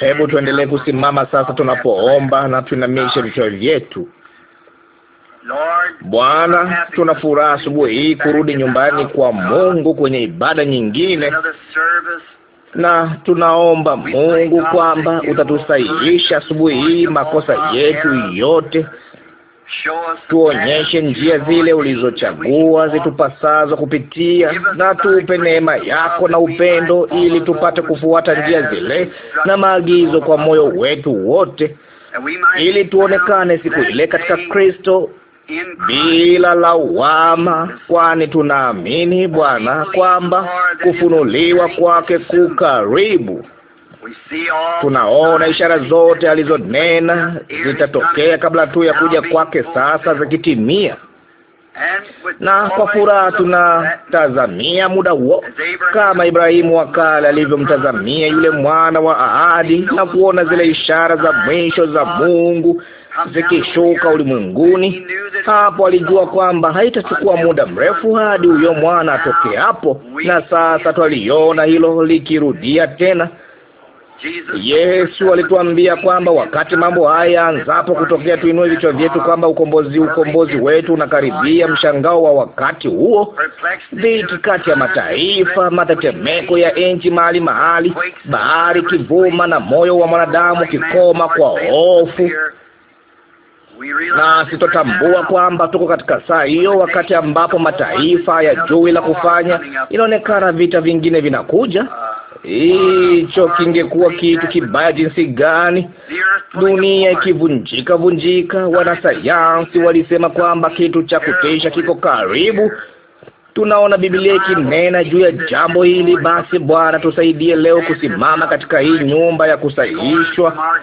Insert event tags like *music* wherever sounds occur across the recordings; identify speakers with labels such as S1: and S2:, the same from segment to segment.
S1: Hebu
S2: tuendelee kusimama sasa tunapoomba na tuinamishe vichwa vyetu. Bwana, tuna furaha asubuhi hii kurudi nyumbani kwa Mungu kwenye ibada nyingine, na tunaomba Mungu kwamba
S3: utatusahihisha asubuhi hii makosa yetu yote tuonyeshe njia zile ulizochagua zitupasazo kupitia, na tupe neema yako na upendo, ili tupate kufuata njia zile na maagizo kwa moyo wetu wote, ili tuonekane siku ile katika Kristo bila
S2: lawama, kwani tunaamini Bwana kwamba kufunuliwa kwake kukaribu. Tunaona
S3: ishara zote alizonena zitatokea kabla tu ya kuja kwake, sasa zikitimia na kwa furaha tunatazamia muda huo, kama Ibrahimu wa kale alivyomtazamia yule mwana wa ahadi na kuona zile ishara za mwisho za Mungu zikishuka ulimwenguni. Hapo alijua kwamba haitachukua muda mrefu hadi huyo mwana atoke hapo, na sasa twaliona hilo likirudia tena Yesu alituambia kwamba wakati mambo haya anzapo kutokea, tuinue vichwa vyetu kwamba ukombozi, ukombozi wetu unakaribia. Mshangao wa wakati huo, dhiki kati ya mataifa, matetemeko ya nchi mahali mahali, bahari kivuma, na moyo wa mwanadamu kikoma kwa hofu na sitotambua kwamba tuko katika saa hiyo, wakati ambapo mataifa ya juu la kufanya, inaonekana vita vingine vinakuja hicho kingekuwa kitu kibaya jinsi gani, dunia ikivunjika vunjika. Wanasayansi walisema kwamba kitu cha kutisha kiko karibu. Tunaona Biblia ikinena juu ya jambo hili. Basi Bwana, tusaidie leo kusimama katika hii nyumba ya kusahihishwa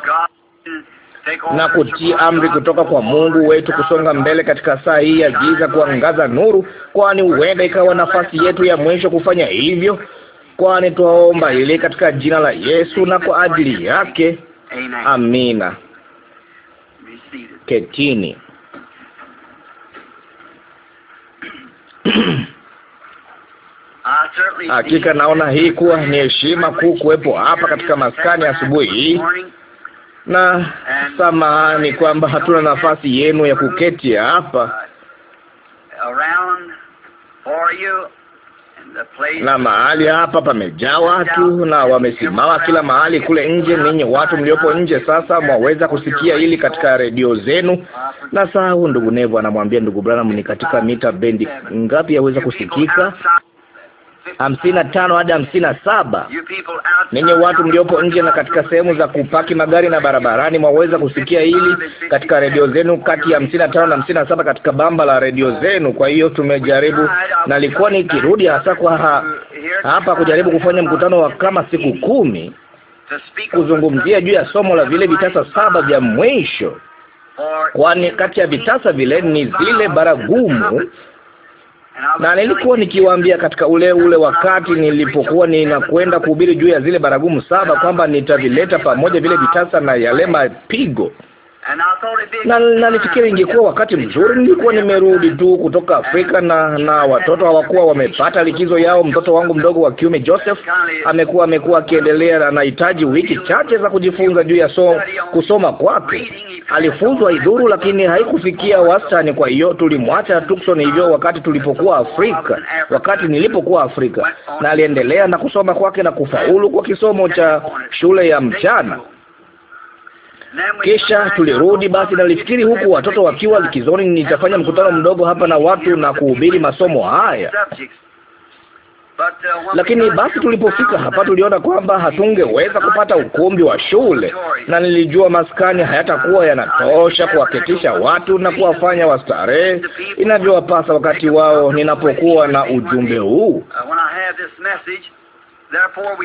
S3: na kutii amri kutoka kwa Mungu wetu kusonga mbele katika saa hii ya giza, kuangaza nuru, kwani huenda ikawa nafasi yetu ya mwisho kufanya hivyo kwani twaomba ile katika jina la Yesu na kwa ajili yake, amina. Ketini.
S2: *clears throat* Hakika naona hii kuwa ni heshima kuu kuwepo hapa katika maskani asubuhi hii, na samahani kwamba hatuna nafasi yenu ya kuketi hapa
S1: na mahali
S3: hapa pamejaa watu na wamesimama kila mahali kule nje. Ninyi watu mliopo nje sasa, mwaweza kusikia hili katika redio zenu. Na sahau, ndugu Nevo anamwambia ndugu Branham, ni katika mita bendi ngapi yaweza kusikika? hamsini na tano hadi hamsini na saba. Ninyi watu mliopo nje na katika sehemu za kupaki magari na barabarani, mwaweza kusikia hili katika redio zenu kati ya hamsini na tano na hamsini na saba katika bamba la redio zenu. Kwa hiyo tumejaribu, nalikuwa nikirudi hasa kwa ha, hapa kujaribu kufanya mkutano wa kama siku kumi kuzungumzia juu ya somo la vile vitasa saba vya mwisho, kwani kati ya vitasa vile ni zile baragumu na nilikuwa nikiwaambia katika ule ule wakati nilipokuwa ninakwenda kuhubiri juu ya zile baragumu saba kwamba nitavileta pamoja vile vitasa na yale mapigo na, na nifikiri ingekuwa ah. wakati mzuri. Nilikuwa nimerudi tu kutoka Afrika na na watoto hawakuwa wamepata likizo yao. Mtoto wangu mdogo wa kiume Joseph amekuwa amekuwa akiendelea na anahitaji wiki chache za kujifunza juu ya so, kusoma kwake. Alifunzwa idhuru, lakini haikufikia wastani. Kwa hiyo tulimwacha Tucson hivyo wakati tulipokuwa Afrika, wakati nilipokuwa Afrika, na aliendelea na kusoma kwake na kufaulu kwa kisomo cha shule ya mchana. Kisha tulirudi basi, nalifikiri huku watoto wakiwa likizoni, nitafanya mkutano mdogo hapa na watu na kuhubiri masomo haya lakini basi tulipofika hapa tuliona kwamba hatungeweza kupata ukumbi wa shule, na nilijua maskani hayatakuwa yanatosha kuwaketisha watu na kuwafanya wastarehe inavyowapasa wakati wao ninapokuwa na ujumbe huu.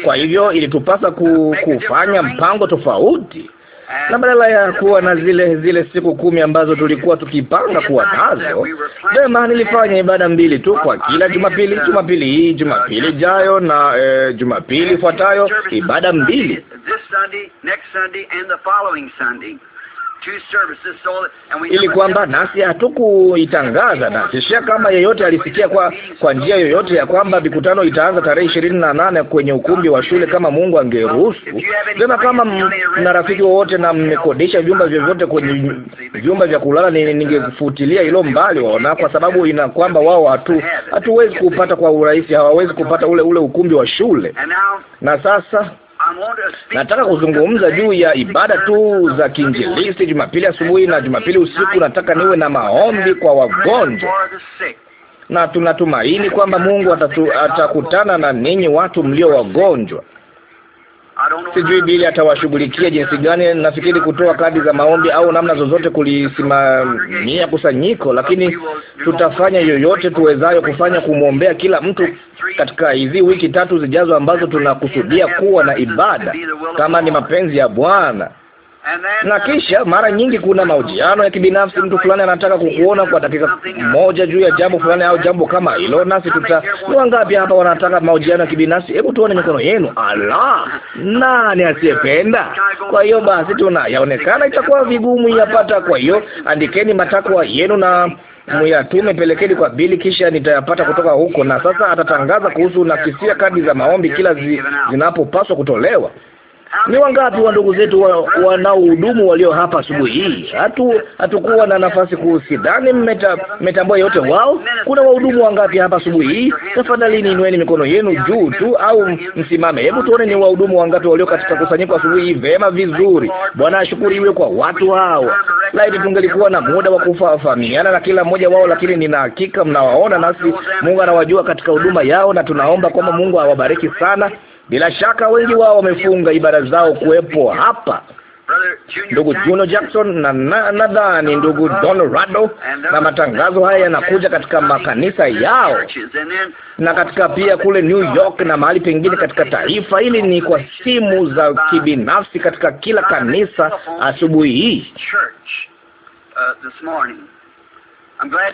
S3: Kwa hivyo ilitupasa ku, kufanya mpango tofauti na badala ya kuwa na zile zile siku kumi ambazo tulikuwa tukipanga kuwa nazo, vema, nilifanya
S2: ibada mbili tu kwa kila Jumapili, Jumapili hii, Jumapili ijayo na e, Jumapili ifuatayo, ibada mbili
S1: ili kwamba
S3: nasi hatukuitangaza, na sishia kama yeyote alisikia kwa kwa njia yoyote ya kwamba mikutano itaanza tarehe ishirini na nane kwenye ukumbi wa shule kama Mungu angeruhusu. Tena kama mna rafiki wowote na mmekodisha vyumba vyovyote kwenye vyumba vya kulala, ningefutilia hilo mbali, waona, kwa sababu ina kwamba wao hatu hatuwezi kupata kwa urahisi, hawawezi kupata ule ule ukumbi wa shule. Na sasa Nataka kuzungumza juu ya ibada tu za kiinjilisti Jumapili asubuhi na Jumapili usiku. Nataka niwe na maombi kwa wagonjwa, na tunatumaini kwamba Mungu atatu, atakutana na ninyi watu mlio wagonjwa. Sijui Bili atawashughulikia jinsi gani. Nafikiri kutoa kadi za maombi au namna zozote kulisimamia kusanyiko, lakini tutafanya yoyote tuwezayo kufanya kumwombea kila mtu katika hizi wiki tatu zijazo ambazo tunakusudia kuwa na ibada, kama ni mapenzi ya Bwana na kisha mara nyingi kuna mahojiano ya kibinafsi. Mtu fulani anataka kukuona kwa dakika moja juu ya jambo fulani au jambo kama hilo, nasi tuta ni wangapi hapa wanataka mahojiano ya kibinafsi? Hebu tuone mikono yenu. Ala, nani asiyependa? Kwa hiyo basi, tuna yaonekana itakuwa vigumu yapata. Kwa hiyo andikeni matakwa yenu na muyatume pelekeni kwa Bili, kisha nitayapata kutoka huko. Na sasa atatangaza kuhusu, nakisia kadi za maombi kila zi, zinapopaswa kutolewa. Ni wangapi wa ndugu zetu wanaohudumu wa walio hapa asubuhi hii? Hatu hatukuwa na nafasi kusidhani mmetambua yote wao. Kuna wahudumu wangapi hapa asubuhi hii? Tafadhali niinueni mikono yenu juu tu, au msimame. Hebu tuone ni wahudumu wangapi walio katika kusanyiko asubuhi hii. Vema, vizuri. Bwana ashukuriwe kwa watu hawa. Laiti tungelikuwa na muda wa kufahamiana na kila mmoja wao, lakini nina hakika mnawaona, nasi Mungu anawajua katika huduma yao, na tunaomba kwamba Mungu awabariki sana. Bila shaka wengi wao wamefunga ibada zao kuwepo hapa, ndugu Juno Jackson na nadhani na ndugu Don Rado, na matangazo haya yanakuja katika makanisa yao na katika pia kule New York na mahali pengine katika taifa hili, ni kwa simu za kibinafsi katika kila kanisa asubuhi hii.
S1: Uh,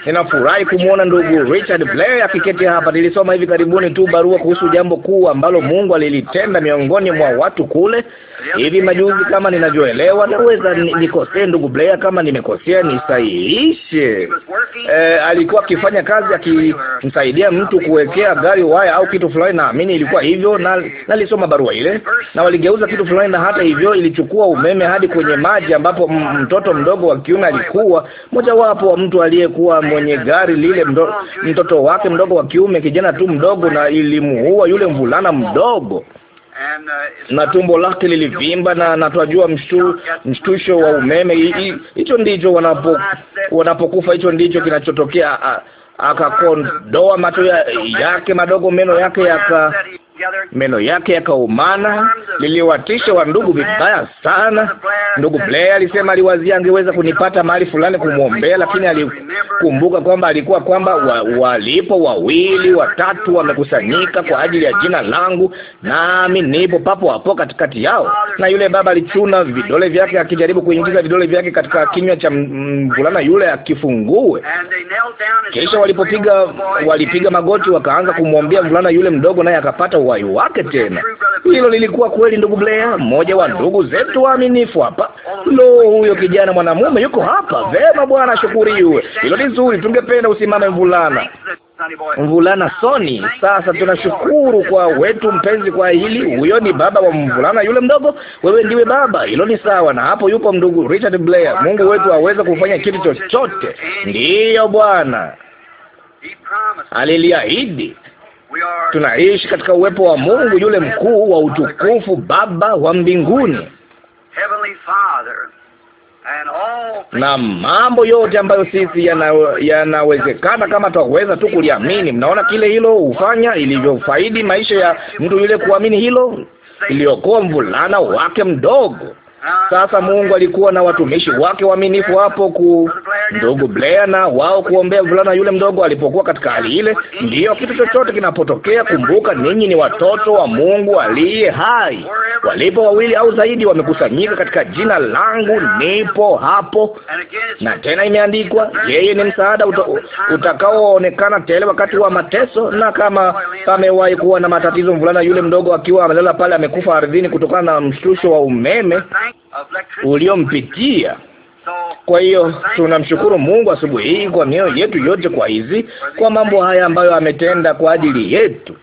S3: Ninafurahi kumwona ndugu Richard Blair akiketi hapa. Nilisoma hivi karibuni tu barua kuhusu jambo kuu ambalo Mungu alilitenda miongoni mwa watu kule hivi majuzi, kama ninavyoelewa. Naweza nikosee, ndugu Blair, kama nimekosea nisahihishe. Eh, alikuwa akifanya kazi akimsaidia mtu kuwekea gari waya au kitu fulani, naamini ilikuwa hivyo, na nalisoma barua ile, na waligeuza kitu fulani, na hata hivyo ilichukua umeme hadi kwenye maji, ambapo mtoto mdogo wa kiume alikuwa mojawapo wa mtu aliyekuwa mwenye gari lile, mdo, mtoto wake mdogo wa kiume, kijana tu mdogo, na ilimuua yule mvulana mdogo na tumbo lake lilivimba, na na twajua mshtu, mshtusho wa umeme. Hicho ndicho wanapo wanapokufa, hicho ndicho kinachotokea. Akakondoa macho yake madogo, meno yake yaka meno yake yakaumana. Liliwatisha wa ndugu vibaya sana. Ndugu Blair alisema aliwazia angeweza kunipata mahali fulani kumwombea, lakini alikumbuka kwamba alikuwa kwamba walipo wa wawili watatu wamekusanyika kwa ajili ya jina langu, nami nipo papo hapo katikati yao. Na yule baba alichuna vidole vyake akijaribu kuingiza vidole vyake katika kinywa cha mvulana yule akifungue. Kisha walipopiga walipiga magoti wakaanza kumwombea mvulana yule mdogo, naye akapata uhai wake tena. Hilo lilikuwa kweli, ndugu Blea, mmoja wa ndugu zetu waaminifu hapa. Lo, huyo kijana mwanamume yuko hapa. Vema bwana, ashukuriwe. Hilo ni zuri, tungependa usimame mvulana mvulana Soni. Sasa tunashukuru kwa wetu mpenzi kwa hili. Huyo ni baba wa mvulana yule mdogo, wewe ndiwe baba. Hilo ni sawa, na hapo yupo ndugu Richard Blair. Mungu wetu aweza kufanya kitu chochote.
S2: Ndiyo
S3: bwana, aliliahidi tunaishi katika uwepo wa Mungu yule mkuu wa utukufu, Baba wa mbinguni, na mambo yote ambayo sisi yanawezekana yana kama twaweza tu kuliamini. Mnaona kile hilo hufanya, ilivyofaidi maisha ya mtu yule kuamini hilo, iliokoa mvulana wake mdogo sasa Mungu alikuwa na watumishi wake waaminifu hapo ku ndugu Blair na wao kuombea vulana yule mdogo alipokuwa katika hali ile. Ndiyo, kitu chochote kinapotokea, kumbuka ninyi ni watoto wa Mungu aliye hai. Walipo wawili au zaidi wamekusanyika katika jina langu, nipo hapo. Na tena imeandikwa, yeye ni msaada utakaoonekana tele wakati wa mateso. Na kama pamewahi kuwa na matatizo, mvulana yule mdogo akiwa amelala pale, amekufa ardhini kutokana na mshtusho wa umeme, uliompitia. Kwa hiyo tunamshukuru Mungu asubuhi hii kwa mioyo yetu yote kwa hizi, kwa mambo haya ambayo ametenda kwa ajili yetu.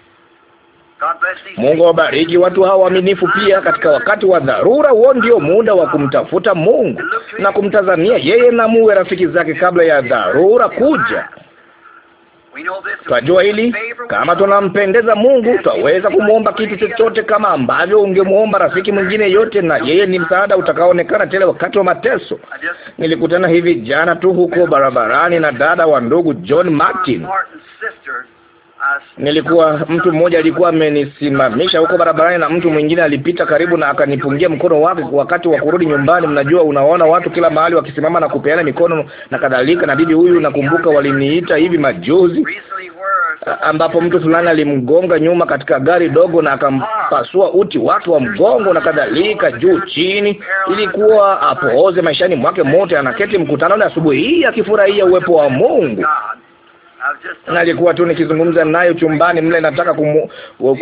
S3: Mungu awabariki watu hawa waaminifu pia katika wakati wa dharura. Huo ndio muda wa kumtafuta Mungu na kumtazamia yeye, na muwe rafiki zake kabla ya dharura kuja. Twajua hili, kama tunampendeza Mungu twaweza kumwomba kitu chochote, kama ambavyo ungemwomba rafiki mwingine yote, na yeye ni msaada utakaoonekana tele wakati wa mateso. Nilikutana hivi jana tu huko barabarani na dada wa ndugu John Martin nilikuwa mtu mmoja alikuwa amenisimamisha huko barabarani, na mtu mwingine alipita karibu na akanipungia mkono wake wakati wa kurudi nyumbani. Mnajua, unaona watu kila mahali wakisimama na kupeana mikono na kadhalika. Na bibi huyu, nakumbuka waliniita hivi majuzi, ambapo mtu fulani alimgonga nyuma katika gari dogo na akampasua uti wake wa mgongo na kadhalika, juu
S2: chini,
S3: ilikuwa apooze maishani mwake mote. Anaketi mkutanoni asubuhi hii akifurahia uwepo wa Mungu nalikuwa tu nikizungumza naye chumbani mle, nataka kumu,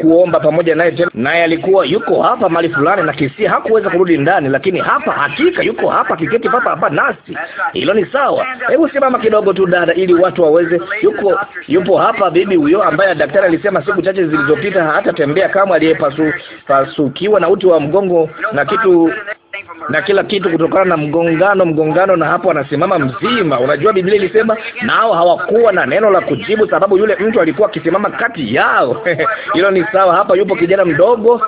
S3: kuomba pamoja naye tena, naye alikuwa yuko hapa mali fulani, na kisia hakuweza kurudi ndani, lakini hapa hakika yuko hapa kiketi papa hapa nasi. Hilo ni sawa. Hebu simama kidogo tu dada, ili watu waweze. Yuko yupo hapa bibi huyo ambaye daktari alisema siku chache zilizopita hata tembea kama aliyepasukiwa na uti wa mgongo na kitu na kila kitu kutokana na mgongano, mgongano, na hapo anasimama mzima. Unajua Biblia ilisema nao hawakuwa na neno la kujibu, sababu yule mtu alikuwa akisimama kati yao. *laughs* Hilo ni sawa. Hapa yupo kijana mdogo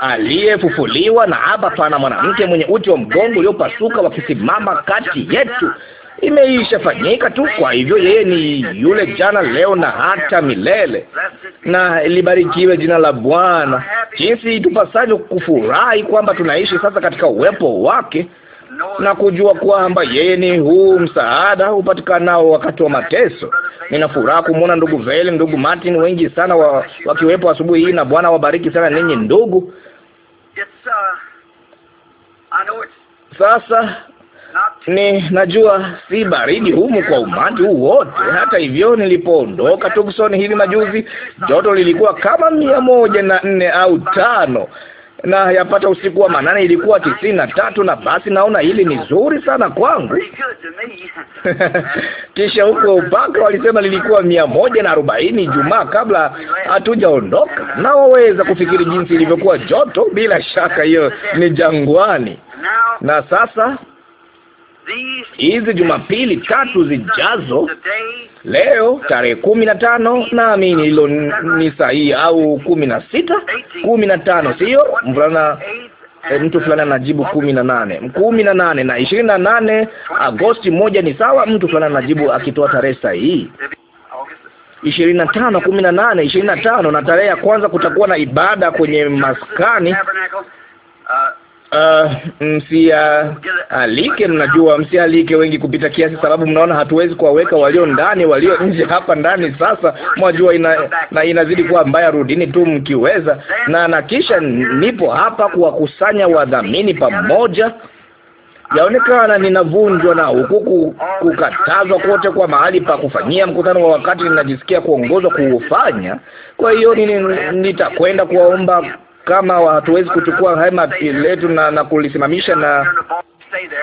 S3: aliyefufuliwa, na hapa pana mwanamke mwenye uti wa mgongo uliopasuka wakisimama kati yetu imeishafanyika tu. Kwa hivyo yeye ni yule jana, leo na hata milele. Na libarikiwe jina la Bwana. Jinsi itupasavyo kufurahi kwamba tunaishi sasa katika uwepo wake na kujua kwamba yeye ni huu msaada upatikanao wakati wa mateso. Nina furaha kumwona ndugu Veli, ndugu Martin, wengi sana wa, wakiwepo asubuhi hii, na Bwana wabariki sana ninyi ndugu. Sasa ni najua si baridi humu kwa umati huu wote. Hata hivyo, nilipoondoka Tucson hivi majuzi, joto lilikuwa kama mia moja na nne au tano na yapata usiku wa manane ilikuwa tisini na tatu na basi, naona hili ni zuri sana kwangu. *laughs* Kisha huko upaka walisema lilikuwa mia moja na arobaini jumaa kabla hatujaondoka, na waweza kufikiri jinsi ilivyokuwa joto. Bila shaka hiyo ni jangwani. Na sasa hizi Jumapili tatu zijazo. Leo tarehe kumi na tano, naamini hilo ni sahihi, au kumi na sita, kumi na tano, sio mvulana E, mtu fulani anajibu kumi na nane kumi na nane na ishirini na nane Agosti moja ni sawa. Mtu fulani anajibu akitoa tarehe sahihi ishirini na tano kumi na nane ishirini na tano na tarehe ya kwanza kutakuwa na ibada kwenye maskani Uh, msialike, mnajua, msialike wengi kupita kiasi, sababu mnaona hatuwezi kuwaweka walio ndani, walio nje hapa ndani. Sasa mwajua, ina, na inazidi kuwa mbaya. Rudini tu mkiweza, na na kisha nipo hapa kuwakusanya wadhamini pamoja. Yaonekana ninavunjwa na huku kukatazwa kote kwa mahali pa kufanyia mkutano wa wakati ninajisikia kuongozwa kuufanya. Kwa hiyo nitakwenda kuwaomba kama hatuwezi kuchukua hema letu na, na kulisimamisha na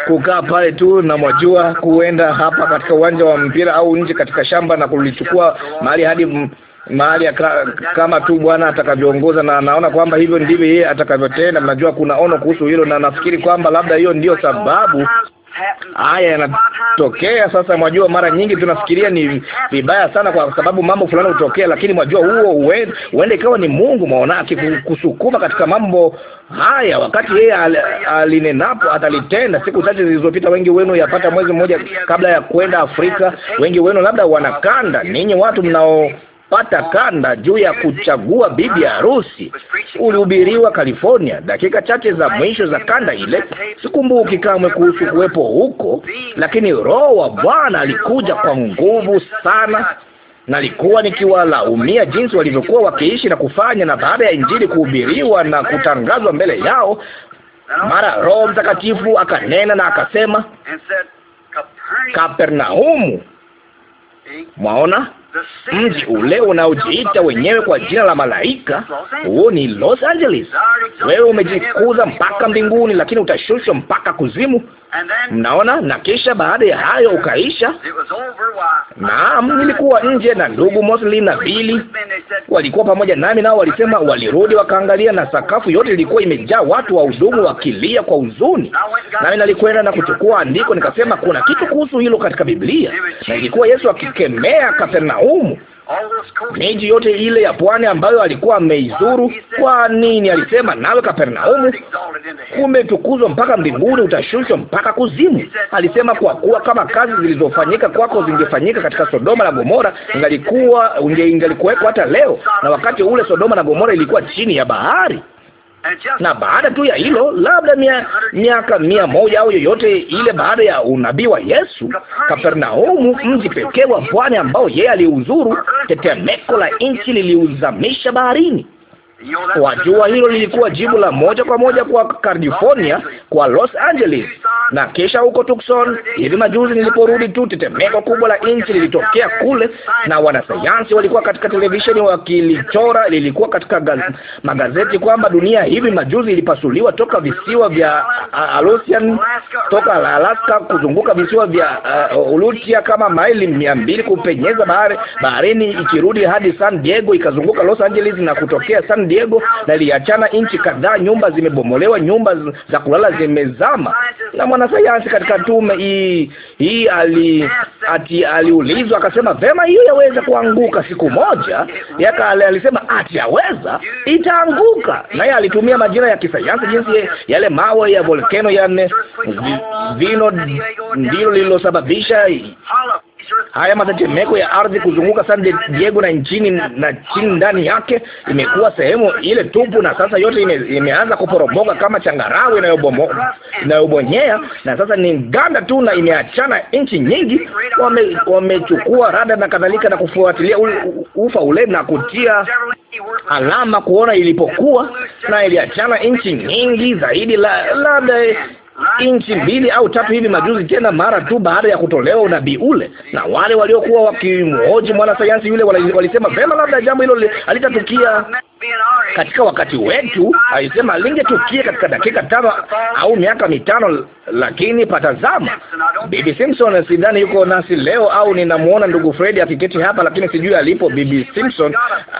S3: kukaa pale tu na mwajua, kuenda hapa katika uwanja wa mpira au nje katika shamba na kulichukua mahali hadi mahali ka, kama tu Bwana atakavyoongoza, na naona kwamba hivyo ndivyo yeye atakavyotenda. Mnajua kuna ono kuhusu hilo, na nafikiri kwamba labda hiyo ndiyo sababu haya yanatokea sasa. Mwajua, mara nyingi tunafikiria ni vibaya sana kwa sababu mambo fulani hutokea, lakini mwajua huo huenda ikawa ni Mungu mwaona akikusukuma katika mambo haya wakati yeye al, alinenapo atalitenda. Siku chache zilizopita, wengi wenu yapata mwezi mmoja kabla ya kwenda Afrika, wengi wenu labda wanakanda ninyi watu mnao pata kanda juu ya kuchagua bibi harusi. Ulihubiriwa California, dakika chache za mwisho za kanda ile. Sikumbuki kamwe kuhusu kuwepo huko, lakini Roho wa Bwana alikuja kwa nguvu sana. Nalikuwa nikiwalaumia jinsi walivyokuwa wakiishi na kufanya, na baada ya injili kuhubiriwa na kutangazwa mbele yao, mara Roho Mtakatifu akanena na akasema, Kapernaumu, mwaona mji ule unaojiita wenyewe kwa jina la malaika. Huo ni Los Angeles.
S1: Wewe umejikuza mpaka mbinguni,
S3: lakini utashushwa mpaka kuzimu. Mnaona? Na kisha baada ya hayo ukaisha. Naam, nilikuwa nje na ndugu Mosley na Billy walikuwa pamoja nami, nao walisema walirudi wakaangalia, na sakafu yote ilikuwa imejaa watu wa udumu wakilia kwa huzuni. Nami nalikwenda na kuchukua andiko, nikasema kuna kitu kuhusu hilo katika Biblia, na ilikuwa Yesu akikemea Kapernaum Kapernaumu, miji yote ile ya pwani ambayo alikuwa ameizuru. Kwa nini alisema, nawe Kapernaumu kumetukuzwa mpaka mbinguni, utashushwa mpaka kuzimu? Alisema, kwa kuwa kama kazi zilizofanyika kwako zingefanyika katika Sodoma na Gomora, ingalikuwa ingalikuwekwa hata leo, na wakati ule Sodoma na Gomora ilikuwa chini ya bahari na baada tu ya hilo, labda miaka mia moja au yoyote ile baada ya unabii wa Yesu, Kapernaumu, mji pekee wa pwani ambao yeye aliuzuru, tetemeko la nchi liliuzamisha baharini. Wajua, hilo lilikuwa jibu la moja kwa moja kwa California, kwa Los Angeles na kisha huko Tucson. Hivi majuzi niliporudi tu, tetemeko kubwa la nchi lilitokea kule, na wanasayansi walikuwa katika televisheni wakilichora, lilikuwa katika gaz, magazeti kwamba dunia hivi majuzi ilipasuliwa toka visiwa vya Aleutian toka Alaska kuzunguka visiwa vya uh, Ulutia kama maili mia mbili kupenyeza bahari baharini ikirudi hadi San Diego ikazunguka Los Angeles na kutokea San Diego na nchi kadhaa, nyumba zimebomolewa, nyumba za kulala zimezama. Na mwanasayansi katika tume hii hii ali ati aliulizwa akasema, vema, hiyo yaweza kuanguka siku moja. Yaka alisema ati yaweza itaanguka, naye alitumia majina ya kisayansi jinsi yale mawe ya volcano yane vino ndilo lililosababisha haya matetemeko ya ardhi kuzunguka San Diego na nchini na chini ndani yake imekuwa sehemu ile tupu, na sasa yote ime, imeanza kuporomoka kama changarawe inayobonyea, na sasa ni ganda tu, na imeachana nchi nyingi. Wame, wamechukua rada na kadhalika na kufuatilia ufa ule na kutia alama kuona ilipokuwa, na iliachana nchi nyingi zaidi, labda la, inchi mbili au tatu hivi majuzi, tena mara tu baada ya kutolewa unabii ule, na wale waliokuwa wakimhoji sayansi yule walisema, vema, labda jambo hilo alitatukia katika wakati wetu, alisema alingetukia katika dakika tano au miaka mitano, lakini patazama, Bibi Simpson sidhani yuko nasi leo, au ninamwona ndugu fredi akiketi hapa, lakini sijui alipo. Bibi Simpson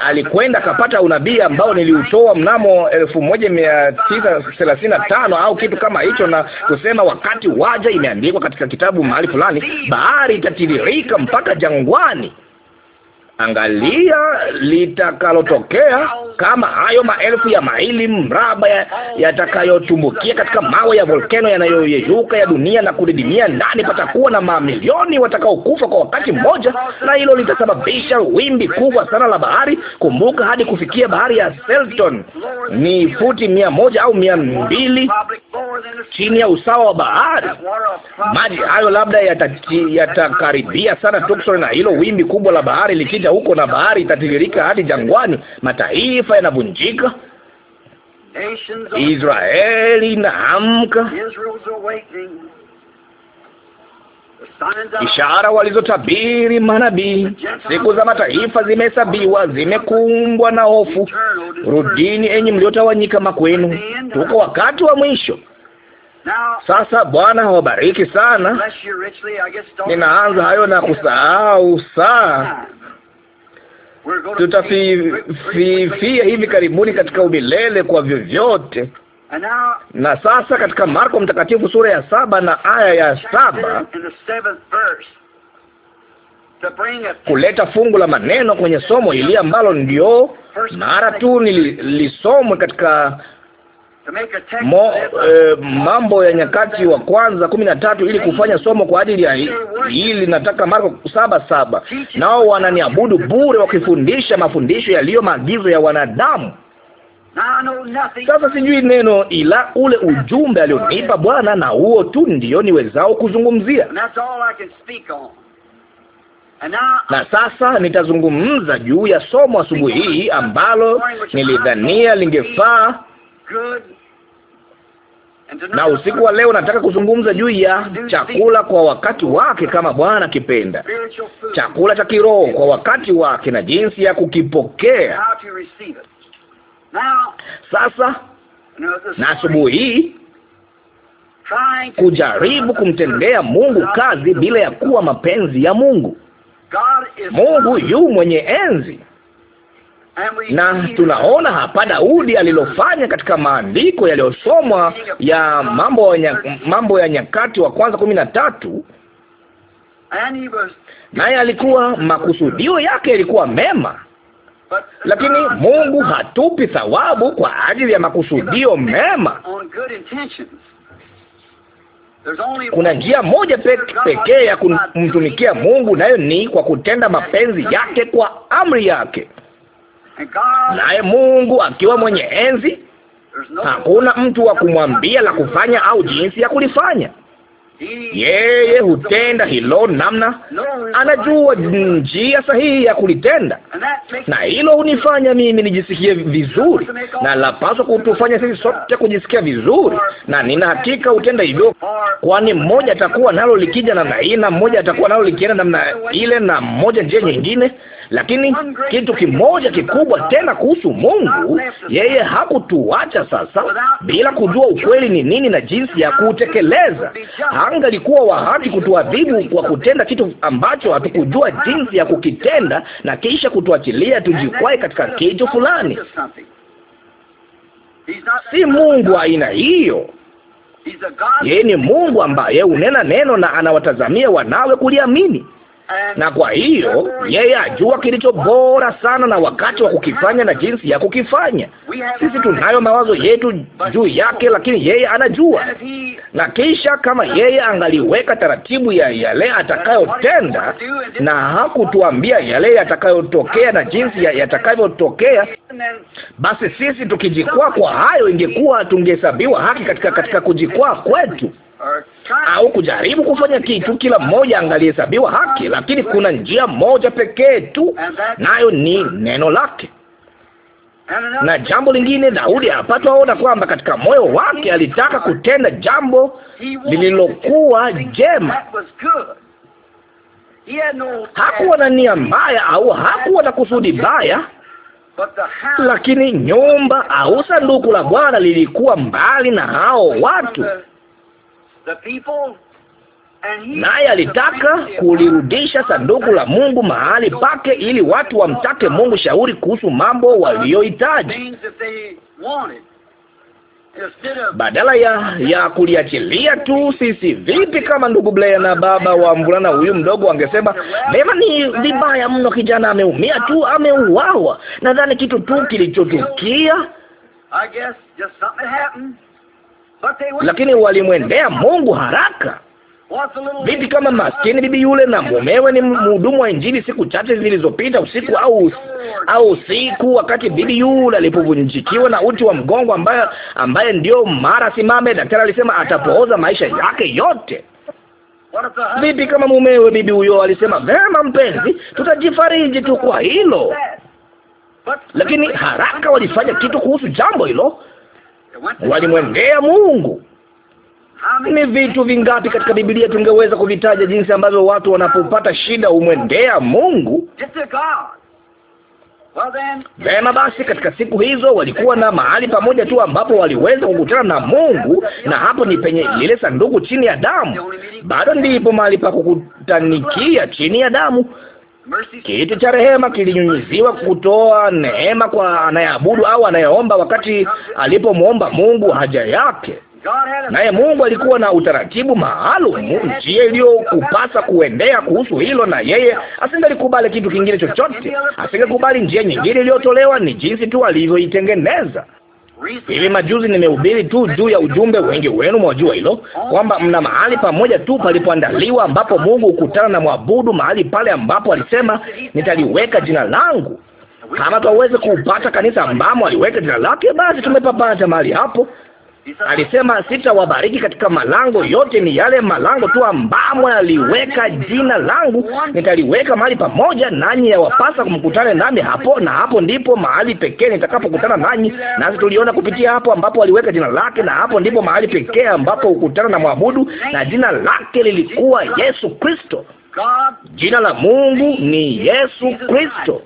S3: alikwenda akapata unabii ambao niliutoa mnamo elfu moja mia tisa thelathini na tano au kitu kama hicho, na kusema wakati waja, imeandikwa katika kitabu mahali fulani, bahari itatiririka mpaka jangwani angalia litakalotokea kama hayo maelfu ya maili mraba yatakayotumbukia ya katika mawe ya volkeno yanayoyeyuka ya dunia na kudidimia ndani. Patakuwa na mamilioni watakaokufa kwa wakati mmoja, na hilo litasababisha wimbi kubwa sana la bahari. Kumbuka, hadi kufikia bahari ya Selton ni futi mia moja au mia mbili chini ya usawa wa bahari. Maji hayo labda yatakaribia yata sana Tucson, na hilo wimbi kubwa la bahari lipita kupitia huko, na bahari itatiririka hadi jangwani. Mataifa yanavunjika, Israeli inaamka.
S1: Ishara walizotabiri manabii. Siku za mataifa
S3: zimehesabiwa, zimekumbwa na hofu. Rudini enyi mliotawanyika makwenu, tuko wakati wa mwisho.
S1: Sasa Bwana hawabariki sana. Ninaanza hayo na kusahau saa tutafifia hivi
S3: karibuni katika umilele kwa vyovyote. Na sasa katika Marko Mtakatifu sura ya saba na aya ya saba kuleta fungu la maneno kwenye somo hili ambalo ndio mara tu nilisomwe katika
S1: Mo, eh,
S3: Mambo ya Nyakati wa Kwanza kumi na tatu ili kufanya somo kwa ajili ya hili, nataka Marko saba saba. Nao wananiabudu bure wakifundisha mafundisho yaliyo maagizo ya wanadamu. Sasa sijui neno ila ule ujumbe alionipa Bwana, na huo tu ndio niwezao kuzungumzia na sasa nitazungumza juu ya somo asubuhi hii ambalo nilidhania lingefaa na usiku wa leo nataka kuzungumza juu ya chakula kwa wakati wake, kama Bwana akipenda, chakula cha kiroho kwa wakati wake na jinsi ya kukipokea. Sasa na asubuhi hii
S1: kujaribu
S3: kumtendea Mungu kazi bila ya kuwa mapenzi ya Mungu. Mungu yu mwenye enzi na tunaona hapa Daudi alilofanya katika maandiko yaliyosomwa ya mambo ya, mambo ya Nyakati wa Kwanza kumi na tatu naye alikuwa makusudio yake yalikuwa mema, lakini Mungu hatupi thawabu kwa ajili ya makusudio mema.
S1: Kuna njia moja pekee ya
S3: kumtumikia Mungu, nayo ni kwa kutenda mapenzi yake kwa amri yake naye Mungu akiwa mwenye enzi, hakuna mtu wa kumwambia la kufanya au jinsi ya kulifanya. Yeye hutenda hilo namna, anajua njia sahihi ya kulitenda, na hilo hunifanya mimi nijisikie vizuri, na lapaswa kutufanya sisi sote kujisikia vizuri, na nina hakika hutenda hivyo, kwani mmoja atakuwa nalo likija namna hii na mmoja atakuwa nalo likienda namna ile, na mmoja njia nyingine, lakini kitu kimoja kikubwa tena kuhusu Mungu, yeye hakutuacha sasa bila kujua ukweli ni nini na jinsi ya kuutekeleza. angalikuwa wa haki kutuadhibu kwa kutenda kitu ambacho hatukujua jinsi ya kukitenda, na kisha kutuachilia tujikwae katika kitu fulani. Si Mungu aina hiyo. Yeye ni Mungu ambaye unena neno na anawatazamia wanawe kuliamini na kwa hiyo yeye ajua kilicho bora sana na wakati wa kukifanya na jinsi ya kukifanya. Sisi tunayo mawazo yetu juu yake, lakini yeye anajua. Na kisha kama yeye angaliweka taratibu ya yale atakayotenda na hakutuambia yale yatakayotokea na jinsi ya yatakavyotokea, basi sisi tukijikwaa kwa hayo, ingekuwa tungehesabiwa haki katika katika kujikwaa kwetu au kujaribu kufanya kitu, kila mmoja angalihesabiwa haki, lakini kuna njia moja pekee tu,
S1: nayo ni neno lake. Na
S3: jambo lingine, Daudi ona kwamba katika moyo wake alitaka kutenda jambo
S1: lililokuwa
S3: jema.
S1: Hakuwa na nia mbaya au hakuwa na kusudi baya, lakini
S3: nyumba au sanduku la Bwana lilikuwa mbali na hao watu naye alitaka kulirudisha sanduku la Mungu mahali pake, ili watu wamtake Mungu shauri kuhusu mambo waliyohitaji
S1: badala ya
S3: ya kuliachilia tu. Sisi vipi kama ndugu Blair na baba wa mvulana huyu mdogo angesema, mema, ni vibaya mno, kijana ameumia tu, ameuawa. Nadhani kitu tu kilichotukia lakini walimwendea Mungu haraka. Vipi kama maskini bibi yule na mumewe ni mhudumu wa Injili, siku chache zilizopita usiku au au usiku, wakati bibi yule alipovunjikiwa na uti wa mgongo, ambaye ambaye ndio mara simame, daktari alisema atapooza maisha yake yote. Vipi kama mumewe bibi huyo alisema, vema mpenzi, tutajifariji tu kwa hilo, lakini haraka walifanya kitu kuhusu jambo hilo walimwendea Mungu. Ni vitu vingapi katika Biblia tungeweza kuvitaja jinsi ambavyo watu wanapopata shida humwendea Mungu? Vema basi, katika siku hizo walikuwa na mahali pamoja tu ambapo waliweza kukutana na Mungu, na hapo ni penye lile sanduku chini ya damu. Bado ndipo mahali pa kukutanikia chini ya damu. Kiti cha rehema kilinyunyiziwa kutoa neema kwa anayeabudu au anayeomba, wakati alipomwomba Mungu haja yake. Naye Mungu alikuwa na utaratibu maalumu, njia iliyokupasa kuendea kuhusu hilo, na yeye asingalikubali kitu kingine chochote. Asingekubali njia nyingine iliyotolewa, ni jinsi tu alivyoitengeneza. Hivi majuzi nimehubiri tu juu ya ujumbe, wengi wenu mwajua hilo, kwamba mna mahali pamoja tu palipoandaliwa ambapo Mungu hukutana na mwabudu, mahali pale ambapo alisema nitaliweka jina langu. Kama twaweze kuupata kanisa ambamo aliweka jina lake, basi tumepapata mahali hapo alisema sitawabariki katika malango yote, ni yale malango tu ambamo yaliweka jina langu, nitaliweka mahali pamoja nanyi, yawapasa kumkutana nami hapo, na hapo ndipo mahali pekee nitakapokutana nanyi. Nasi tuliona kupitia hapo ambapo aliweka jina lake, na hapo ndipo mahali pekee ambapo hukutana na mwabudu, na jina lake lilikuwa Yesu Kristo. Jina la Mungu ni Yesu Kristo.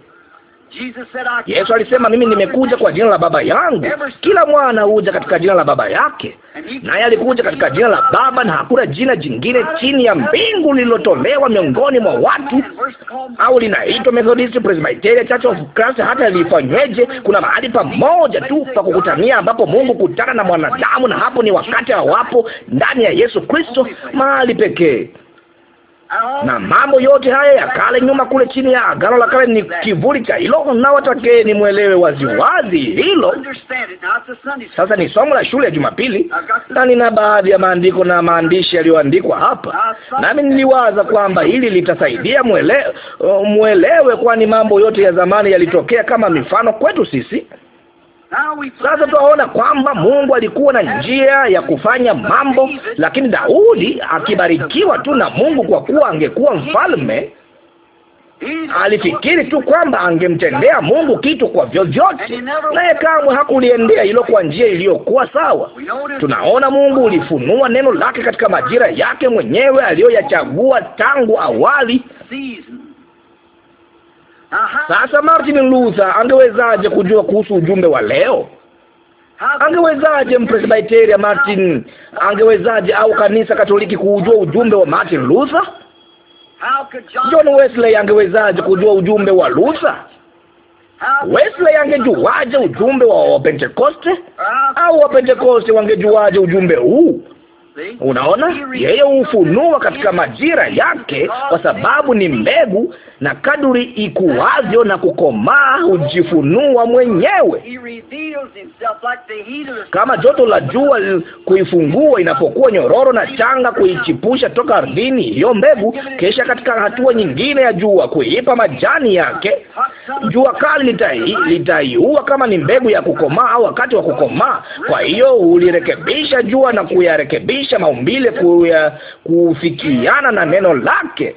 S3: Yesu alisema, mimi nimekuja kwa jina la Baba yangu. Kila mwana huja katika jina la baba yake, naye alikuja katika jina la Baba, na hakuna jina jingine chini ya mbingu lililotolewa miongoni mwa watu, au linaitwa Methodist, Presbyterian, Church of Christ, hata lifanyweje, kuna mahali pamoja tu pa kukutania ambapo Mungu kutana na mwanadamu, na hapo ni wakati hawapo ndani ya Yesu Kristo, mahali pekee na mambo yote haya ya kale nyuma kule chini ya Agano la Kale ni kivuli cha hilo, na watakee ni mwelewe waziwazi hilo.
S1: Sasa ni somo la shule ya Jumapili, na nina baadhi
S3: ya maandiko na maandishi yaliyoandikwa hapa, nami niliwaza kwamba hili litasaidia mwele, mwelewe, kwani mambo yote ya zamani yalitokea kama mifano kwetu sisi. Sasa tunaona kwamba Mungu alikuwa na njia ya kufanya mambo, lakini Daudi akibarikiwa tu na Mungu kwa kuwa angekuwa mfalme alifikiri tu kwamba angemtendea Mungu kitu kwa vyovyote, naye kamwe hakuliendea hilo kwa njia iliyokuwa sawa. Tunaona Mungu ulifunua neno lake katika majira yake mwenyewe aliyoyachagua tangu awali. Sasa Martin Luther angewezaje kujua kuhusu ujumbe wa leo? Angewezaje mpresbiteria Martin, angewezaje au kanisa Katoliki kujua ujumbe wa Martin Luther? John Wesley angewezaje kujua ujumbe wa Luther? Wesley angejuaje ujumbe wa Wapentekoste? Au Wapentekoste wangejuaje ujumbe huu? Unaona, yeye hufunua katika majira yake, kwa sababu ni mbegu na kaduri ikuwavyo na kukomaa hujifunua mwenyewe, kama joto la jua kuifungua inapokuwa nyororo na changa, kuichipusha toka ardhini hiyo mbegu, kisha katika hatua nyingine ya jua kuipa majani yake. Jua kali litai, litaiua kama ni mbegu ya kukomaa au wakati wa kukomaa. Kwa hiyo hulirekebisha jua na kuyarekebisha maumbile, kuya kufikiana na neno lake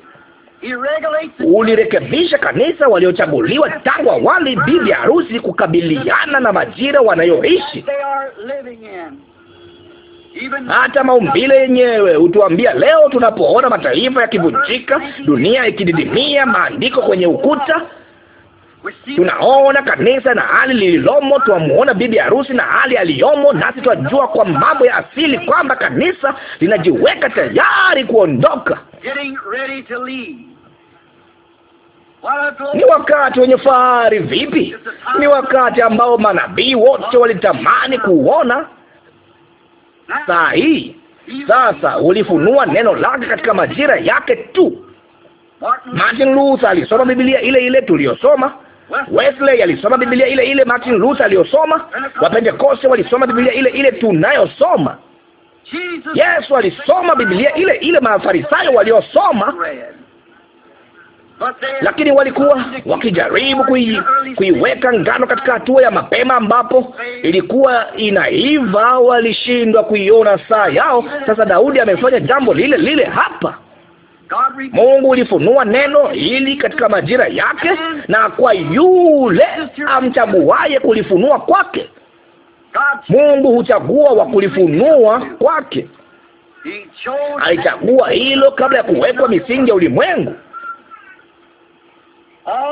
S3: ulirekebisha kanisa, waliochaguliwa tangu awali, bibi harusi, kukabiliana na majira wanayoishi.
S1: Hata maumbile
S3: yenyewe hutuambia leo, tunapoona mataifa yakivunjika, dunia ikididimia, maandiko kwenye ukuta tunaona kanisa na hali lililomo, twamuona bibi harusi na hali aliyomo, nasi twajua kwa mambo ya asili kwamba kanisa linajiweka tayari kuondoka. Ni wakati wenye fahari vipi! Ni wakati ambao manabii wote walitamani kuona. Saa hii sasa ulifunua neno lake katika majira yake tu. Martin Luther alisoma Biblia ile ile tuliyosoma. Wesley alisoma Biblia ile ile Martin Luther aliyosoma. Wapentekoste walisoma Biblia ile ile tunayosoma. Yesu alisoma Biblia ile ile Mafarisayo waliosoma lakini walikuwa wakijaribu kui, kuiweka ngano katika hatua ya mapema ambapo ilikuwa inaiva. Walishindwa kuiona saa yao. Sasa Daudi amefanya jambo lile lile hapa. Mungu ulifunua neno hili katika majira yake na kwa yule amchaguaye kulifunua kwake. Mungu huchagua wa kulifunua kwake. Alichagua hilo kabla ya kuwekwa misingi ya ulimwengu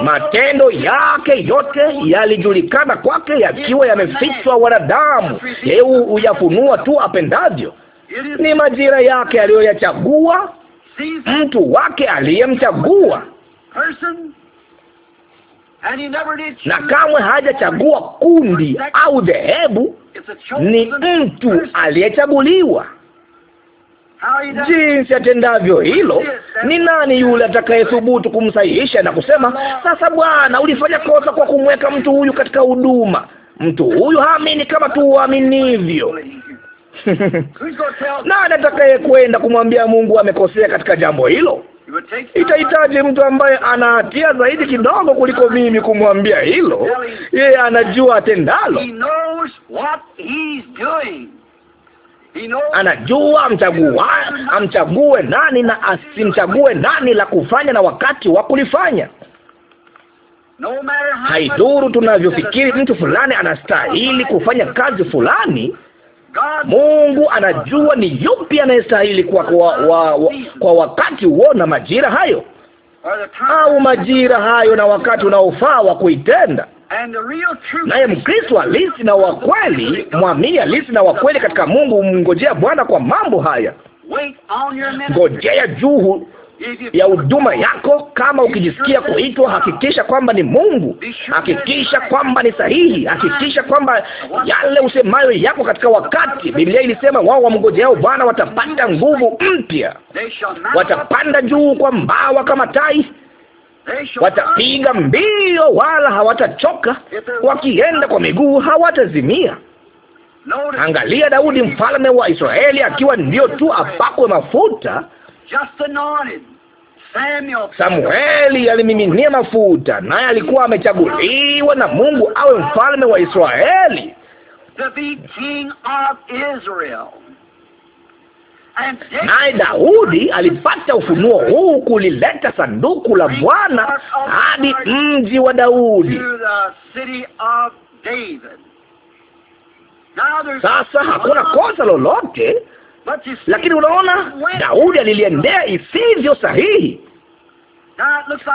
S3: matendo yake yote yalijulikana kwake, yakiwa yamefichwa wanadamu. Yeye huyafunua tu apendavyo. Ni majira yake aliyoyachagua, mtu wake aliyemchagua
S1: na kamwe hajachagua kundi au
S3: dhehebu. Ni mtu aliyechaguliwa. Jinsi atendavyo hilo ni nani yule atakayethubutu kumsahihisha na kusema, sasa Bwana, ulifanya kosa kwa kumweka mtu huyu katika huduma? Mtu huyu haamini kama uaminivyo. *laughs* Nani atakaye kwenda kumwambia Mungu amekosea katika jambo hilo? Itahitaji mtu ambaye ana hatia zaidi kidogo kuliko mimi kumwambia hilo. Yeye anajua atendalo anajua amchague, amchague nani na asimchague nani la kufanya na wakati wa kulifanya. Haidhuru tunavyofikiri mtu fulani anastahili kufanya kazi fulani, Mungu anajua ni yupi anayestahili kwa, kwa, wa, wa, kwa wakati huo na majira hayo, au majira hayo na wakati unaofaa wa kuitenda naye Mkristo halisi na wakweli mwamini halisi na wakweli katika Mungu, umngojea Bwana kwa mambo haya. Ngojea juu ya huduma yako. Kama ukijisikia kuitwa, hakikisha kwamba ni Mungu, hakikisha kwamba ni sahihi, hakikisha kwamba yale usemayo yako katika wakati. Biblia ilisema wao wamngojeao Bwana watapata nguvu mpya,
S1: watapanda
S3: juu kwa mbawa kama tai. Watapiga mbio wala hawatachoka, wakienda kwa miguu hawatazimia. Angalia Daudi mfalme wa Israeli akiwa ndio tu apakwe mafuta
S1: Samueli
S3: alimiminia mafuta, naye alikuwa amechaguliwa na Mungu awe mfalme wa Israeli. Naye Daudi alipata ufunuo huu kulileta sanduku la Bwana hadi mji wa Daudi.
S1: Sasa hakuna kosa
S3: lolote,
S1: lakini unaona, Daudi aliliendea
S3: isivyo sahihi.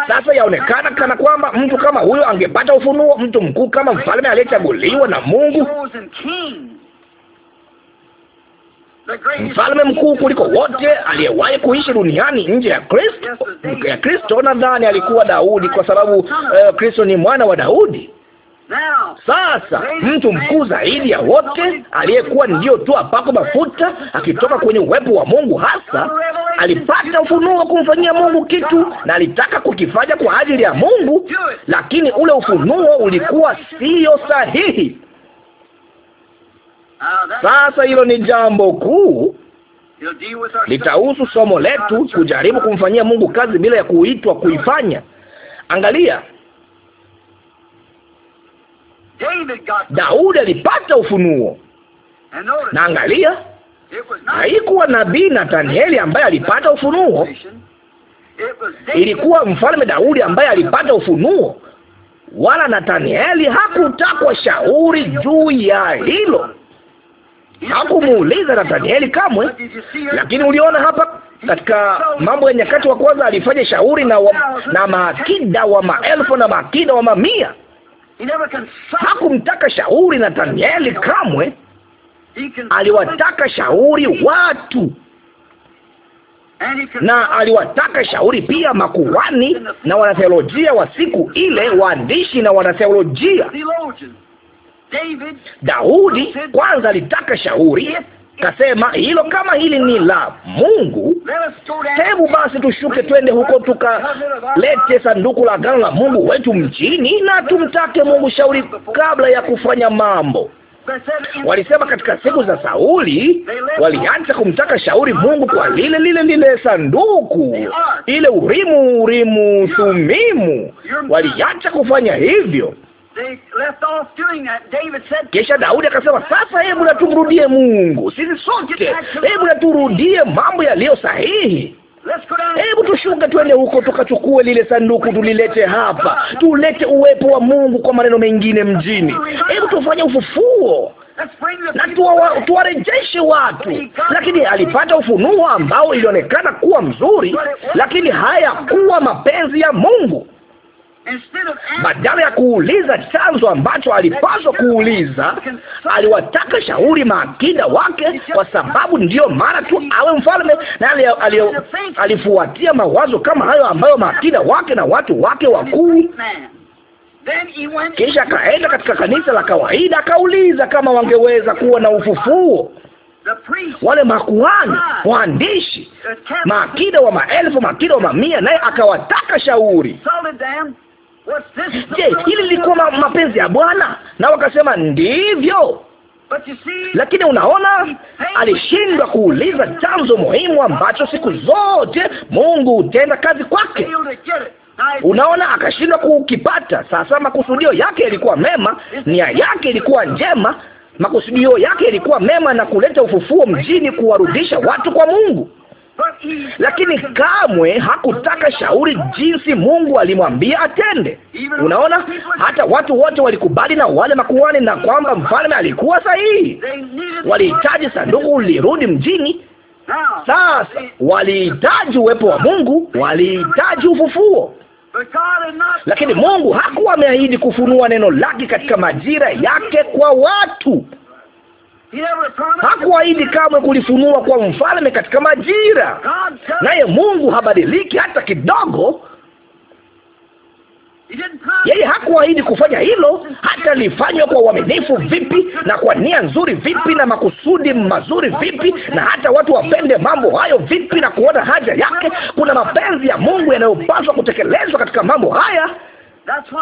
S1: Sasa yaonekana kana
S3: kwamba mtu kama huyo angepata ufunuo, mtu mkuu kama mfalme aliyechaguliwa na Mungu mfalme mkuu kuliko wote aliyewahi kuishi duniani nje ya Kristo ya Kristo, nadhani alikuwa Daudi kwa sababu uh, Kristo ni mwana wa Daudi. Sasa mtu mkuu zaidi ya wote aliyekuwa ndio tu apako mafuta akitoka kwenye uwepo wa Mungu, hasa alipata ufunuo wa kumfanyia Mungu kitu, na alitaka kukifanya kwa ajili ya Mungu, lakini ule ufunuo ulikuwa siyo sahihi. Sasa hilo ni jambo kuu, litahusu somo letu, kujaribu kumfanyia Mungu kazi bila ya kuitwa kuifanya. Angalia, Daudi alipata ufunuo,
S1: na angalia, haikuwa
S3: nabii Nathanieli ambaye alipata ufunuo, ilikuwa mfalme Daudi ambaye alipata ufunuo, wala Nathanieli hakutakwa shauri juu ya hilo. Hakumuuliza Nathanieli kamwe, lakini uliona hapa katika Mambo ya Nyakati wa Kwanza alifanya shauri na wa, na maakida wa maelfu na maakida wa mamia. Hakumtaka shauri Nathanieli kamwe, aliwataka shauri watu na aliwataka shauri pia makuhani na wanatheolojia wa siku ile, waandishi na wanatheolojia Daudi kwanza alitaka shauri, kasema hilo kama hili ni la Mungu, hebu basi tushuke twende huko tukalete sanduku la agano la Mungu wetu mjini na tumtake Mungu shauri kabla ya kufanya mambo. Walisema katika siku za Sauli walianza kumtaka shauri Mungu kwa lile lile lile sanduku, ile Urimu Urimu Thumimu.
S1: Walianza
S3: kufanya hivyo. Kisha Daudi akasema, sasa hebu natumrudie Mungu sisi sote, hebu naturudie mambo yaliyo sahihi. Hebu tushuke twende huko tukachukue lile sanduku tulilete hapa, tulete uwepo wa Mungu. Kwa maneno mengine, mjini, hebu tufanye ufufuo na tuwarejeshe watu. Lakini alipata ufunuo ambao ilionekana kuwa mzuri, lakini hayakuwa mapenzi ya Mungu badala ya kuuliza chanzo ambacho alipaswa kuuliza, aliwataka shauri maakida wake, kwa sababu ndiyo mara tu awe mfalme, na alifuatia mawazo kama hayo ambayo maakida wake na watu wake wakuu
S1: kisha akaenda katika kanisa
S3: la kawaida akauliza kama wangeweza kuwa na ufufuo. Wale makuhani, waandishi, maakida wa maelfu, maakida wa mamia, naye akawataka shauri.
S1: Je, hili lilikuwa mapenzi
S3: ya Bwana? Na wakasema ndivyo. Lakini unaona, alishindwa kuuliza chanzo muhimu ambacho siku zote Mungu hutenda kazi kwake. Unaona, akashindwa kukipata. Sasa makusudio yake yalikuwa mema, nia yake ilikuwa njema, makusudio yake yalikuwa mema na kuleta ufufuo mjini, kuwarudisha watu kwa Mungu lakini kamwe hakutaka shauri jinsi Mungu alimwambia atende. Unaona, hata watu wote walikubali na wale makuhani, na kwamba mfalme alikuwa sahihi. Walihitaji sanduku lirudi mjini. Sasa walihitaji uwepo wa Mungu, walihitaji ufufuo lakini Mungu hakuwa ameahidi kufunua neno lake katika majira yake kwa watu.
S1: Hakuahidi kamwe
S3: kulifunua kwa mfalme katika majira, naye Mungu habadiliki hata kidogo. Yeye hakuahidi kufanya hilo, hata lifanywa kwa uaminifu vipi na kwa nia nzuri vipi na makusudi mazuri vipi, na hata watu wapende mambo hayo vipi na kuona haja yake. Kuna mapenzi ya Mungu yanayopaswa kutekelezwa katika mambo haya.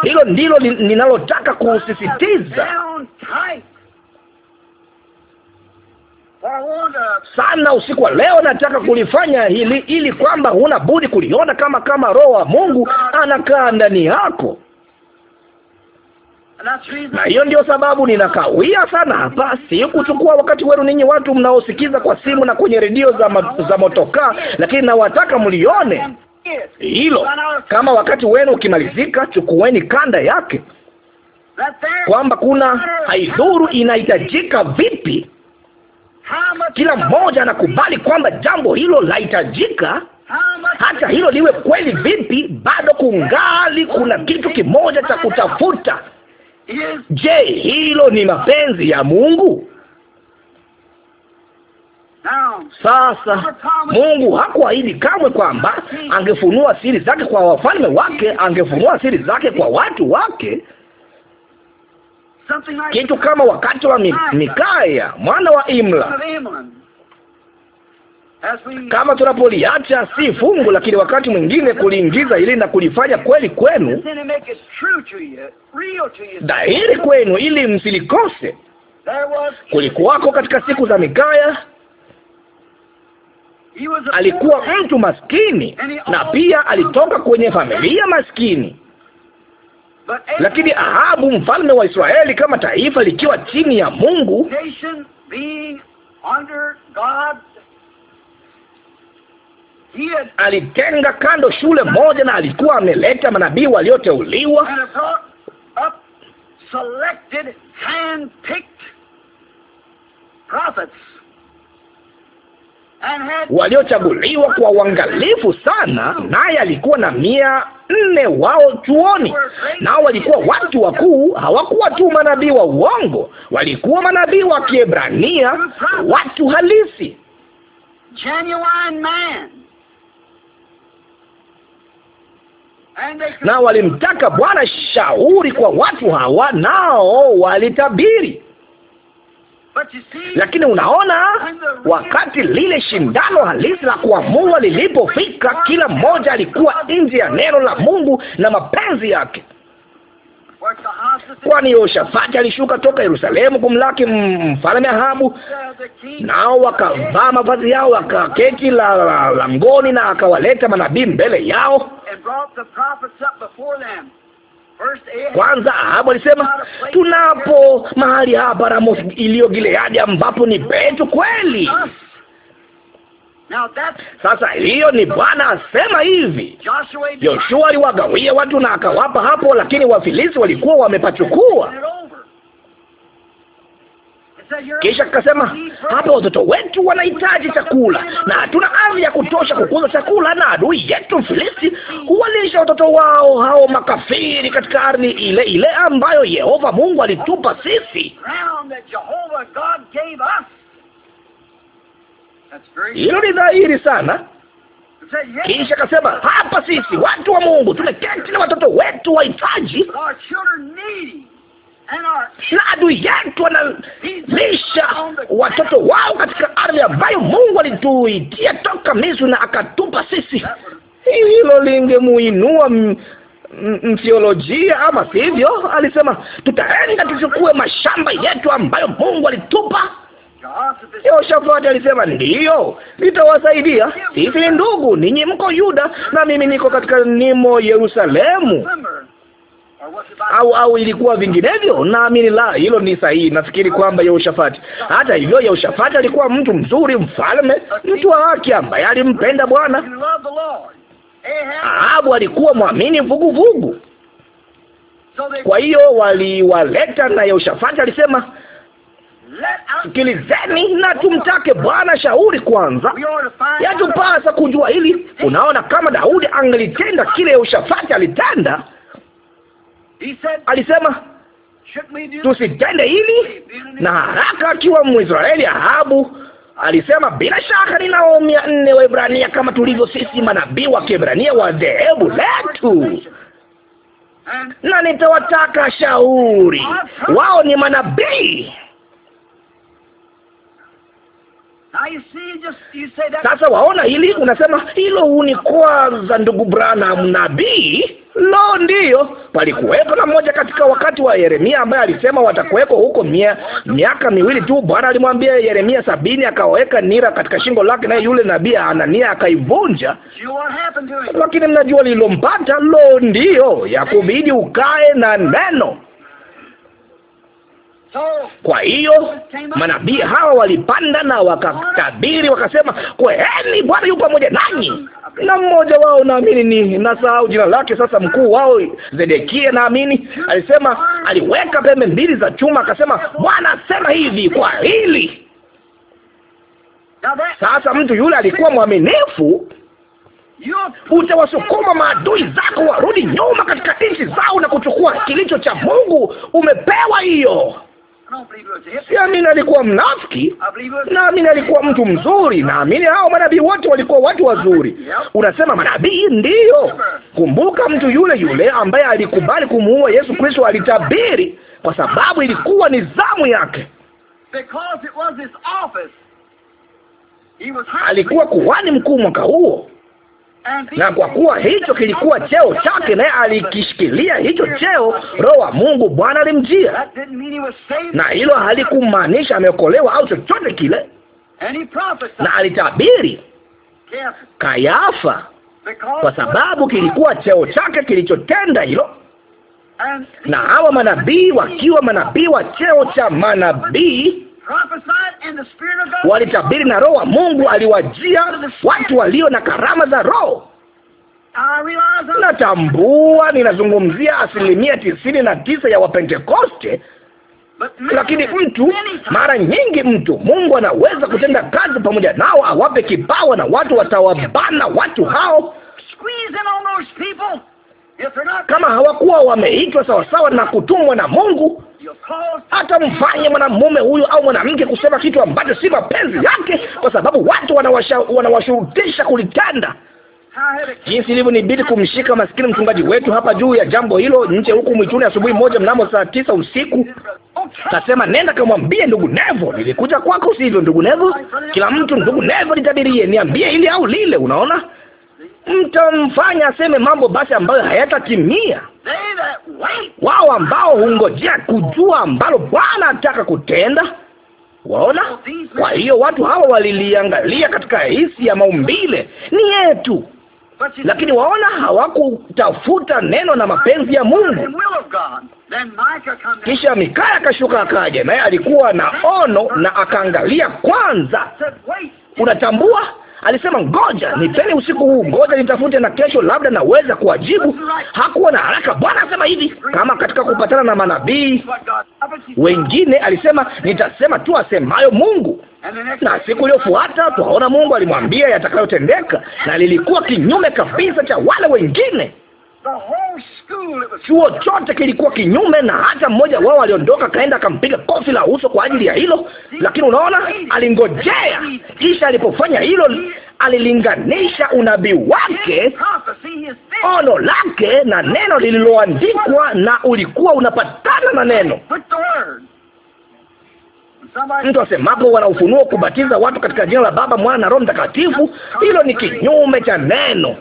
S1: Hilo ndilo ninalotaka
S3: kusisitiza sana usiku wa leo. Nataka kulifanya hili ili kwamba huna budi kuliona kama kama Roho wa Mungu anakaa ndani yako, na hiyo ndio sababu ninakawia sana hapa, si kuchukua wakati wenu ninyi watu mnaosikiza kwa simu na kwenye redio za, ma, za motokaa, lakini nawataka mlione hilo. Kama wakati wenu ukimalizika, chukueni kanda yake, kwamba kuna haidhuru inahitajika vipi kila mmoja anakubali kwamba jambo hilo lahitajika, hata hilo liwe kweli vipi, bado kungali kuna kitu kimoja cha kutafuta. Je, hilo ni mapenzi ya Mungu?
S1: Sasa Mungu hakuahidi kamwe kwamba
S3: angefunua siri zake kwa wafalme wake, angefunua siri zake kwa watu wake
S1: kitu kama wakati wa ah, Mikaya mwana wa Imla kama
S3: tunapoliacha si fungu, lakini wakati mwingine kuliingiza ili na kulifanya kweli kwenu, dhahiri kwenu, ili msilikose. Kulikuwako katika siku za Mikaya,
S1: alikuwa mtu
S3: maskini na pia alitoka kwenye familia maskini
S1: lakini Ahabu
S3: mfalme wa Israeli, kama taifa likiwa chini ya Mungu alitenga kando shule moja, na alikuwa ameleta manabii walioteuliwa
S1: waliochaguliwa
S3: kwa uangalifu sana, naye alikuwa na mia nne wao chuoni, nao walikuwa watu wakuu. Hawakuwa tu manabii wa uongo, walikuwa manabii wa Kiebrania, watu halisi. Na walimtaka Bwana shauri kwa watu hawa, nao walitabiri. Lakini unaona, wakati lile shindano halisi la kuamua lilipofika, kila mmoja alikuwa nje ya neno la Mungu na mapenzi yake. Kwani Yoshafati alishuka toka Yerusalemu kumlaki mfalme Ahabu, nao wakavaa mavazi yao, wakaketi la, la, la na akawaleta manabii mbele yao kwanza Ahabu alisema tunapo mahali hapa Ramoth iliyo Gileadi, ambapo ni petu kweli. Sasa hiyo ni Bwana asema hivi, Yoshua aliwagawia watu na akawapa hapo, lakini Wafilisti walikuwa wamepachukua kisha kasema hapa, watoto wetu wanahitaji chakula na hatuna ardhi ya kutosha kukuza chakula, na adui yetu Filisti huwalisha watoto wao hao makafiri katika ardhi ile ile ambayo Yehova Mungu alitupa sisi. Hilo ni dhahiri sana. Kisha akasema hapa, sisi watu wa Mungu tumeketi na watoto wetu wahitaji
S1: na adui yetu
S3: wanalisha watoto wao katika ardhi ambayo Mungu alituitia toka Misri na akatupa sisi. Hilo lingemuinua mtheolojia, ama sivyo? Alisema tutaenda tuchukue mashamba yetu ambayo Mungu alitupa. Yehoshafati alisema ndiyo, nitawasaidia. Sisi ni ndugu, ninyi mko Yuda na mimi niko katika nimo Yerusalemu au au ilikuwa vinginevyo? Naamini la, hilo ni sahihi. Nafikiri kwamba Yehoshafati. Hata hivyo, Yehoshafati alikuwa mtu mzuri, mfalme, mtu wa haki ambaye alimpenda Bwana. Ahabu alikuwa mwamini vuguvugu. Kwa hiyo waliwaleta, na Yehoshafati alisema
S1: Sikilizeni na tumtake Bwana
S3: shauri kwanza, yatupasa kujua hili. Unaona, kama Daudi angelitenda kile Yehoshafati alitenda alisema tusitende hili na haraka. Akiwa Mwisraeli Ahabu alisema bila shaka ninao mia nne Waebrania kama tulivyo sisi manabii wa Kiebrania wa dhehebu letu, na nitawataka shauri wao, ni manabii
S1: Sasa waona hili, unasema
S3: hilo za ndugu Branham, nabii Lo, ndiyo. palikuwepo na mmoja katika wakati wa Yeremia ambaye alisema watakuweko huko mia, miaka miwili tu. Bwana alimwambia Yeremia sabini, akaweka nira katika shingo lake, naye yule nabii Anania akaivunja. Lakini mnajua lilompata. Lo, ndiyo, yakubidi ukae na neno
S1: kwa hiyo manabii hawa
S3: walipanda na wakatabiri, wakasema, kweeni, Bwana yu pamoja nanyi. Na mmoja wao naamini ni nasahau jina lake sasa, mkuu wao Zedekia naamini alisema, aliweka pembe mbili za chuma, akasema, Bwana sema hivi kwa hili sasa mtu yule alikuwa mwaminifu. Utawasukuma maadui zako warudi nyuma katika nchi zao na kuchukua kilicho cha Mungu. Umepewa hiyo Siamini alikuwa mnafiki, ah, naamini alikuwa mtu mzuri. Naamini hao manabii wote walikuwa watu wazuri. Unasema manabii ndiyo. Kumbuka, mtu yule yule ambaye alikubali kumuua Yesu Kristo alitabiri, kwa sababu ilikuwa ni zamu yake. Alikuwa kuhani mkuu mwaka huo na kwa kuwa hicho kilikuwa cheo chake, naye alikishikilia hicho cheo, Roho wa Mungu Bwana alimjia, na hilo halikumaanisha ameokolewa au chochote kile,
S1: na alitabiri
S3: Kayafa, kwa sababu kilikuwa cheo chake kilichotenda hilo na hawa manabii wakiwa manabii wa cheo cha manabii
S1: walitabiri na Roho wa
S3: Mungu aliwajia watu walio na karama za Roho. Natambua ninazungumzia asilimia tisini na tisa ya Wapentekoste,
S1: lakini mtu
S3: mara nyingi, mtu Mungu anaweza kutenda kazi pamoja nao, awape kipawa na watu watawabana watu hao
S1: kama hawakuwa wameitwa sawasawa na
S3: kutumwa na Mungu, mfanye mwanamume huyo au mwanamke kusema kitu ambacho si mapenzi yake, kwa sababu watu wanawashurutisha kulitenda. Jinsi ilivyo nibidi kumshika maskini mchungaji wetu hapa juu ya jambo hilo nje huku mwituni asubuhi moja mnamo saa tisa usiku, kasema nenda kamwambie ndugu Nevo, nilikuja kwako, sivyo ndugu Nevo? Kila mtu ndugu Nevo, nitabirie, niambie ili au lile. Unaona, mtamfanya aseme mambo basi ambayo hayatatimia. Wao ambao hungojea kujua ambalo Bwana ataka kutenda Waona? Oh, Kwa hiyo watu hawa waliliangalia katika hisi ya maumbile ni yetu, lakini waona, hawakutafuta neno na mapenzi ya Mungu.
S1: Kisha Mikaya
S3: akashuka akaja, naye alikuwa na ono na akaangalia kwanza.
S1: Unatambua
S3: Alisema ngoja nipeni usiku huu, ngoja nitafute, na kesho labda naweza kuwajibu. Hakuwa na haraka. Bwana asema hivi, kama katika kupatana na manabii wengine, alisema nitasema tu asemayo Mungu, na siku iliyofuata twaona Mungu alimwambia yatakayotendeka, na lilikuwa kinyume kabisa cha wale wengine. Chuo chote kilikuwa kinyume, na hata mmoja wao aliondoka kaenda akampiga kofi la uso kwa ajili ya hilo. Lakini unaona, alingojea. Kisha alipofanya hilo, alilinganisha unabii wake,
S1: ono lake na neno lililoandikwa, na ulikuwa unapatana na neno
S3: Mtu asemapo wana ufunuo kubatiza watu katika jina la Baba, Mwana na Roho Mtakatifu, hilo ni kinyume cha neno.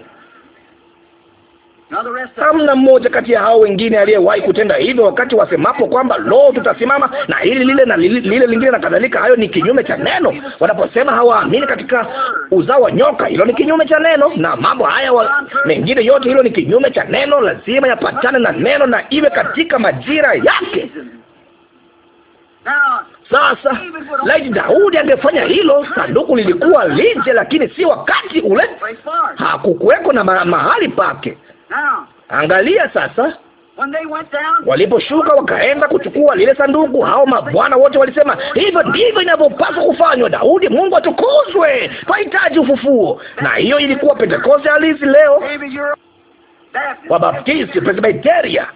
S3: Hamna mmoja kati ya hao wengine aliyewahi kutenda hivyo, wakati wasemapo kwamba lo, tutasimama na hili lile na lile, lile lingine na kadhalika. Hayo ni kinyume cha neno. Wanaposema hawaamini katika uzao wa nyoka, hilo ni kinyume cha neno, na mambo haya wa... mengine yote, hilo ni kinyume cha neno. Lazima yapatane na neno na iwe katika majira yake. Sasa laiti Daudi angefanya hilo, sanduku lilikuwa lije lakini si wakati ule,
S1: hakukuweko
S3: na mahali pake. Angalia sasa, waliposhuka wakaenda kuchukua lile sanduku, hao mabwana wote walisema, hivyo ndivyo inavyopaswa kufanywa. Daudi, Mungu atukuzwe, pahitaji ufufuo. Na hiyo ilikuwa Pentekoste halisi leo. Wabaptisti, Presbiteria.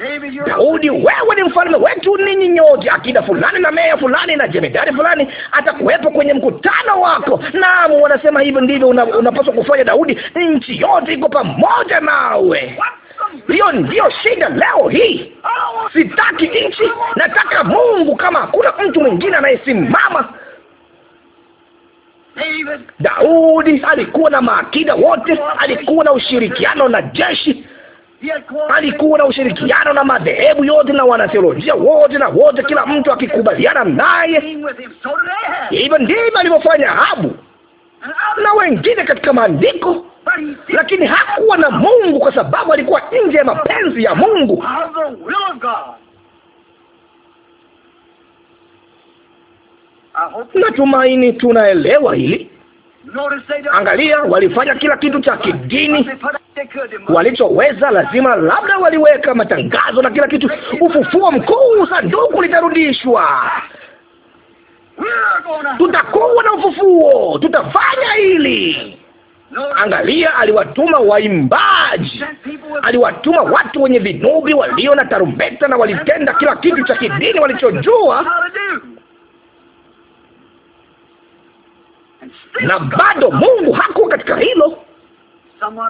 S3: Daudi, wewe ni mfalme wetu, ninyi nyote, akida fulani na meya fulani na jemedari fulani atakuwepo kwenye mkutano wako. Naam, wanasema hivyo ndivyo una, unapaswa kufanya Daudi, nchi yote iko pamoja nawe. Hiyo ndiyo shida leo hii. Sitaki nchi, nataka Mungu. Kama hakuna mtu mwingine anayesimama Daudi alikuwa na maakida wote, alikuwa na ushirikiano na jeshi alikuwa na ushirikiano na madhehebu yote na wanatheolojia wote na wote, kila mtu akikubaliana naye. Hivyo ndivyo alivyofanya Ahabu na wengine katika maandiko, lakini hakuwa na Mungu kwa sababu alikuwa nje ya mapenzi ya Mungu. Natumaini tunaelewa hili.
S1: Angalia, walifanya kila
S3: kitu cha kidini walichoweza lazima, labda waliweka matangazo na kila kitu. Ufufuo mkuu, sanduku litarudishwa, tutakuwa na ufufuo, tutafanya hili. Angalia, aliwatuma waimbaji, aliwatuma watu wenye vinubi walio na tarumbeta, na walitenda kila kitu cha kidini walichojua, na bado Mungu hakuwa katika hilo.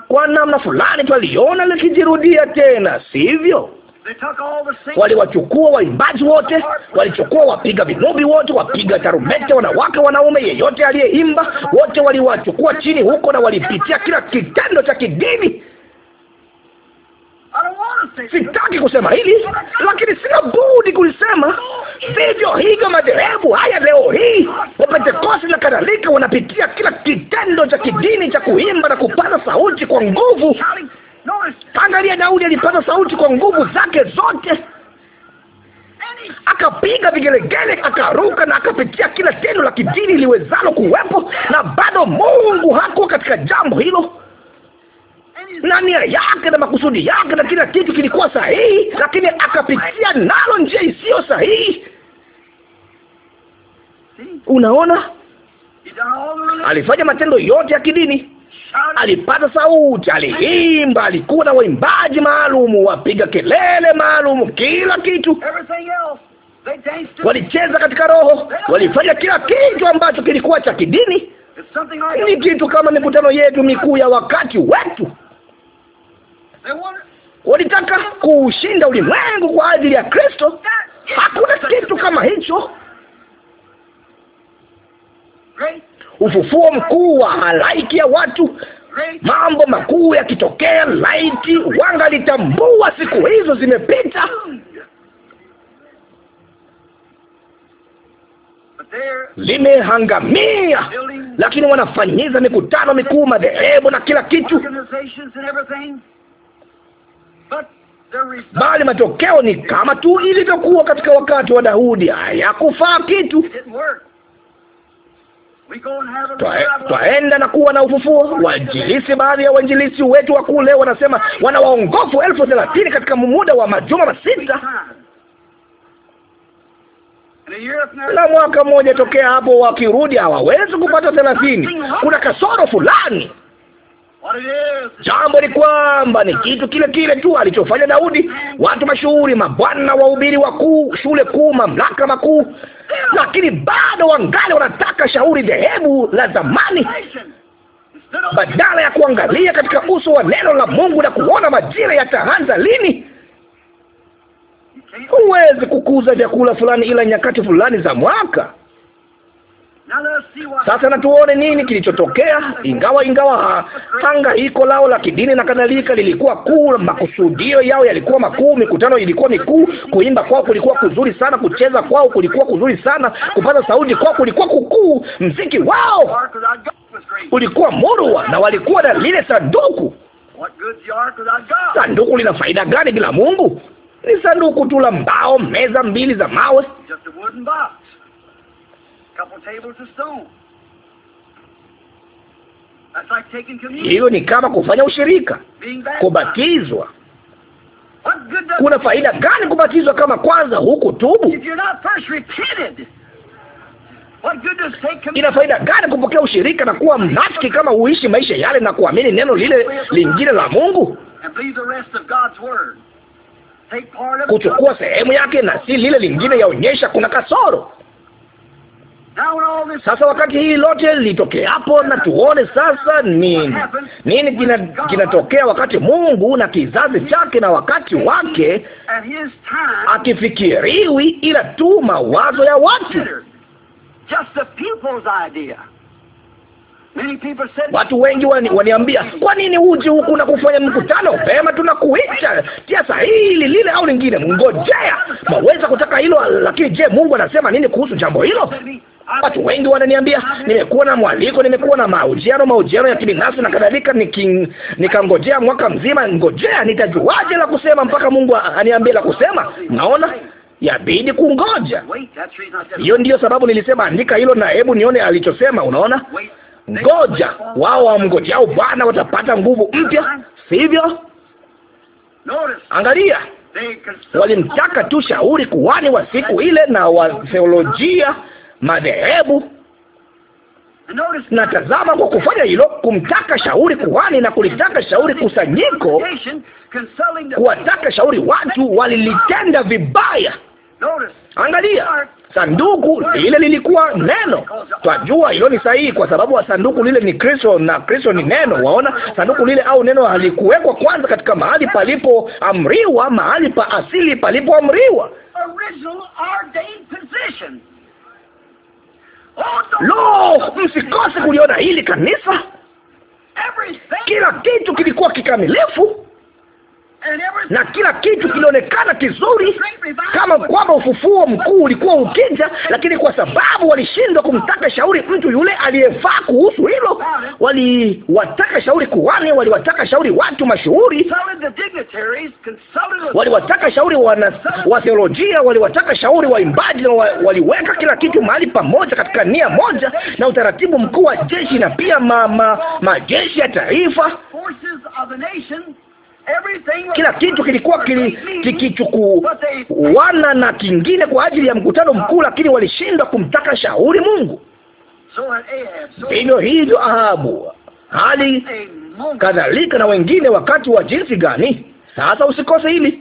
S3: Kwa namna fulani twaliona likijirudia tena, sivyo? Waliwachukua waimbaji wote, walichukua wapiga vinubi wote, wapiga tarumbete, wanawake, wanaume, yeyote aliyeimba, wote waliwachukua chini huko, na walipitia kila kitendo cha kidini Sitaki kusema hili, lakini sina budi kulisema.
S1: Vivyo hivyo madhehebu
S3: haya leo hii wapentekosti na kadhalika wanapitia kila kitendo cha kidini cha kuimba na kupaza sauti kwa nguvu. Angalia, Daudi alipaza sauti kwa nguvu zake zote, akapiga vigelegele, akaruka na akapitia kila tendo la kidini liwezalo kuwepo, na bado Mungu hakuwa katika jambo hilo na nia yake na makusudi yake na kila kitu kilikuwa sahihi, lakini akapitia nalo njia isiyo sahihi. Unaona, alifanya matendo yote ya kidini, alipata sauti, aliimba, alikuwa na waimbaji maalumu, wapiga kelele maalumu, kila kitu walicheza katika roho, walifanya kila kitu ambacho kilikuwa cha kidini. Ni kitu kama mikutano yetu mikuu ya wakati wetu walitaka kuushinda ulimwengu kwa ajili ya Kristo. Hakuna kitu kama hicho. Ufufuo mkuu wa halaiki ya watu, mambo makuu yakitokea, laiti wangalitambua siku hizo zimepita. Zimehangamia, lakini wanafanyiza mikutano mikuu, madhehebu na kila kitu bali matokeo ni kama tu ilivyokuwa katika wakati wa Daudi, hayakufaa kitu. Twaenda na kuwa na ufufuo. Wainjilisi, baadhi ya wainjilisi wetu wa kule wanasema wana waongofu elfu thelathini katika muda wa majuma
S1: masita na
S3: mwaka mmoja tokea hapo, wakirudi hawawezi kupata thelathini. Kuna kasoro fulani. Jambo ni kwamba ni kitu kile kile tu alichofanya Daudi. Watu mashuhuri, mabwana, wahubiri wakuu, shule kuu, mamlaka makuu, lakini bado wangali wanataka shauri dhehebu la zamani, badala ya kuangalia katika uso wa neno la Mungu na kuona majira yataanza lini. Huwezi kukuza vyakula fulani ila nyakati fulani za mwaka. Sasa natuone nini kilichotokea. Ingawa ingawa iko lao la kidini na kadhalika lilikuwa kuu, makusudio yao yalikuwa makuu, mikutano ilikuwa mikuu, kuimba kwao kulikuwa kuzuri sana, kucheza kwao kulikuwa kuzuri sana, kupata sauti kwao kulikuwa kukuu, mziki wao ulikuwa murwa, na walikuwa na lile sanduku.
S1: Sanduku lina faida gani
S3: bila Mungu? Ni sanduku tu la mbao, meza mbili za mawe
S1: hiyo ni kama kufanya
S3: ushirika, kubatizwa. Kuna faida gani kubatizwa kama kwanza huku tubu Ina faida gani kupokea ushirika na kuwa mnafiki kama uishi maisha yale na kuamini neno lile lingine la Mungu, kuchukua sehemu yake na si lile lingine? Yaonyesha kuna kasoro. Sasa wakati hii lote litokeapo, na tuone sasa nini nini kinatokea, kina wakati Mungu na kizazi chake na wakati wake
S1: akifikiriwi,
S3: ila tu mawazo ya watu Watu wengi waniambia kwa nini uji huku na kufanya mkutano? Pema, tunakuita tia sahihi lile au lingine. Ngojea, maweza kutaka hilo, lakini je, Mungu anasema nini kuhusu jambo hilo? Watu wengi wananiambia nimekuwa na mwaliko, nimekuwa na mahojiano, mahojiano ya kibinafsi na kadhalika, nikangojea mwaka mzima. Ngojea, nitajuaje la kusema mpaka Mungu aniambie la kusema? Naona yabidi kungoja. Hiyo ndiyo sababu nilisema andika hilo na hebu nione alichosema. Unaona, Ngoja wao wamngojao Bwana watapata nguvu mpya, sivyo? Angalia, walimtaka tu shauri kuhani wa siku ile na wa theolojia madhehebu na tazama, kwa kufanya hilo, kumtaka shauri kuhani na kulitaka shauri kusanyiko, kuwataka shauri watu, walilitenda vibaya. Angalia, sanduku lile lilikuwa neno. Twajua hilo ni sahihi, kwa sababu wa sanduku lile ni Kristo na Kristo ni neno. Waona, sanduku lile au neno halikuwekwa kwanza katika mahali palipoamriwa, mahali pa asili palipoamriwa. Lo, msikose kuliona hili kanisa. Kila kitu kilikuwa kikamilifu na kila kitu kilionekana kizuri, kama kwamba ufufuo mkuu ulikuwa ukija, lakini kwa sababu walishindwa kumtaka shauri mtu yule aliyefaa kuhusu hilo, waliwataka shauri kuhani, waliwataka shauri watu mashuhuri,
S1: waliwataka shauri
S3: wana wa theolojia, waliwataka shauri waimbaji, na waliweka kila kitu mahali pamoja katika nia moja na utaratibu mkuu wa jeshi na pia ma, ma, majeshi ya taifa
S1: kila kitu kilikuwa
S3: kikichukuana na kingine kwa ajili ya mkutano mkuu, lakini walishindwa kumtaka shauri Mungu.
S1: Vivyo hivyo
S3: Ahabu, hali kadhalika na wengine. Wakati wa jinsi gani? Sasa usikose hili.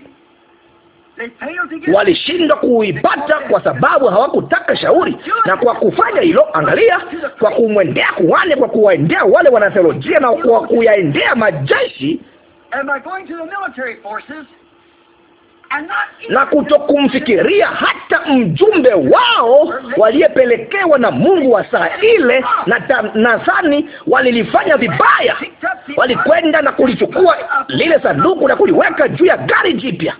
S3: Walishindwa kuipata kwa sababu hawakutaka shauri, na kwa kufanya hilo, angalia, kwa kumwendea kuhani, kwa kuwaendea wale wanatheolojia na kwa kuyaendea majeshi na kutokumfikiria hata mjumbe wao waliyepelekewa na Mungu wa saa ile, na nadhani walilifanya vibaya. Walikwenda na kulichukua lile sanduku na kuliweka juu ya gari jipya,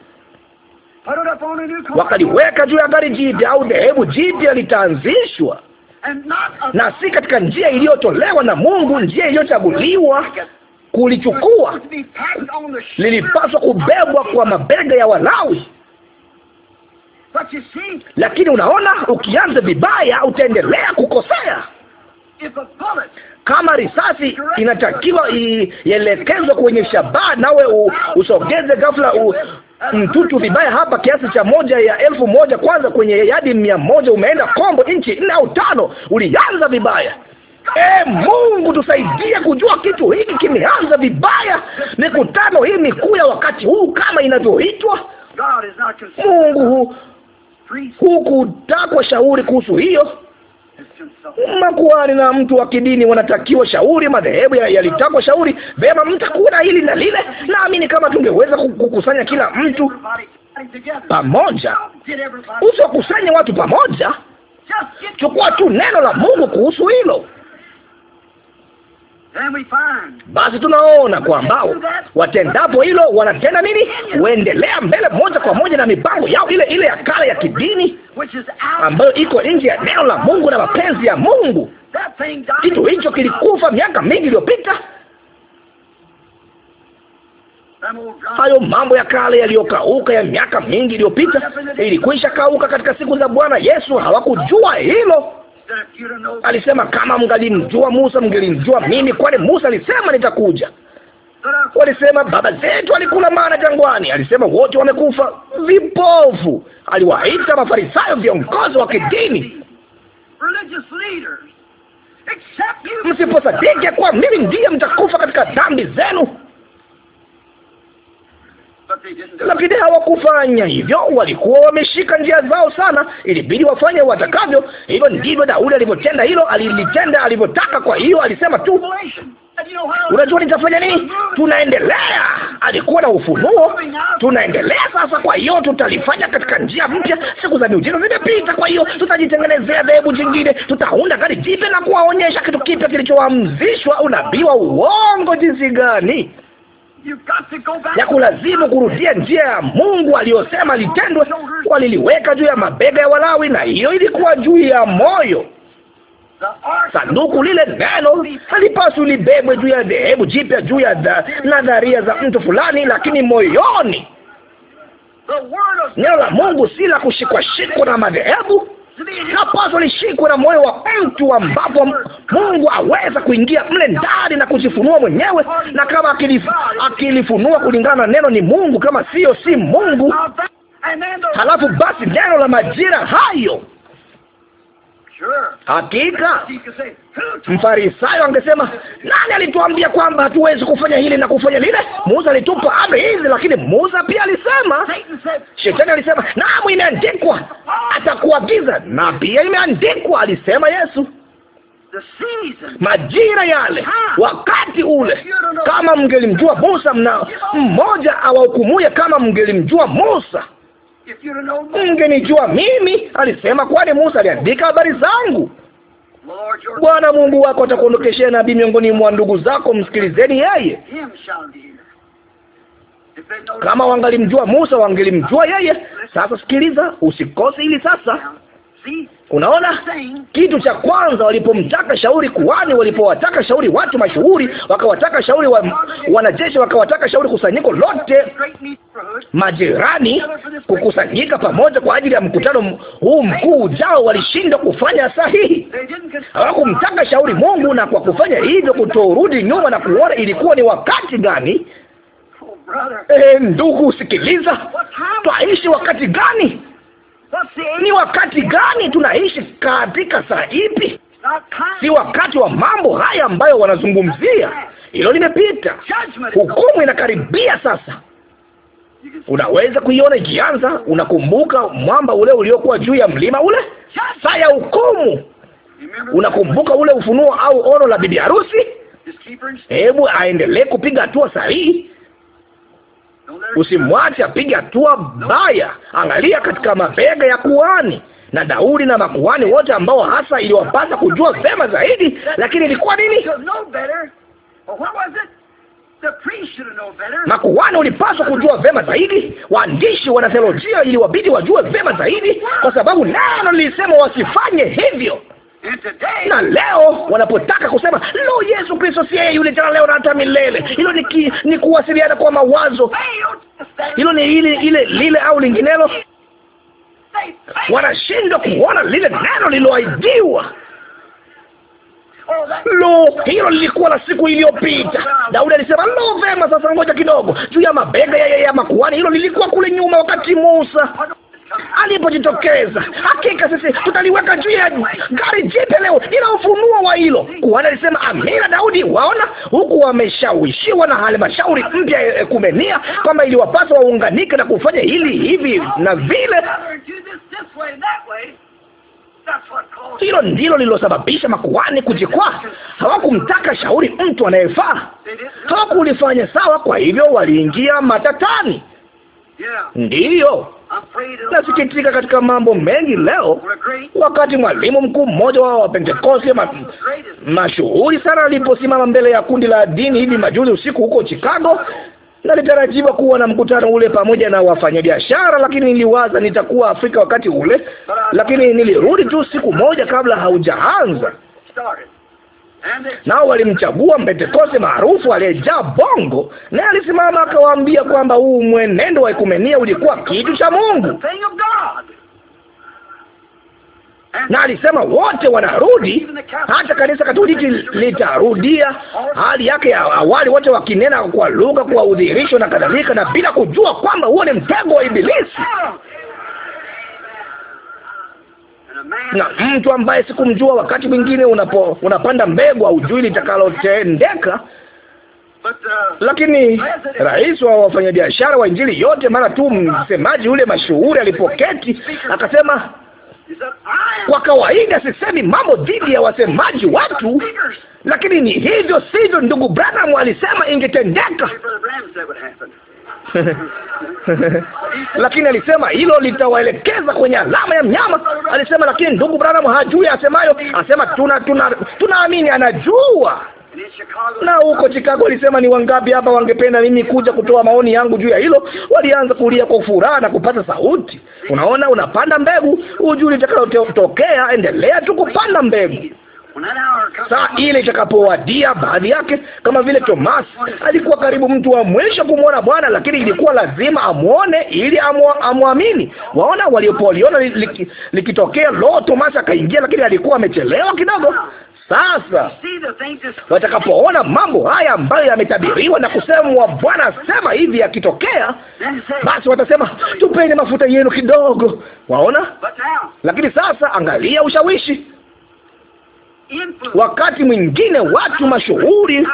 S1: wakaliweka
S3: juu ya gari jipya, au dhehebu jipya litaanzishwa, na si katika njia iliyotolewa na Mungu, njia iliyochaguliwa kulichukua lilipaswa kubebwa kwa mabega ya Walawi. Lakini unaona, ukianza vibaya utaendelea kukosea. Kama risasi inatakiwa ielekezwe kwenye shabaha, nawe usogeze ghafla u, mtutu vibaya hapa kiasi cha moja ya elfu moja kwanza kwenye yadi mia moja umeenda kombo inchi nne au tano. Ulianza vibaya E Mungu, tusaidie kujua kitu hiki kimeanza vibaya. Mikutano hii mikuu ya wakati huu kama inavyoitwa, Mungu hukutakwa shauri kuhusu hiyo. Makuhani na mtu wa kidini wanatakiwa shauri, madhehebu yalitakwa shauri. Vema, mtakuona hili na lile. Naamini kama tungeweza kukusanya kila mtu
S1: pamoja, usiwakusanye
S3: watu pamoja,
S1: chukua tu neno la
S3: Mungu kuhusu hilo. Basi tunaona kwamba watendapo hilo wanatenda nini? Huendelea mbele moja kwa moja na mipango yao ile ile ya kale ya kidini, ambayo iko nje ya neno la Mungu na mapenzi ya Mungu. Kitu hicho kilikufa miaka mingi iliyopita. Hayo mambo ya kale yaliyokauka ya miaka mingi iliyopita ilikwisha kauka katika siku za Bwana Yesu. Hawakujua hilo. Alisema kama mngalimjua Musa mngelimjua mimi, kwani Musa alisema nitakuja. Walisema baba zetu alikula mana jangwani. Alisema wote wamekufa vipofu. Aliwaita Mafarisayo viongozi wa kidini.
S1: Msiposadiki kuwa
S3: mimi ndiye, mtakufa katika dhambi zenu lakini hawakufanya hivyo, walikuwa wameshika njia zao sana, ilibidi wafanye watakavyo. Hivyo ndivyo Daudi alivyotenda, hilo alilitenda alivyotaka. Kwa hiyo alisema tu Unajua nitafanya nini? Tunaendelea, alikuwa na ufunuo. Tunaendelea sasa, kwa hiyo tutalifanya katika njia mpya. Siku za miujiza zimepita, kwa hiyo tutajitengenezea dhehebu jingine, tutaunda gari jipya na kuwaonyesha kitu kipya kilichoamzishwa. Unabii wa uongo jinsi gani!
S1: ya kulazimu
S3: kurudia njia ya Mungu aliyosema litendwe. Waliliweka juu ya mabega ya Walawi, na hiyo ilikuwa juu ya moyo. Sanduku lile neno halipaswi libebwe juu ya dhehebu jipya, juu ya nadharia za mtu fulani, lakini moyoni. Neno la Mungu si la kushikwashikwa na madhehebu napaswa lishikwe na moyo wa mtu ambapo Mungu aweza kuingia mle ndani na kujifunua mwenyewe, na kama akilif, akilifunua kulingana na neno ni Mungu, kama sio si Mungu. Halafu basi neno la majira hayo Hakika mfarisayo angesema, nani alituambia kwamba hatuwezi kufanya hili na kufanya lile? Musa alitupa amri hizi, lakini Musa pia alisema, shetani alisema, naam, imeandikwa atakuagiza, na pia imeandikwa, alisema Yesu majira yale, wakati ule. Kama mngelimjua Musa, mna mmoja awahukumuye kama mngelimjua Musa mngenijua mimi, alisema, kwani Musa aliandika habari zangu. Bwana Mungu wako atakuondokeshea nabii miongoni mwa ndugu zako, msikilizeni yeye. Kama wangalimjua Musa, wangelimjua yeye. Sasa sikiliza, usikose ili sasa Unaona, kitu cha kwanza walipomtaka shauri kuhani, walipowataka shauri watu mashuhuri, wakawataka shauri wa, wanajeshi, wakawataka shauri kusanyiko lote, majirani kukusanyika pamoja kwa ajili ya mkutano huu mkuu ujao, walishindwa kufanya sahihi. Hawakumtaka shauri Mungu, na kwa kufanya hivyo, kutorudi nyuma na kuona ilikuwa ni wakati gani. Eh, ndugu, sikiliza, twaishi wakati gani? Ni wakati gani tunaishi katika saa ipi? Si wakati wa mambo haya ambayo wanazungumzia. Hilo limepita, hukumu inakaribia sasa. Unaweza kuiona ikianza. Unakumbuka mwamba ule uliokuwa juu ya mlima ule, saa ya hukumu. Unakumbuka ule ufunuo au ono la bibi harusi? Hebu aendelee kupiga hatua sahihi usimwache apige hatua baya. Angalia katika mabega ya kuhani na Daudi na makuhani wote ambao hasa iliwapasa kujua vema zaidi, lakini ilikuwa nini? Makuhani ulipaswa kujua vema zaidi, waandishi, wanatheolojia iliwabidi wajue vema zaidi, kwa sababu neno lilisema wasifanye hivyo na leo wanapotaka kusema lo, Yesu Kristo si yeye yule jana, leo na hata milele, hilo ni, ki, ni kuwasiliana kwa mawazo, hilo ni ile ile lile au linginelo. Wanashindwa kuona lile neno liloahidiwa. Oh, lo, hilo lilikuwa la siku iliyopita. Daudi alisema lo, vema, sasa ngoja kidogo, juu ya mabega ya ya makuhani. Hilo lilikuwa kule nyuma, wakati Musa alipojitokeza. Hakika sisi tutaliweka juu ya gari jipya leo, ila ufunuo wa hilo kuhani alisema amina. Daudi, waona huku wameshawishiwa na halmashauri mpya ekumenia kwamba iliwapasa waunganike na kufanya hili hivi na vile. Hilo ndilo lililosababisha makuhani kujikwaa. Hawakumtaka shauri mtu anayefaa, hawakulifanya sawa, kwa hivyo waliingia matatani. Ndiyo, Nasikitika katika mambo mengi leo. Wakati mwalimu mkuu mmoja wa Wapentekoste ma, mashuhuri sana aliposimama mbele ya kundi la dini hivi majuzi usiku huko Chicago, nalitarajiwa kuwa na mkutano ule pamoja na wafanyabiashara, lakini niliwaza nitakuwa Afrika wakati ule, lakini nilirudi tu siku moja kabla haujaanza nao walimchagua mpentekoste maarufu aliyejaa bongo, naye alisimama akawaambia kwamba huu mwenendo wa ekumenia ulikuwa kitu cha Mungu, na alisema wote wanarudi, hata kanisa Katoliki litarudia hali yake ya awali, wote wakinena kwa lugha, kwa udhihirisho na kadhalika, na bila kujua kwamba huo ni mtego wa Ibilisi na mtu ambaye sikumjua. Wakati mwingine unapo unapanda mbegu haujui litakalotendeka, lakini rais wa wafanyabiashara wa injili yote, mara tu msemaji yule mashuhuri alipoketi, akasema kwa kawaida sisemi mambo dhidi ya wasemaji watu, lakini ni hivyo sivyo, ndugu Branham alisema ingetendeka. *laughs* lakini alisema hilo litawaelekeza kwenye alama ya mnyama. Alisema lakini ndugu Branham hajui asemayo, asema tuna tuna tunaamini anajua. Na huko Chicago alisema ni wangapi hapa wangependa mimi kuja kutoa maoni yangu juu ya hilo? Walianza kulia kwa furaha na kupata sauti. Unaona, unapanda mbegu, hujui litakalotokea. Endelea tu kupanda mbegu saa ile itakapowadia, baadhi yake kama vile Thomas alikuwa karibu mtu wa mwisho kumwona Bwana, lakini ilikuwa lazima amwone ili amwamini. Waona, walipoliona likitokea, lo, Thomas akaingia, lakini alikuwa amechelewa kidogo. Sasa watakapoona mambo haya ambayo yametabiriwa na kusemwa, Bwana asema hivi, yakitokea, basi watasema tupeni mafuta yenu kidogo. Waona, lakini sasa angalia ushawishi Wakati mwingine watu mashuhuri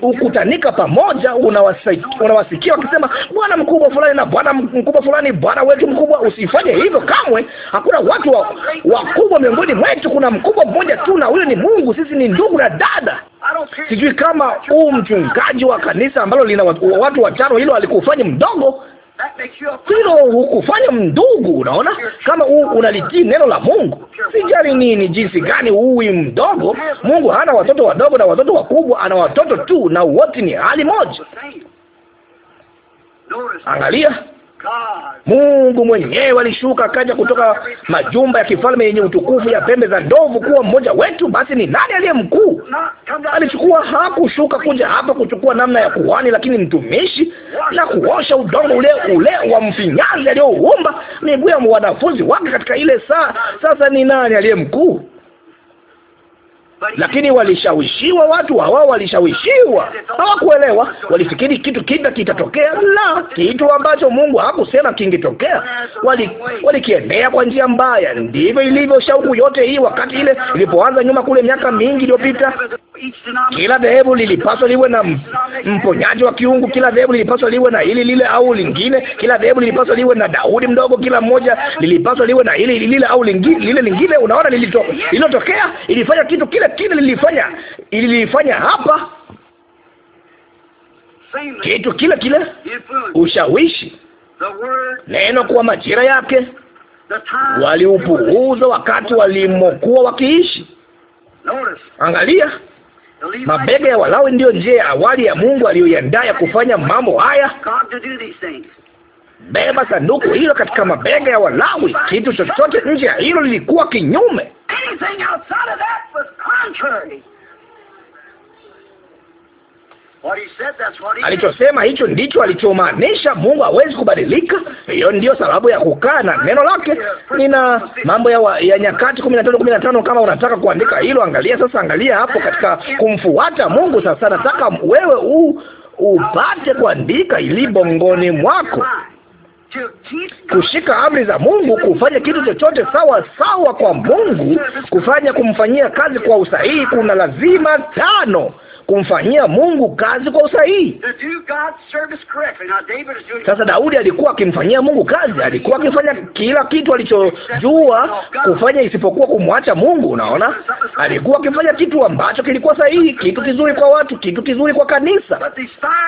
S3: hukutanika pamoja, unawasikia wakisema bwana mkubwa fulani na bwana mkubwa fulani, bwana wetu mkubwa. Usifanye hivyo kamwe. Hakuna watu wakubwa wa miongoni mwetu, kuna mkubwa mmoja tu, na huyo ni Mungu. Sisi ni ndugu na dada. Sijui kama huu mchungaji wa kanisa ambalo lina watu watano, hilo alikufanya mdogo
S1: hilo hukufanya
S3: mdugu Unaona, kama unalitii neno la Mungu, sijali nini, jinsi gani huwi mdogo. Mungu hana watoto wadogo na watoto wakubwa, ana watoto tu, na wote ni hali moja. Angalia Mungu mwenyewe alishuka akaja kutoka majumba ya kifalme yenye utukufu ya pembe za ndovu kuwa mmoja wetu. Basi ni nani aliye mkuu? Alichukua, hakushuka kuja hapa kuchukua namna ya kuhani, lakini mtumishi na kuosha udongo ule ule wa mfinyanzi aliyoumba miguu ya wanafunzi wake katika ile saa. Sasa ni nani aliye mkuu? lakini walishawishiwa. Watu hawa walishawishiwa, hawakuelewa. Walifikiri kitu kida kitatokea, la kitu ambacho Mungu hakusema kingetokea. Wali walikiendea kwa njia mbaya. Ndivyo ilivyo shauku yote hii. Wakati ile ilipoanza nyuma kule, miaka mingi iliyopita, kila dhehebu lilipaswa liwe na mponyaji wa kiungu, kila dhehebu lilipaswa liwe na ili lile au lingine, kila dhehebu lilipaswa liwe na Daudi mdogo, kila mmoja lilipaswa liwe na ili lile au lingine, lile lingine. Unaona lililotokea, ilifanya kitu kile lakini lilifanya ililifanya hapa kitu kile kile, ushawishi neno kwa majira yake waliupuuza wakati walimokuwa wakiishi. Angalia mabega ya Walawi, ndiyo njia ya awali ya Mungu aliyoiandaa ya kufanya mambo haya beba sanduku hilo katika mabega ya Walawi. Kitu chochote nje ya hilo lilikuwa kinyume. Alichosema hicho ndicho alichomaanisha. Mungu hawezi kubadilika. Hiyo ndiyo sababu ya kukaa na neno lake. Nina mambo ya, wa, ya Nyakati kumi na tano kumi na tano kama unataka kuandika hilo. Angalia sasa, angalia hapo katika kumfuata Mungu. Sasa nataka wewe u upate kuandika ili bongoni mwako kushika amri za Mungu, kufanya kitu chochote sawa sawa kwa Mungu, kufanya kumfanyia kazi kwa usahihi, kuna lazima tano kumfanyia Mungu kazi kwa usahihi. Sasa Daudi alikuwa akimfanyia Mungu kazi, alikuwa akifanya kila kitu alichojua kufanya isipokuwa kumwacha Mungu. Unaona, alikuwa akifanya kitu ambacho kilikuwa sahihi, kitu kizuri kwa watu, kitu kizuri kwa kanisa.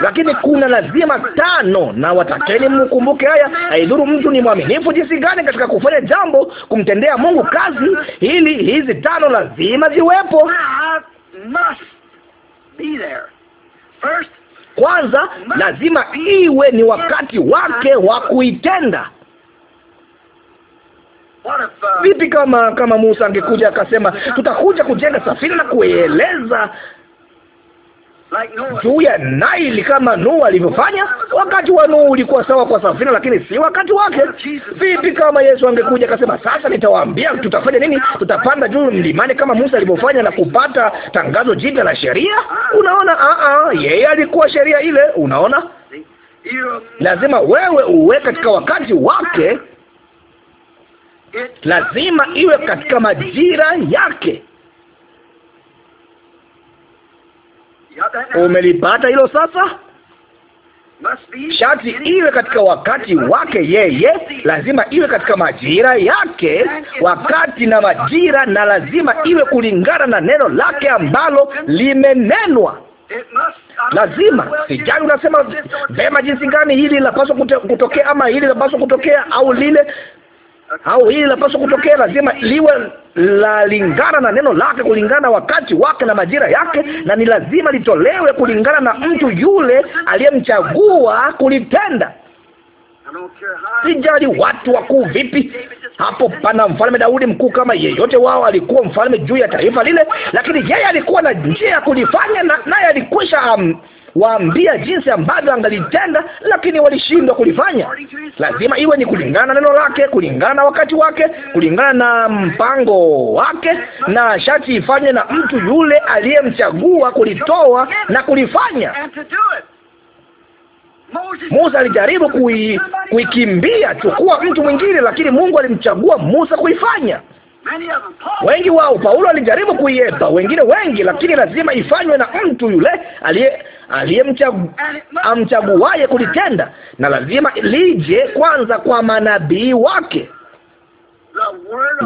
S3: Lakini kuna lazima tano, na watakeni mkumbuke haya. Haidhuru mtu ni mwaminifu jinsi gani katika kufanya jambo, kumtendea Mungu kazi, hili hizi tano lazima ziwepo. Kwanza lazima iwe ni wakati wake wa kuitenda. Uh, Vipi kama kama Musa angekuja akasema tutakuja kujenga safina na kuieleza juu ya Naili kama Nuhu alivyofanya. Wakati wa Nuhu ulikuwa sawa kwa safina, lakini si wakati wake. Vipi kama Yesu angekuja akasema, sasa nitawaambia tutafanya nini? Tutapanda juu mlimani kama Musa alivyofanya na kupata tangazo jipya la sheria? Unaona, yeye alikuwa sheria ile. Unaona, lazima wewe uwe katika wakati wake, lazima iwe katika majira yake.
S1: Umelipata hilo
S3: sasa? Sharti iwe katika wakati wake yeye, lazima iwe katika majira yake, wakati na majira, na lazima iwe kulingana na neno lake ambalo limenenwa. Lazima sijali, unasema vema jinsi gani, hili lapaswa kutokea ama hili lapaswa kutokea au lile, au hili linapaswa kutokea, lazima liwe lalingana na neno lake, kulingana wakati wake na majira yake, na ni lazima litolewe kulingana na mtu yule aliyemchagua kulitenda. Sijali watu wakuu vipi. Hapo pana mfalme Daudi mkuu kama yeyote wao, alikuwa mfalme juu ya taifa lile, lakini yeye alikuwa na njia ya kulifanya, naye alikwisha um, waambia jinsi ambavyo angalitenda, lakini walishindwa kulifanya. Lazima iwe ni kulingana na neno lake, kulingana na wakati wake, kulingana na mpango wake, na shati ifanywe na mtu yule aliyemchagua kulitoa na kulifanya. Musa alijaribu kui, kuikimbia, chukua mtu mwingine, lakini Mungu alimchagua Musa kuifanya.
S1: Wengi wao Paulo
S3: alijaribu kuiepa, wengine wengi, lakini lazima ifanywe na mtu yule aliye aliyemchaguaye kulitenda, na lazima lije kwanza kwa manabii wake.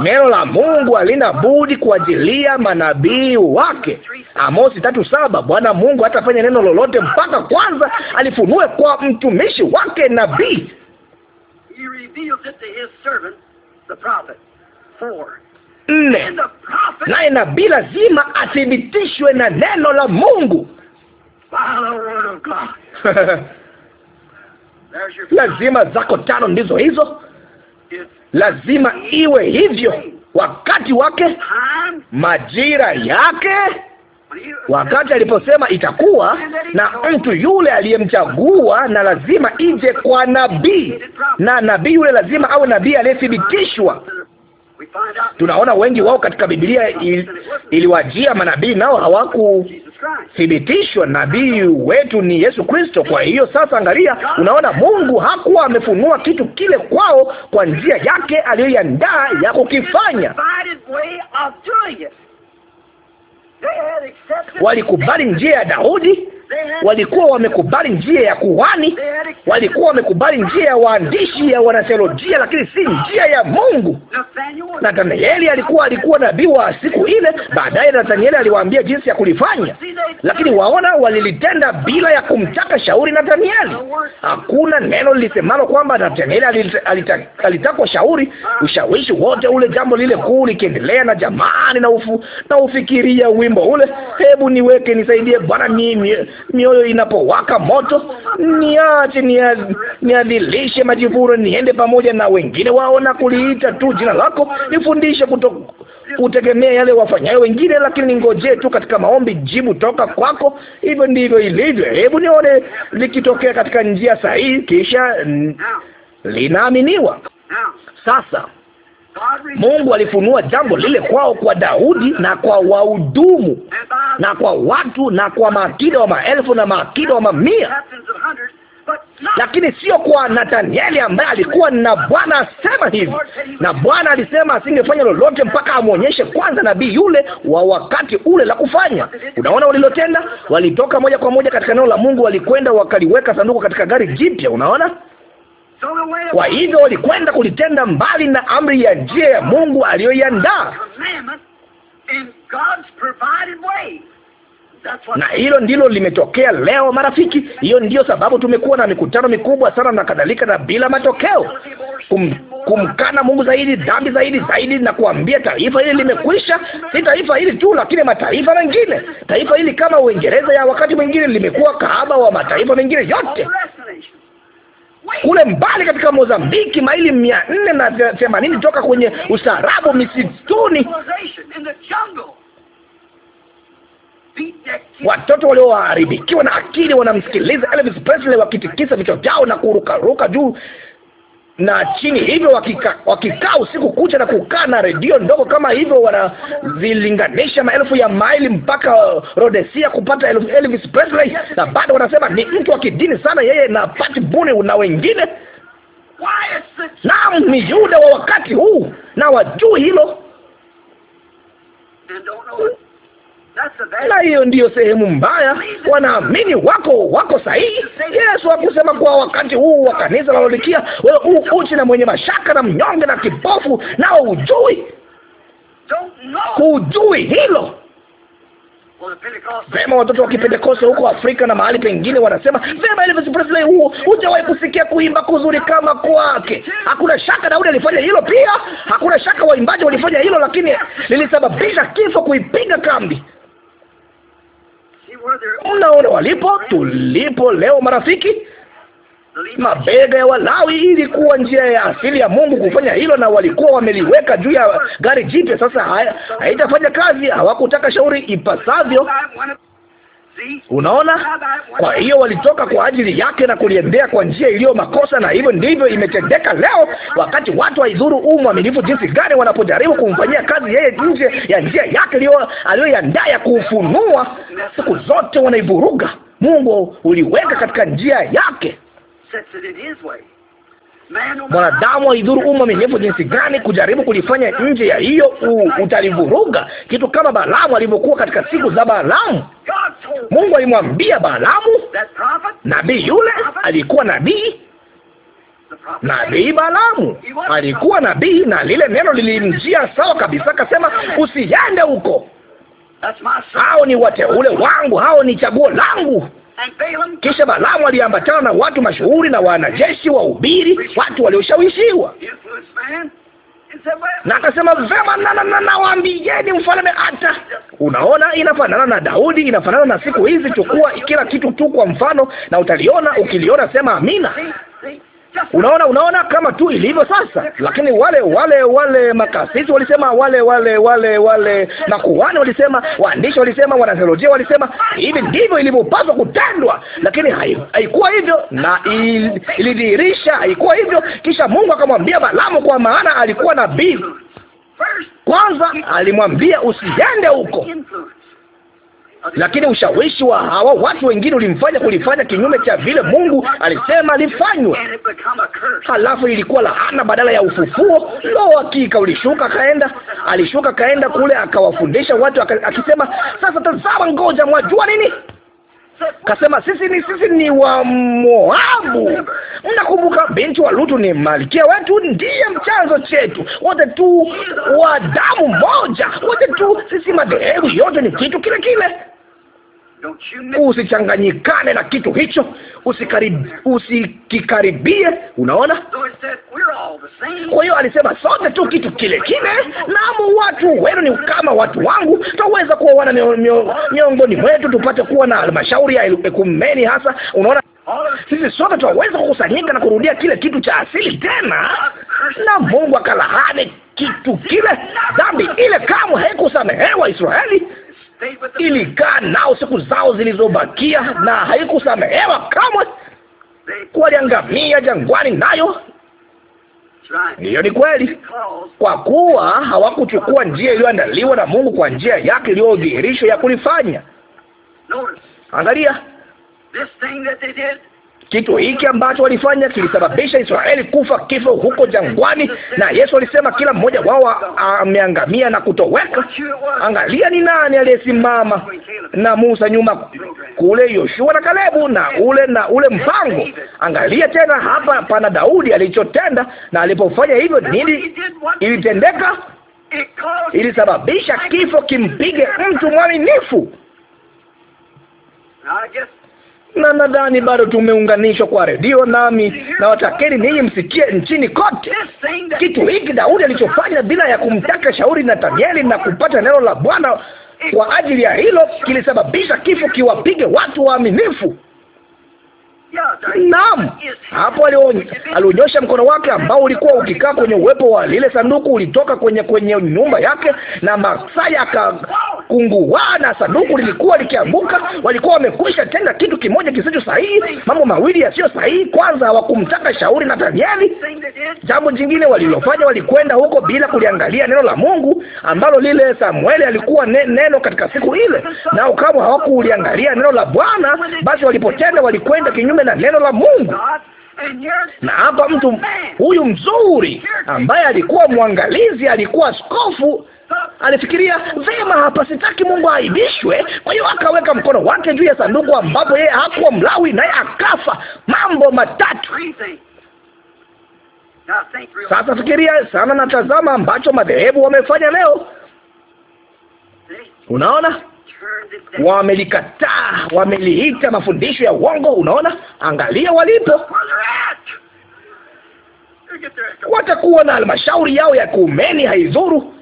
S3: Neno la Mungu halina budi kuajilia manabii wake. Amosi tatu saba. Bwana Mungu hatafanya neno lolote mpaka kwanza alifunue kwa mtumishi wake nabii. Nne,
S1: naye nabii
S3: lazima athibitishwe na neno la Mungu. *laughs* lazima zako tano ndizo hizo, lazima iwe hivyo, wakati wake, majira yake wakati aliposema itakuwa na mtu yule aliyemchagua, na lazima ije kwa nabii, na nabii yule lazima awe nabii aliyethibitishwa. Tunaona wengi wao katika Biblia iliwajia manabii nao hawaku thibitishwa, nabii wetu ni Yesu Kristo. Kwa hiyo sasa, angalia, unaona, Mungu hakuwa amefunua kitu kile kwao kwa njia yake aliyoiandaa ya kukifanya. Walikubali njia ya Daudi walikuwa wamekubali njia ya kuhani, walikuwa wamekubali njia ya waandishi ya wanatheolojia, lakini si njia ya Mungu. Nathanieli alikuwa alikuwa nabii wa siku ile. Baadaye Nathanieli aliwaambia jinsi ya kulifanya, lakini waona, walilitenda bila ya kumtaka shauri Nathanieli. Hakuna neno lilisemalo kwamba Nathanieli alita, alita, alitakwa shauri. Ushawishi wote ule, jambo lile kuu likiendelea, na jamani, na ufu, na ufikiria wimbo ule, hebu niweke nisaidie Bwana mimi mioyo inapowaka moto. Niache niadhilishe majivuno, niende pamoja na wengine wao na kuliita tu jina lako. Nifundishe kuto kutegemea yale wafanyayo wengine, lakini ningojee tu katika maombi jibu toka kwako. Hivyo ndivyo ilivyo. Hebu nione likitokea katika njia sahihi, kisha mm, linaaminiwa. Sasa Mungu alifunua jambo lile kwao, kwa Daudi na kwa wahudumu na kwa watu na kwa maakida wa maelfu na maakida wa mamia, lakini sio kwa Nathanieli ambaye alikuwa na Bwana asema hivi, na Bwana alisema asingefanya lolote mpaka amwonyeshe kwanza nabii yule wa wakati ule la kufanya. Unaona walilotenda, walitoka moja kwa moja katika neno la Mungu, walikwenda wakaliweka sanduku katika gari jipya. Unaona kwa hivyo walikwenda kulitenda mbali na amri ya njia ya Mungu aliyoiandaa, na hilo ndilo limetokea leo, marafiki. Hiyo ndiyo sababu tumekuwa na mikutano mikubwa sana na kadhalika, na bila matokeo kum, kumkana Mungu zaidi, dhambi zaidi, zaidi, na kuambia taifa hili limekwisha. Si taifa hili tu, lakini mataifa mengine. Taifa hili kama Uingereza ya wakati mwingine limekuwa kahaba wa mataifa mengine yote kule mbali katika Mozambiki, maili mia nne na themanini toka kwenye ustaarabu, misituni watoto walioharibikiwa na akili wanamsikiliza Elvis Presley wakitikisa vichwa vyao na kurukaruka juu na chini hivyo, wakikaa wakika usiku kucha na kukaa na redio ndogo kama hivyo, wanazilinganisha maelfu ya maili mpaka Rhodesia kupata Elvis Presley, na bado wanasema ni mtu wa kidini sana yeye na Pat Boone na wengine. Naam, ni Yuda wa wakati huu na wajui hilo na hiyo ndiyo sehemu mbaya. Wanaamini wako wako sahihi. Yesu hakusema kwa wakati huu wa kanisa la Laodikia, wewe u uchi na mwenye mashaka na mnyonge na kipofu, nao hujui hujui hilo Vema, watoto wa Kipentekoste huko Afrika na mahali pengine wanasema vema, Elvis Presley huo hujawahi kusikia kuimba kuzuri kama kwake. Hakuna shaka Daudi alifanya hilo pia, hakuna shaka waimbaji walifanya hilo, lakini lilisababisha kifo kuipiga kambi. Mnaona walipo tulipo leo, marafiki. Mabega ya Walawi ilikuwa njia ya asili ya Mungu kufanya hilo, na walikuwa wameliweka juu ya gari jipya. Sasa haitafanya kazi, hawakutaka shauri ipasavyo. Unaona, kwa hiyo walitoka kwa ajili yake na kuliendea kwa njia iliyo makosa, na hivyo ndivyo imetendeka leo, wakati watu waidhuru huu mwaminifu jinsi gani wanapojaribu kumfanyia kazi yeye nje ya njia yake aliyoiandaa ya kufunua. Siku zote wanaivuruga. Mungu uliweka katika njia yake
S1: mwanadamu
S3: aidhuru umwaminifu jinsi gani, kujaribu kulifanya nje ya hiyo, utalivuruga kitu kama Balaamu alivyokuwa katika siku za Balaamu. Mungu alimwambia Balaamu, nabii yule alikuwa nabii Nabii Balaamu alikuwa nabii, na lile neno lilimjia sawa kabisa. Akasema, usiende huko,
S1: hao ni wateule wangu,
S3: hao ni chaguo langu. Kisha Balaamu aliambatana na watu mashuhuri na wanajeshi wa ubiri watu walioshawishiwa na akasema vema, na na na mfalme. Hata unaona, inafanana na Daudi, inafanana na siku hizi. Chukua kila kitu tu kwa mfano, na utaliona. Ukiliona sema amina. Unaona, unaona kama tu ilivyo sasa. Lakini wale wale wale makasisi walisema, wale wale wale wale makuhani walisema, waandishi walisema, wanatheolojia walisema, hivi ndivyo ilivyopaswa kutendwa, lakini haikuwa hivyo, na ilidhihirisha haikuwa hivyo. Kisha Mungu akamwambia balamu kwa maana alikuwa nabii kwanza, alimwambia usiende huko lakini ushawishi wa hawa watu wengine ulimfanya kulifanya kinyume cha vile Mungu alisema lifanywe. Halafu ilikuwa laana badala ya ufufuo. Lo, hakika ulishuka, kaenda, alishuka kaenda kule akawafundisha watu akisema, sasa tazama, ngoja, mwajua nini? Kasema sisi ni sisi ni wa Moabu. Mnakumbuka binti wa Lutu ni malkia wetu, ndiye mchanzo chetu, wote tu wa damu moja, wote tu sisi, madhehebu yote ni kitu kile kile. Usichanganyikane na kitu hicho, usikikaribie. Unaona? Kwa hiyo alisema sote tu kitu kile kile, namu watu wenu ni kama watu wangu. Tutaweza wana miongoni mwetu, tupate kuwa na halmashauri ya ekumeni hasa. Unaona, sisi sote tutaweza kukusanyika na kurudia kile kitu cha asili tena, na Mungu akalahani kitu kile. Dhambi ile kamwe haikusamehewa Israeli ilikaa nao siku zao zilizobakia, na haikusamehewa kamwe. Waliangamia jangwani, nayo hiyo ni kweli, kwa kuwa hawakuchukua njia iliyoandaliwa na Mungu kwa njia yake iliyodhihirishwa ya kulifanya. Angalia kitu hiki ambacho walifanya kilisababisha Israeli kufa kifo huko jangwani, na Yesu alisema kila mmoja wao ameangamia na kutoweka. Angalia ni nani aliyesimama na Musa nyuma kule, Yoshua na Kalebu na ule na ule mpango. Angalia tena hapa pana Daudi alichotenda, na alipofanya hivyo nini ilitendeka?
S1: Ilisababisha kifo kimpige mtu
S3: mwaminifu na nadhani bado tumeunganishwa kwa redio, nami na watakeni ninyi msikie nchini kote kitu hiki Daudi alichofanya bila ya kumtaka shauri Nathanieli na kupata neno la Bwana kwa ajili ya hilo kilisababisha kifo kiwapige watu waaminifu. Naam, hapo alionyosha mkono wake ambao ulikuwa ukikaa kwenye uwepo wa lile sanduku, ulitoka kwenye kwenye nyumba yake, na Masaya akakunguaa na sanduku lilikuwa likianguka. Walikuwa wamekwisha tenda kitu kimoja kisicho sahihi, mambo mawili yasiyo sahihi. Kwanza hawakumtaka shauri na Danieli. Jambo jingine walilofanya, walikwenda huko bila kuliangalia neno la Mungu ambalo lile Samueli alikuwa ne, neno katika siku ile, nao kama hawakuliangalia neno la Bwana, basi walipotenda walikwenda kinyume na neno neno la Mungu
S1: na hapa mtu huyu
S3: mzuri ambaye alikuwa mwangalizi, alikuwa askofu, alifikiria vema, hapa sitaki Mungu aibishwe Kwa hiyo akaweka mkono wake juu ya sanduku ambapo yeye hakuwa Mlawi, naye akafa. Mambo matatu.
S1: Sasa fikiria
S3: sana natazama ambacho madhehebu wamefanya leo. Unaona?
S1: wamelikataa,
S3: wameliita mafundisho ya uongo. Unaona, angalia walipo watakuwa na halmashauri yao ya kuumeni, haidhuru.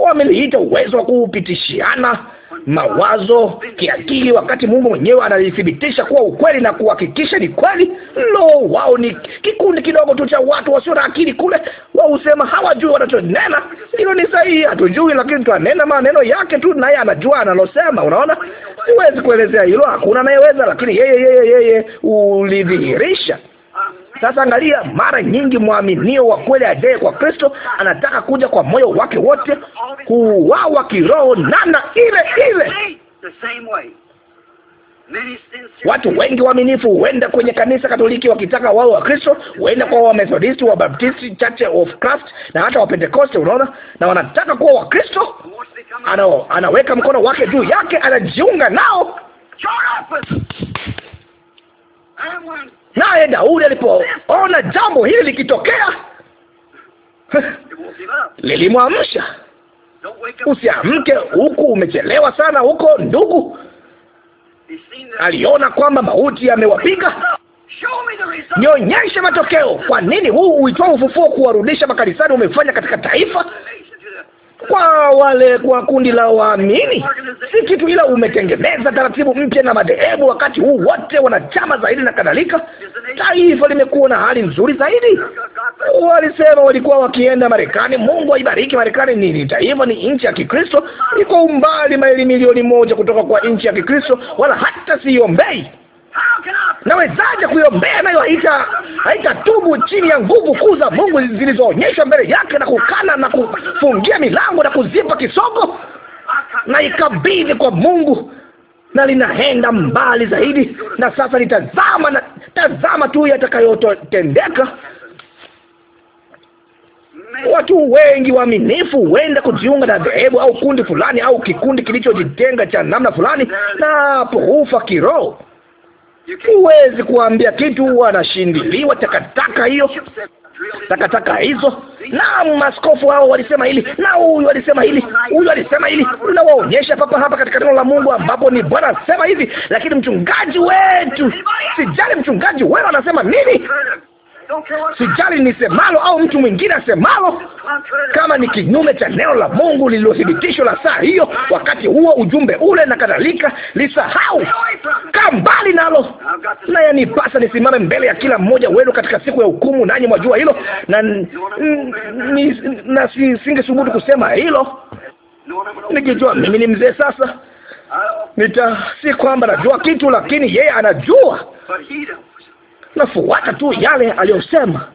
S3: Wameliita uwezo wa kupitishiana mawazo kiakili, wakati Mungu mwenyewe analithibitisha kuwa ukweli na kuhakikisha ni kweli. Lo, wao ni kikundi kidogo tu cha watu wasio na akili kule. Wao husema hawajui wanachonena. Hilo ni sahihi, hatujui, lakini twanena maneno yake tu, naye anajua analosema. Unaona, siwezi kuelezea hilo, hakuna anayeweza, lakini yeye yeye yeye ulidhihirisha sasa angalia, mara nyingi mwaminio wa kweli adee kwa Kristo anataka kuja kwa moyo wake wote, kuwawa kiroho namna ile ile. Watu wengi waaminifu huenda kwenye kanisa Katoliki wakitaka wao wa Kristo, huenda kwa Wamethodisti, Wabaptisti, Church of Christ na hata wa Wapentekoste, unaona, na wanataka kuwa wa Kristo. Ana, anaweka mkono wake juu yake, anajiunga nao Naye Daudi alipoona jambo hili likitokea *laughs* lilimwamsha. Usiamke huku, umechelewa sana huko, ndugu. Aliona kwamba mauti yamewapiga. Nionyeshe matokeo. Kwa nini huu uitwao ufufuo kuwarudisha makanisani umefanya katika taifa? kwa wale kwa kundi la waamini, si kitu, ila umetengeneza taratibu mpya na madhehebu wakati huu wote, wana chama zaidi na kadhalika. Taifa limekuwa na hali nzuri zaidi. Walisema walikuwa wakienda Marekani. Mungu aibariki Marekani. Ni taifa, ni nchi ya Kikristo, iko umbali maili milioni moja kutoka kwa nchi ya Kikristo, wala hata siombei Nawezaje kuiombea nayo haita haitatubu chini ya nguvu kuu za Mungu zilizoonyeshwa mbele yake, na kukana na kufungia milango na kuzipa kisogo na ikabidhi kwa Mungu, na linaenda mbali zaidi. Na sasa litazama na tazama tu yatakayotendeka. Watu wengi waaminifu huenda kujiunga na dhehebu au kundi fulani au kikundi kilichojitenga cha namna fulani, na hapo hufa kiroho huwezi kuambia kitu, wanashindiliwa takataka hiyo takataka hizo. Na maskofu hao walisema hili na huyu alisema hili, huyu alisema hili, unawaonyesha papa hapa katika neno la Mungu ambapo ni Bwana sema hivi, lakini mchungaji wetu, sijali mchungaji wenu anasema nini, sijali nisemalo au mtu mwingine asemalo, kama ni kinyume cha neno la Mungu lililothibitishwa la saa hiyo, wakati huo, ujumbe ule na kadhalika, lisahau, kaa mbali nalo. Na yanipasa nisimame mbele ya kila mmoja wenu katika siku ya hukumu, nanyi mwajua hilo, na na singesubutu kusema hilo nikijua mimi ni mzee sasa. Nita si kwamba najua kitu, lakini yeye anajua nafuata tu yale aliyosema.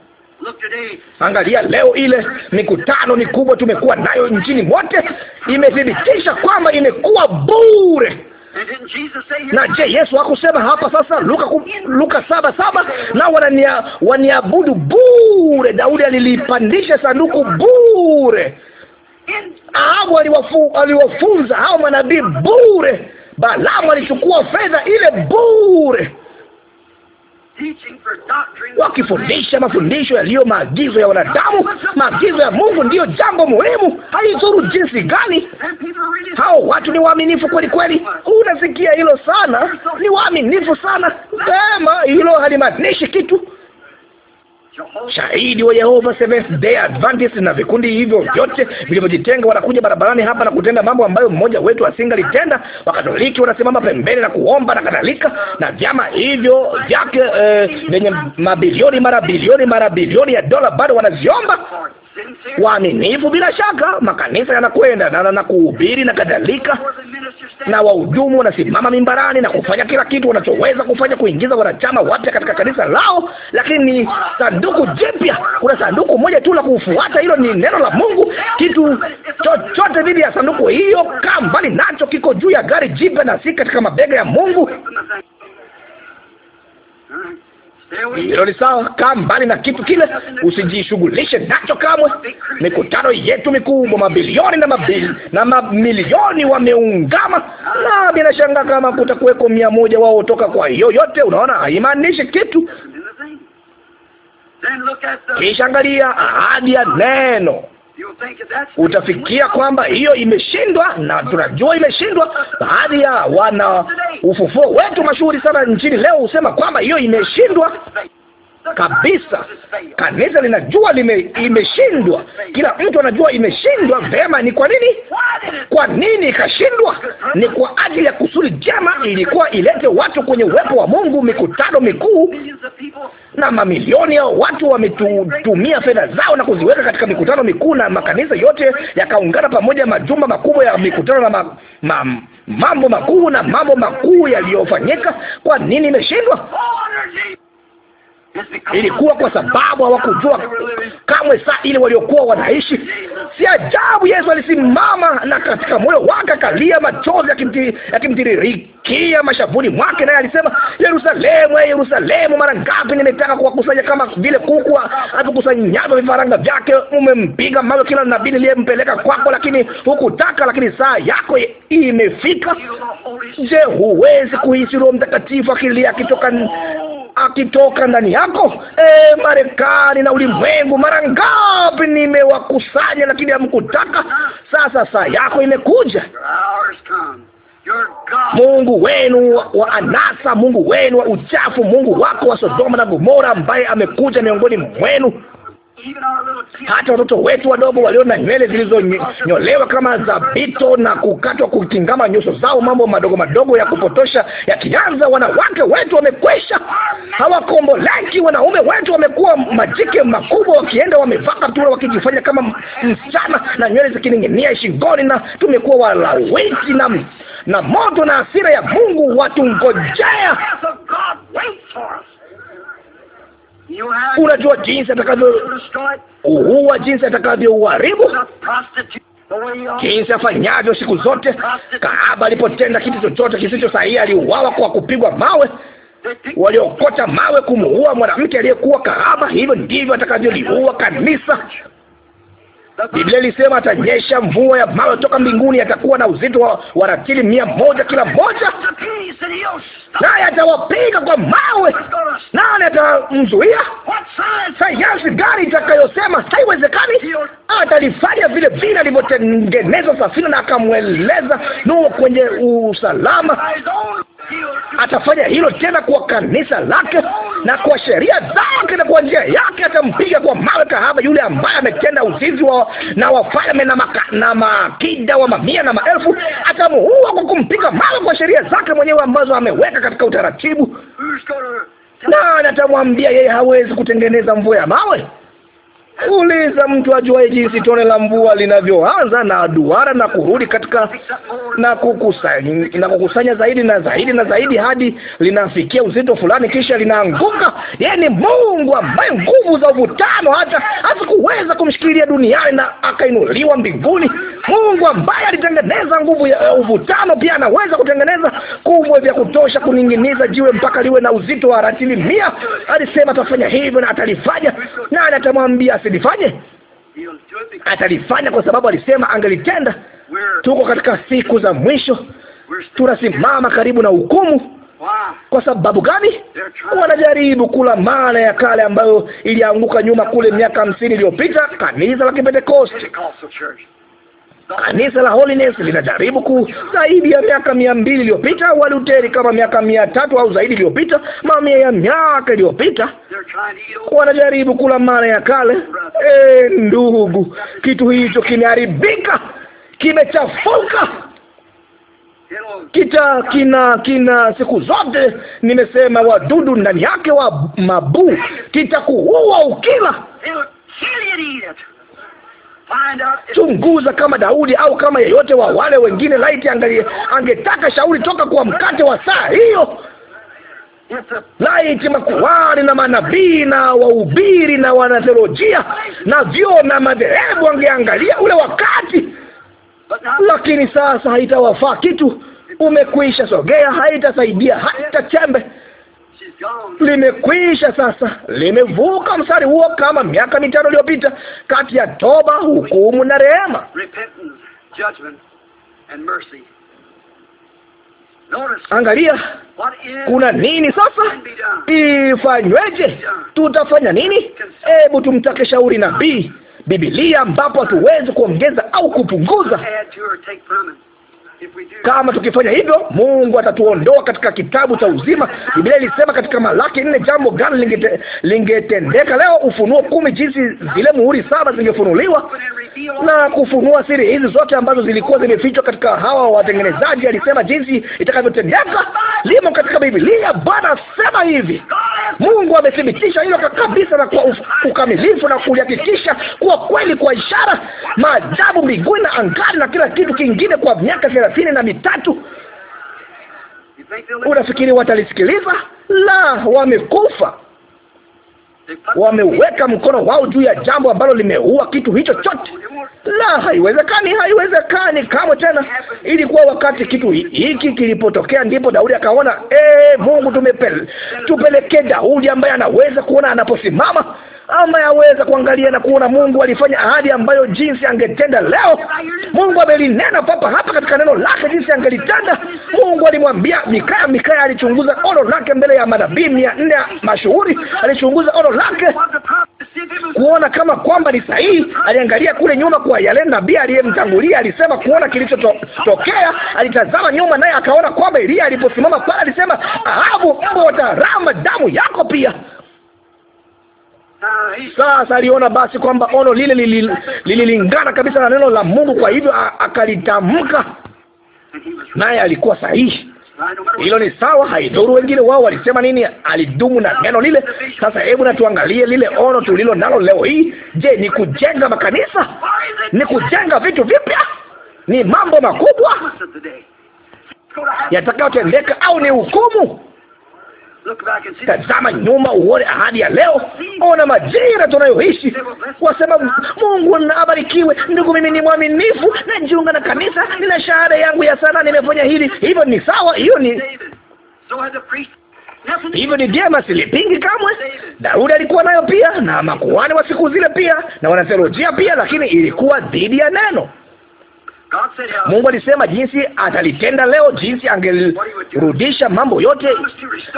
S3: Angalia leo, ile mikutano mikubwa tumekuwa nayo nchini mote imethibitisha kwamba imekuwa bure.
S1: Na je, Yesu
S3: hakusema hapa sasa Luka, Luka saba saba, na wanania, waniabudu bure. Daudi alilipandisha sanduku bure. Ahabu aliwafu, aliwafunza hao manabii bure. Balaamu alichukua fedha ile bure wakifundisha mafundisho yaliyo maagizo ya wanadamu. Maagizo ya Mungu ndiyo jambo muhimu, haidhuru jinsi gani. Hao watu ni waaminifu kweli kweli, unasikia hilo sana, ni waaminifu sana. Sema hilo halimaanishi kitu Shahidi wa Yehova, Seventh Day Adventist na vikundi hivyo vyote vilivyojitenga wanakuja barabarani hapa na kutenda mambo ambayo mmoja wetu asingalitenda. Wakatoliki wanasimama pembeni na kuomba na kadhalika, na vyama hivyo vyake eh, vyenye mabilioni mara bilioni mara bilioni ya dola bado wanaziomba waaminifu, bila shaka makanisa yanakwenda na, na kuhubiri na kadhalika, na wahudumu wanasimama mimbarani na kufanya kila kitu wanachoweza kufanya kuingiza wanachama wapya katika kanisa lao, lakini ni sanduku jipya. Kuna sanduku moja tu la kufuata, hilo ni neno la Mungu. Kitu chochote dhidi ya sanduku hiyo, kaa mbali nacho. Kiko juu ya gari jipya na si katika mabega ya Mungu. Hilo ni sawa. Kaa mbali na kitu kile, usijishughulishe nacho kamwe. Mikutano yetu mikubwa, mabilioni na mabili na mamilioni wameungama, na bila shanga kama kutakuweko mia moja wao toka kwa hiyo yote, unaona haimaanishi kitu. Kisha angalia ahadi ya neno
S1: utafikia kwamba hiyo
S3: imeshindwa, na tunajua imeshindwa. Baadhi ya wana ufufuo wetu mashuhuri sana nchini leo husema kwamba hiyo imeshindwa kabisa. Kanisa linajua lime, imeshindwa. Kila mtu anajua imeshindwa. Vema, ni kwa nini? Kwa nini ikashindwa? Ni kwa ajili ya kusudi jema, ilikuwa ilete watu kwenye uwepo wa Mungu. Mikutano mikuu na mamilioni ya watu wametumia fedha zao na kuziweka katika mikutano mikuu, na makanisa yote yakaungana pamoja, majumba makubwa ya mikutano na ma, ma, mambo makuu na mambo makuu yaliyofanyika. Kwa nini imeshindwa? Ilikuwa kwa sababu hawakujua kamwe saa ile waliokuwa wanaishi. Si ajabu Yesu alisimama na katika moyo wake akalia, machozi yakimtiririkia mashavuni mwake, naye alisema, Yerusalemu, e Yerusalemu, mara ngapi nimetaka kuwakusanya kama vile kuku avyokusanyavyo vifaranga vyake. Umempiga mawe kila nabii niliyempeleka kwako, lakini hukutaka. Lakini saa yako imefika. Je, huwezi kuhisi Roho Mtakatifu akilia akitoka akitoka ndani yako. E, Marekani na ulimwengu, mara ngapi nimewakusanya, lakini hamkutaka. Sasa saa yako imekuja. Mungu wenu wa anasa, Mungu wenu wa uchafu, Mungu wako wa Sodoma na Gomora, ambaye amekuja miongoni mwenu hata watoto wetu wadogo walio na nywele zilizonyolewa kama bito na kukatwa kutingama nyuso zao, mambo madogo madogo ya kupotosha yakianza, wanawake wetu wamekwesha, hawakomboleki. Wanaume wetu wamekuwa majike makubwa, wakienda wamevaa kaptura, wakijifanya kama msichana na nywele zikining'inia shingoni, na tumekuwa walawiti na na moto na hasira ya Mungu watungojea
S1: Unajua jinsi atakavyouua,
S3: jinsi atakavyouharibu, jinsi afanyavyo siku zote. Kahaba alipotenda kitu chochote kisicho sahihi, aliuawa kwa kupigwa mawe. Waliokota mawe kumuua mwanamke aliyekuwa kahaba. Hivyo ndivyo atakavyoliua kanisa. Biblia ilisema atanyesha mvua ya mawe toka mbinguni, atakuwa na uzito wa waratili mia moja kila moja naye atawapiga kwa mawe, nani atamzuia? Sayansi gani itakayosema haiwezekani? Atalifanya vile vile alivyotengeneza safina na akamweleza Nuhu kwenye usalama. Atafanya hilo tena kwa kanisa lake na kwa sheria zake na kwa njia yake. Atampiga kwa mawe kahaba yule ambaye ametenda uzinzi wa na wafalme na, maka, na makida wa mamia na maelfu. Atamuua kwa kumpiga mawe kwa sheria zake mwenyewe ambazo ameweka katika utaratibu, na atamwambia yeye hawezi kutengeneza mvua ya mawe. Uliza mtu ajuaye jinsi tone la mvua linavyoanza na duara na kurudi katika na kukusanya, na kukusanya zaidi na zaidi na zaidi hadi linafikia uzito fulani, kisha linaanguka. Yeye ni Mungu ambaye nguvu za uvutano hata hazikuweza kumshikilia duniani na akainuliwa mbinguni. Mungu ambaye alitengeneza nguvu ya eh, uvutano pia anaweza kutengeneza kumwe vya kutosha kuning'iniza jiwe mpaka liwe na uzito wa ratili mia. Alisema atafanya hivyo na atalifanya, na anatamwambia asilifanye? Atalifanya kwa sababu alisema angelitenda. Tuko katika siku za mwisho, tunasimama karibu na hukumu. Kwa sababu gani? Wanajaribu kula maana ya kale ambayo ilianguka nyuma kule miaka hamsini iliyopita, kanisa la Kipentekosti. Kanisa la Holiness linajaribu ku zaidi ya miaka mia mbili iliyopita, Waluteri kama miaka mia tatu au zaidi iliyopita, mamia ya miaka iliyopita, wanajaribu kula mara ya kale. E, ndugu, kitu hicho kimeharibika, kimechafuka kita kina kina siku zote nimesema, wadudu ndani yake wa mabuu, kitakuua ukila Chunguza kama Daudi au kama yeyote wa wale wengine, laiti angalie, angetaka shauri toka kwa mkate wa saa hiyo. Laiti makuhani na manabii na wahubiri na wanatheolojia na vyo na madhehebu angeangalia ule wakati, lakini sasa haitawafaa kitu. Umekwisha sogea, haitasaidia hata chembe limekwisha sasa, limevuka mstari huo kama miaka mitano iliyopita, kati ya toba, hukumu na rehema.
S1: Angalia, kuna nini sasa? Ifanyweje? Tutafanya nini?
S3: Hebu tumtake shauri nabii Biblia, ambapo hatuwezi kuongeza au kupunguza kama tukifanya hivyo, Mungu atatuondoa katika kitabu cha uzima. Biblia ilisema katika Malaki nne, jambo gani lingete, lingetendeka leo? Ufunuo kumi, jinsi zile muhuri saba zingefunuliwa na kufunua siri hizi zote ambazo zilikuwa zimefichwa katika hawa watengenezaji. Alisema jinsi itakavyotendeka, limo katika Biblia. Bwana asema hivi. Mungu amethibitisha hilo kabisa na kwa ukamilifu na kulihakikisha kuwa kweli kwa ishara, maajabu mbinguni na angani na kila kitu kingine kwa miaka thelathini na mitatu. Unafikiri watalisikiliza? La, wamekufa. Wameweka mkono wao juu ya jambo ambalo limeua kitu hicho chote. La, haiwezekani, haiwezekani kamwe tena. Ilikuwa wakati kitu hiki kilipotokea, ndipo Daudi akaona ee, Mungu tumepele, tupelekee Daudi ambaye anaweza kuona anaposimama, ama yaweza kuangalia na kuona. Mungu alifanya ahadi ambayo jinsi angetenda leo. Mungu amelinena papa hapa katika neno lake jinsi angelitenda. Mungu alimwambia Mikaya. Mikaya alichunguza ono lake mbele ya manabii mia nne mashuhuri, alichunguza ono lake kuona kama kwamba ni sahihi. Aliangalia kule nyuma kwa yale nabii aliyemtangulia alisema, kuona kilichotokea to, alitazama nyuma, naye akaona kwamba Elia aliposimama pale alisema, Ahabu, mbwa wataramba damu yako pia. Sasa aliona basi kwamba ono lile lililingana kabisa na neno la Mungu, kwa hivyo akalitamka, naye alikuwa sahihi. Hilo ni sawa, haidhuru wengine wao walisema nini. Alidumu na neno lile. Sasa hebu na tuangalie lile ono tulilo nalo leo hii. Je, ni kujenga makanisa?
S1: Ni kujenga
S3: vitu vipya? Ni mambo makubwa yatakayotendeka, au ni hukumu? tazama nyuma uone ahadi ya leo, ona majira tunayoishi. Wasema, Mungu na abarikiwe. Ndugu, mimi ni mwaminifu, najiunga na kanisa, nina shahada yangu ya sana, nimefanya hili, hivyo ni sawa, hiyo ni hivyo ni vyema, silipingi kamwe. Daudi alikuwa nayo pia na makuhani wa siku zile pia na wanatheolojia pia, lakini ilikuwa dhidi ya neno Mungu alisema jinsi atalitenda leo, jinsi angerudisha mambo yote,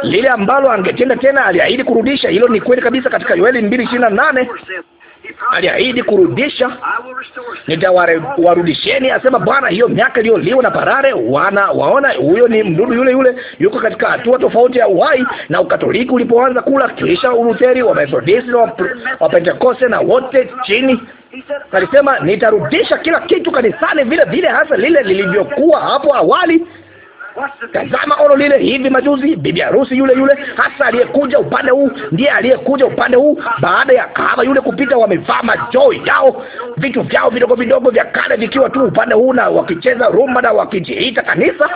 S3: lile ambalo angetenda tena, aliahidi kurudisha. Hilo ni kweli kabisa katika Yoeli mbili ishirini na nane aliahidi kurudisha, nitawarudisheni, asema Bwana, hiyo miaka iliyoliwa na parare. Wana waona, huyo ni mdudu yule yule, yuko katika hatua tofauti ya uhai na Ukatoliki ulipoanza kula, kisha wa Wamethodisti na pentekoste na wote chini Alisema nitarudisha kila kitu kanisani vile vile hasa lile lilivyokuwa hapo awali. Tazama ono lile hivi majuzi, bibi harusi yule yule hasa aliyekuja upande huu ndiye aliyekuja upande huu. Baada ya kahaba yule kupita, wamevaa majoo yao, vitu vyao vidogo vidogo vya kale vikiwa tu upande huu, na wakicheza rumba na wakijiita kanisa.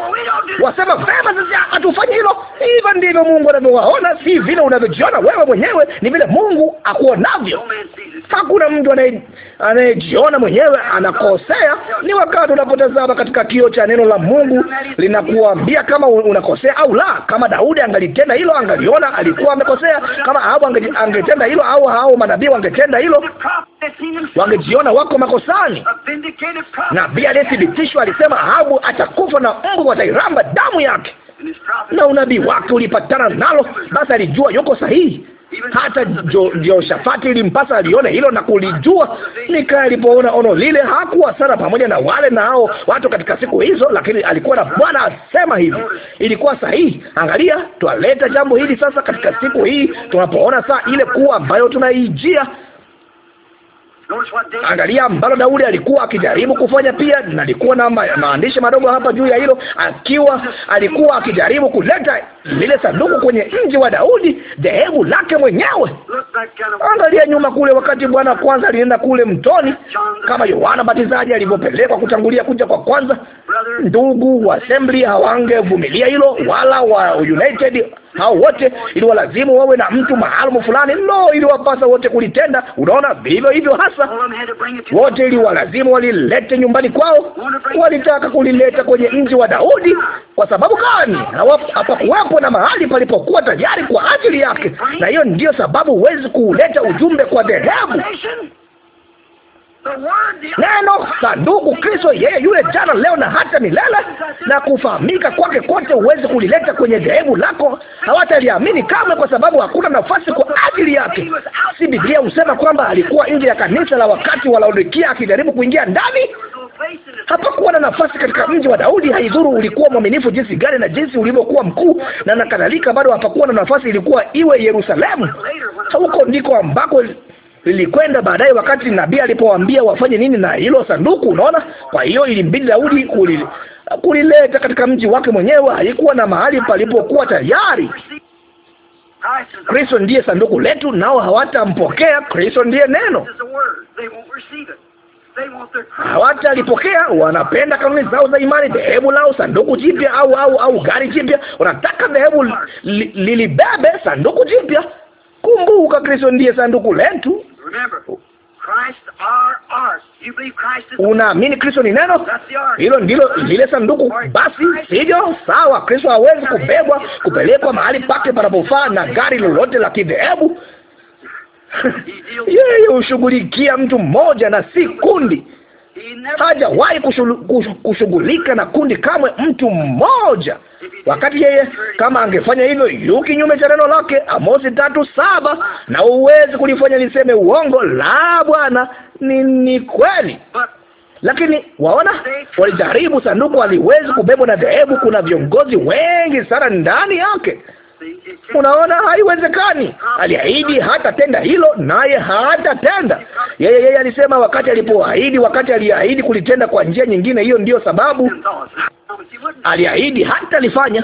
S3: Wasema vema, sisi hatufanyi hilo. Hivyo ndivyo Mungu anavyowaona, si vile unavyojiona wewe mwenyewe, ni vile Mungu akuonavyo. Hakuna mtu anayejiona mwenyewe anakosea. Ni wakati unapotazama katika kio cha neno la Mungu linakuwa kuambia kama unakosea au la. Kama Daudi angalitenda hilo, angaliona alikuwa amekosea. Kama Ahabu angetenda hilo, au hao manabii wangetenda hilo,
S1: wangejiona wako makosani. Nabii aliyethibitishwa
S3: alisema Ahabu atakufa na mbu watairamba damu yake na unabii wake ulipatana nalo, basi alijua yuko sahihi. Hata Jehoshafati ilimpasa alione hilo na kulijua. nikaa alipoona ono lile hakuwa sana pamoja na wale nao watu katika siku hizo, lakini alikuwa na Bwana asema hivi, ilikuwa sahihi. Angalia, twaleta jambo hili sasa katika siku hii tunapoona saa ile kuwa ambayo tunaijia Angalia ambalo Daudi alikuwa akijaribu kufanya pia. Nalikuwa na maandishi madogo hapa juu ya hilo, akiwa alikuwa akijaribu kuleta lile sanduku kwenye mji wa Daudi, dhehebu lake mwenyewe. Angalia nyuma kule, wakati Bwana kwanza alienda kule mtoni, kama Yohana Batizaji alivyopelekwa kutangulia kuja kwa kwanza ndugu wa Assembly hawangevumilia hilo, wala wa United hao wote, ili walazimu wawe na mtu maalumu fulani. Lo, wapasa wote kulitenda. Unaona, vivyo hivyo hasa wote ili walazimu walilete nyumbani kwao. Walitaka kulileta kwenye mji wa Daudi. Kwa sababu gani? Hapakuwepo na mahali palipokuwa tayari kwa ajili yake, na hiyo ndiyo sababu huwezi kuuleta ujumbe kwa dhehebu Neno sanduku ndugu Kristo, yeye yule jana, leo na hata milele, na kufahamika kwake kote huwezi kulileta kwenye dhehebu lako. Hawataliamini kamwe, kwa sababu hakuna nafasi kwa ajili yake. Si Biblia husema kwamba alikuwa nje ya kanisa la wakati wa Laodikia akijaribu kuingia ndani? Hapakuwa na nafasi katika mji wa Daudi. Haidhuru ulikuwa mwaminifu jinsi gani na jinsi ulivyokuwa mkuu na na kadhalika, bado hapakuwa na nafasi. Ilikuwa iwe Yerusalemu. Huko ndiko ambako lilikwenda baadaye, wakati nabii alipowaambia wafanye nini na hilo sanduku. Unaona, kwa hiyo ilimbidi Daudi kulileta katika mji wake mwenyewe. Alikuwa na mahali palipokuwa tayari. Kristo ndiye sanduku letu, nao hawatampokea. Kristo ndiye neno,
S1: hawatalipokea.
S3: Wanapenda kanuni zao za imani, dhehebu lao, sanduku jipya au au au gari jipya. Wanataka dhehebu lilibebe sanduku jipya. Kumbuka, Kristo ndiye sanduku letu.
S1: Unaamini Kristo ni neno hilo, ndilo
S3: lile sanduku basi, hivyo Sawa, Kristo hawezi kubebwa kupelekwa mahali pake panapofaa na gari lolote la kidhehebu. *laughs* Yeye hushughulikia mtu mmoja na si kundi hajawahi kushughulika na kundi kamwe, mtu mmoja wakati yeye kama angefanya hivyo yu nyume cha neno lake, Amosi tatu saba. Na uwezi kulifanya liseme uongo la Bwana ni ni kweli. Lakini waona, walijaribu sanduku, haliwezi kubebwa na dhehebu. Kuna viongozi wengi sana ndani yake. Unaona, haiwezekani. Aliahidi hatatenda hilo, naye hatatenda. Yeye yeye alisema wakati alipoahidi, wakati aliahidi kulitenda kwa njia nyingine. Hiyo ndiyo sababu
S1: aliahidi hatalifanya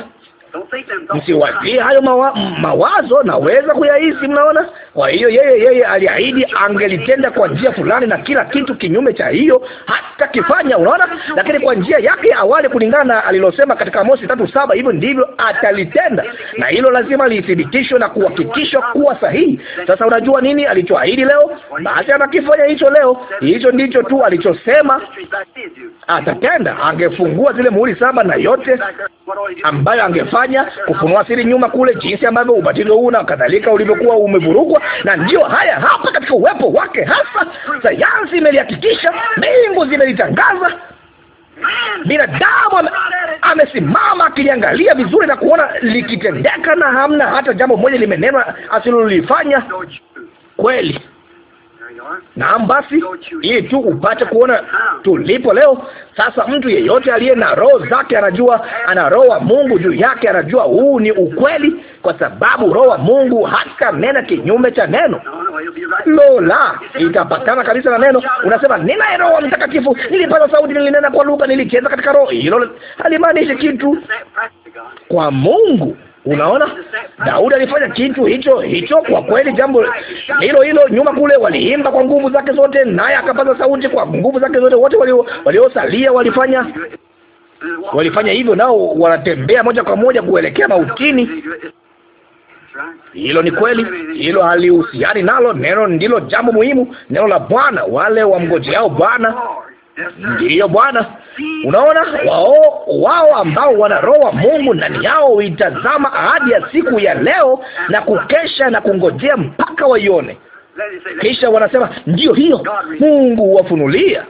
S1: msiwazie hayo
S3: mawa, mawazo, naweza kuyahisi. Mnaona? Kwa hiyo yeye yeye aliahidi angelitenda kwa njia fulani, na kila kitu kinyume cha hiyo hatakifanya. Unaona? Lakini kwa njia yake awali, kulingana na alilosema katika Amosi tatu saba, hivyo ndivyo atalitenda, na hilo lazima lithibitishwe na kuhakikishwa kuwa sahihi. Sasa unajua nini alichoahidi leo, basi anakifanya hicho leo. Hicho ndicho tu alichosema atatenda. Angefungua zile muhuri saba na yote ambayo angefanya kufanya kufunua siri nyuma kule, jinsi ambavyo ubatizo huu na kadhalika ulivyokuwa umevurugwa. Na ndio haya hapa katika uwepo wake hasa, sayansi imelihakikisha, mbingu zimelitangaza. Binadamu amesimama akiliangalia vizuri na kuona likitendeka, na hamna hata jambo moja limenenwa asilolifanya kweli. Naam, basi ili tu upate kuona tulipo leo. Sasa mtu yeyote aliye na roho zake anajua, ana roho wa Mungu juu yake, anajua huu ni ukweli, kwa sababu roho wa Mungu hata nena kinyume cha neno. Lo la, itapatana kabisa na neno. Unasema nina roho Mtakatifu, nilipata sauti, nilinena kwa lugha, nilicheza katika roho. Hilo halimaanishi kitu kwa Mungu. Unaona,
S1: Daudi alifanya
S3: kitu hicho hicho kwa kweli, jambo hilo hilo. Nyuma kule waliimba kwa nguvu zake zote, naye akapaza sauti kwa nguvu zake zote. Wote waliosalia walifanya walifanya hivyo, nao wanatembea moja kwa moja kuelekea mautini. Hilo ni kweli, hilo halihusiani nalo. Neno ndilo jambo muhimu, neno la Bwana. Wale wamngojeao Bwana, ndiyo Bwana Unaona, wao wao ambao wana roho wa Mungu ndani yao huitazama ahadi ya siku ya leo na kukesha na kungojea mpaka waione. Kisha wanasema ndiyo hiyo, Mungu wafunulia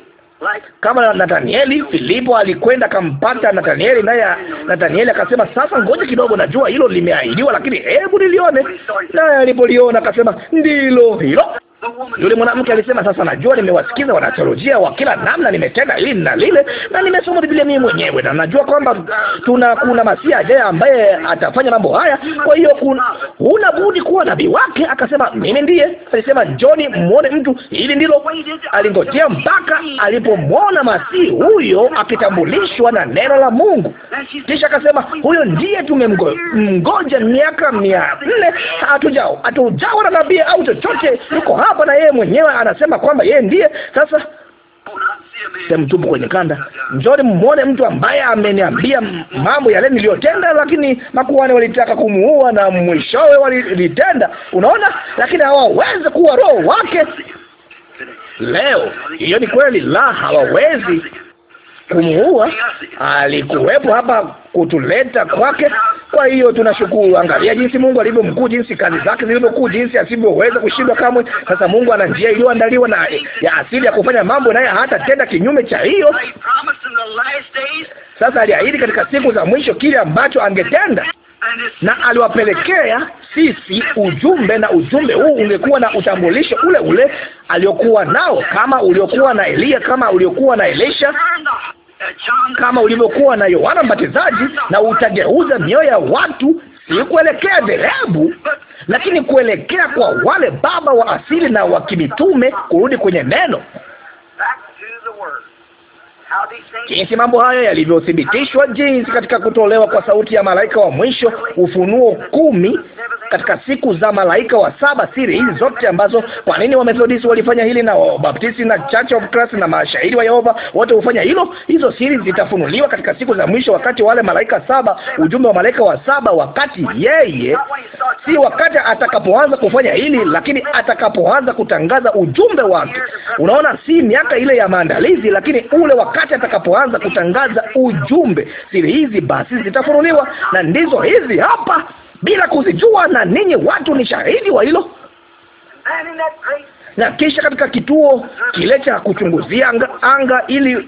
S3: kama Nathanieli. Filipo alikwenda akampata Nathanieli, naye Nathanieli akasema, sasa ngoja kidogo, najua hilo limeahidiwa, lakini hebu nilione. Naye alipoliona akasema, ndilo hilo. Yule mwanamke alisema, sasa najua nimewasikiza wanatolojia wa kila namna, nimetenda hili na lile na nimesoma Biblia mimi mwenyewe, na najua kwamba tuna kuna masia ajaye ambaye atafanya mambo haya, kwa hiyo huna budi kuwa nabii wake. Akasema mimi ndiye. Alisema njoni muone mtu, hili ndilo alingojea mpaka alipomwona masii huyo akitambulishwa na neno la Mungu. Kisha akasema huyo ndiye tumemngoja miaka mia nne, hatujawa na nabii au chochote, yuko hapa hapa na yeye mwenyewe anasema kwamba yeye ndiye. Sasa temtupu kwenye kanda, njoni mmwone mtu ambaye ameniambia mambo yale niliyotenda, lakini makuhani walitaka kumuua na mwishowe walilitenda. Unaona, lakini hawawezi kuwa roho wake leo. Hiyo ni kweli, la, hawawezi kumuua. Alikuwepo hapa kutuleta kwake. Kwa hiyo tunashukuru. Angalia jinsi Mungu alivyo mkuu, jinsi kazi zake zilivyokuu, jinsi asivyoweza kushindwa kamwe. Sasa Mungu ana njia iliyoandaliwa na ya asili ya kufanya mambo, naye tenda kinyume cha hiyo. Sasa aliahidi katika siku za mwisho kile ambacho angetenda na aliwapelekea sisi ujumbe, na ujumbe huu ungekuwa na utambulisho ule ule aliokuwa nao, kama uliokuwa na Eliya, kama uliokuwa na Elisha, kama ulivyokuwa na Yohana Mbatizaji, na utageuza mioyo ya watu si kuelekea dhehebu, lakini kuelekea kwa wale baba wa asili na wa kimitume, kurudi kwenye neno jinsi mambo haya yalivyothibitishwa, jinsi katika kutolewa kwa sauti ya malaika wa mwisho, Ufunuo kumi, katika siku za malaika wa saba, siri hizi zote ambazo, kwa nini Wamethodisti walifanya hili na Wabaptisti na Church of Christ na mashahidi wa Yehova wote hufanya hilo. Hizo siri zitafunuliwa katika siku za mwisho, wakati wale malaika saba, ujumbe wa malaika wa saba, wakati yeye, si wakati atakapoanza kufanya hili, lakini atakapoanza kutangaza ujumbe wake. Unaona, si miaka ile ya maandalizi, lakini ule wakati wakati atakapoanza kutangaza ujumbe. Siri hizi basi zitafunuliwa, na ndizo hizi hapa, bila kuzijua, na ninyi watu ni shahidi wa hilo na kisha katika kituo kile cha kuchunguzia anga, anga ili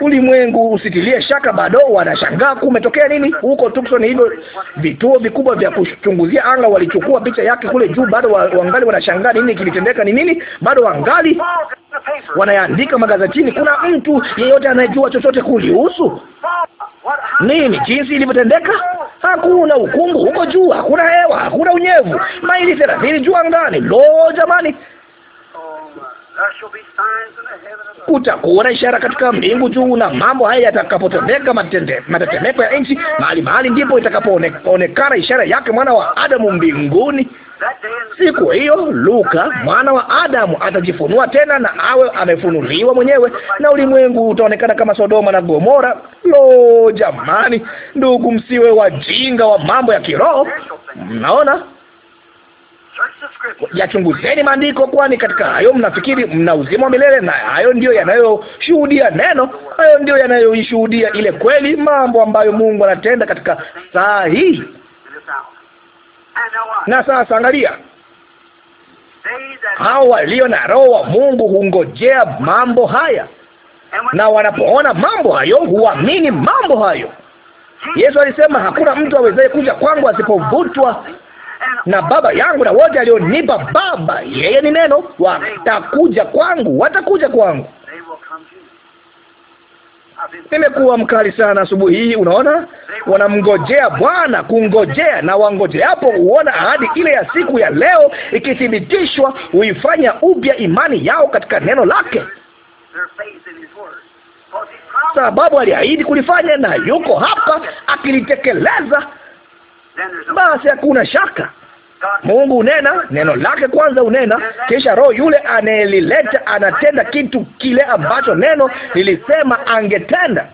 S3: ulimwengu usitilie shaka bado wanashangaa kumetokea nini huko Tucson. Hivyo vituo vikubwa vya kuchunguzia anga walichukua picha yake kule juu, bado wangali wanashangaa nini kilitendeka, ni nini, bado wangali wanayaandika magazetini. Kuna mtu yeyote anayejua chochote kulihusu nini, jinsi ilivyotendeka? Hakuna ukungu huko juu, hakuna hewa, hakuna unyevu, maili thelathini juu angani. Lo, jamani! utakuona ishara katika mbingu juu, na mambo haya yatakapotendeka, matetemeko ya nchi, mahali mahali, ndipo itakapoonekana ishara yake mwana wa Adamu mbinguni. Siku hiyo Luka mwana wa Adamu atajifunua tena na awe amefunuliwa mwenyewe, na ulimwengu utaonekana kama Sodoma na Gomora. Lo, jamani, ndugu, msiwe wajinga wa mambo ya kiroho. Mnaona yachunguzeni maandiko, kwani katika hayo mnafikiri mna uzima wa milele, na hayo ndiyo yanayoshuhudia neno, hayo ndiyo yanayoishuhudia ile kweli, mambo ambayo Mungu anatenda katika saa hii. Na sasa angalia,
S1: hao walio na
S3: roho wa Mungu hungojea mambo haya, na wanapoona mambo hayo huamini mambo hayo. Yesu alisema hakuna mtu awezaye kuja kwangu asipovutwa na Baba yangu na wote alionipa Baba, yeye ni Neno, watakuja kwangu, watakuja kwangu. Nimekuwa mkali sana asubuhi hii. Unaona, wanamngojea Bwana, kungojea na wangojeapo huona ahadi ile ya siku ya leo ikithibitishwa, huifanya upya imani yao katika neno lake,
S1: sababu aliahidi
S3: kulifanya na yuko hapa akilitekeleza. Basi hakuna shaka. Mungu unena, neno lake kwanza unena, kisha roho yule anayelileta anatenda kitu kile ambacho neno lilisema angetenda.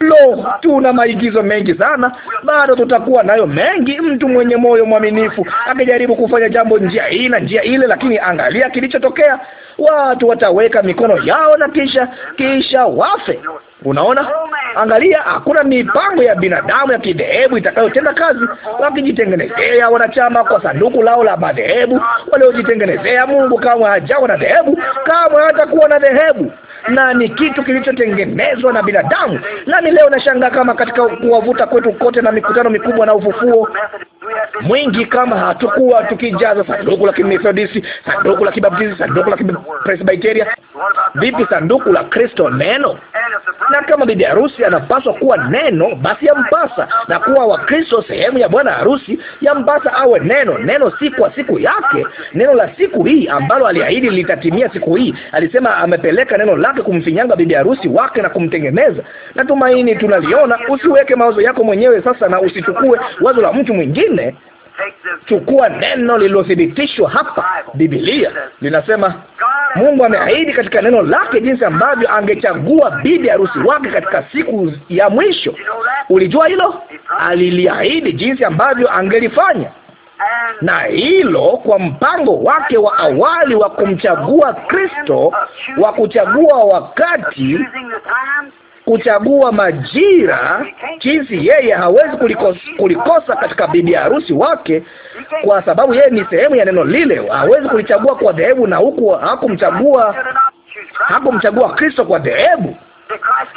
S3: Lo, tuna maigizo mengi sana, bado tutakuwa nayo mengi. Mtu mwenye moyo mwaminifu akijaribu kufanya jambo njia hii na njia ile, lakini angalia kilichotokea. Watu wataweka mikono yao na kisha kisha wafe. Unaona, angalia, hakuna mipango ya binadamu ya kidhehebu itakayotenda kazi. Wakijitengenezea wanachama kwa sanduku lao la madhehebu waliojitengenezea. Mungu kamwe hajawa na dhehebu, kamwe hatakuwa na dhehebu na ni kitu kilichotengenezwa na binadamu. Nami leo nashangaa kama katika kuwavuta kwetu kote na mikutano mikubwa na ufufuo mwingi kama hatukuwa tukijaza sanduku la Kimethodisti, sanduku la Kibaptisti, sanduku la Kipresbiteria. Vipi sanduku la Kristo neno? Na kama bibi harusi anapaswa kuwa neno, basi yampasa na kuwa wa Kristo sehemu ya bwana harusi, yampasa awe neno. Neno si kwa siku yake, neno la siku hii ambalo aliahidi litatimia siku hii. Alisema amepeleka neno lake kumfinyanga bibi harusi wake na kumtengeneza. Natumaini tunaliona. Usiweke mawazo yako mwenyewe sasa, na usichukue wazo la mtu mwingine nne. Chukua neno lililothibitishwa hapa. Biblia linasema Mungu ameahidi katika neno lake jinsi ambavyo angechagua bibi harusi wake katika siku ya mwisho. Ulijua hilo? Aliliahidi jinsi ambavyo angelifanya na hilo kwa mpango wake wa awali wa kumchagua Kristo, wa kuchagua wakati kuchagua majira, jinsi yeye hawezi kulikosa, kulikosa katika bibi harusi wake, kwa sababu yeye ni sehemu ya neno lile. Hawezi kulichagua kwa dhehebu, na huku hakumchagua hakumchagua Kristo kwa dhehebu.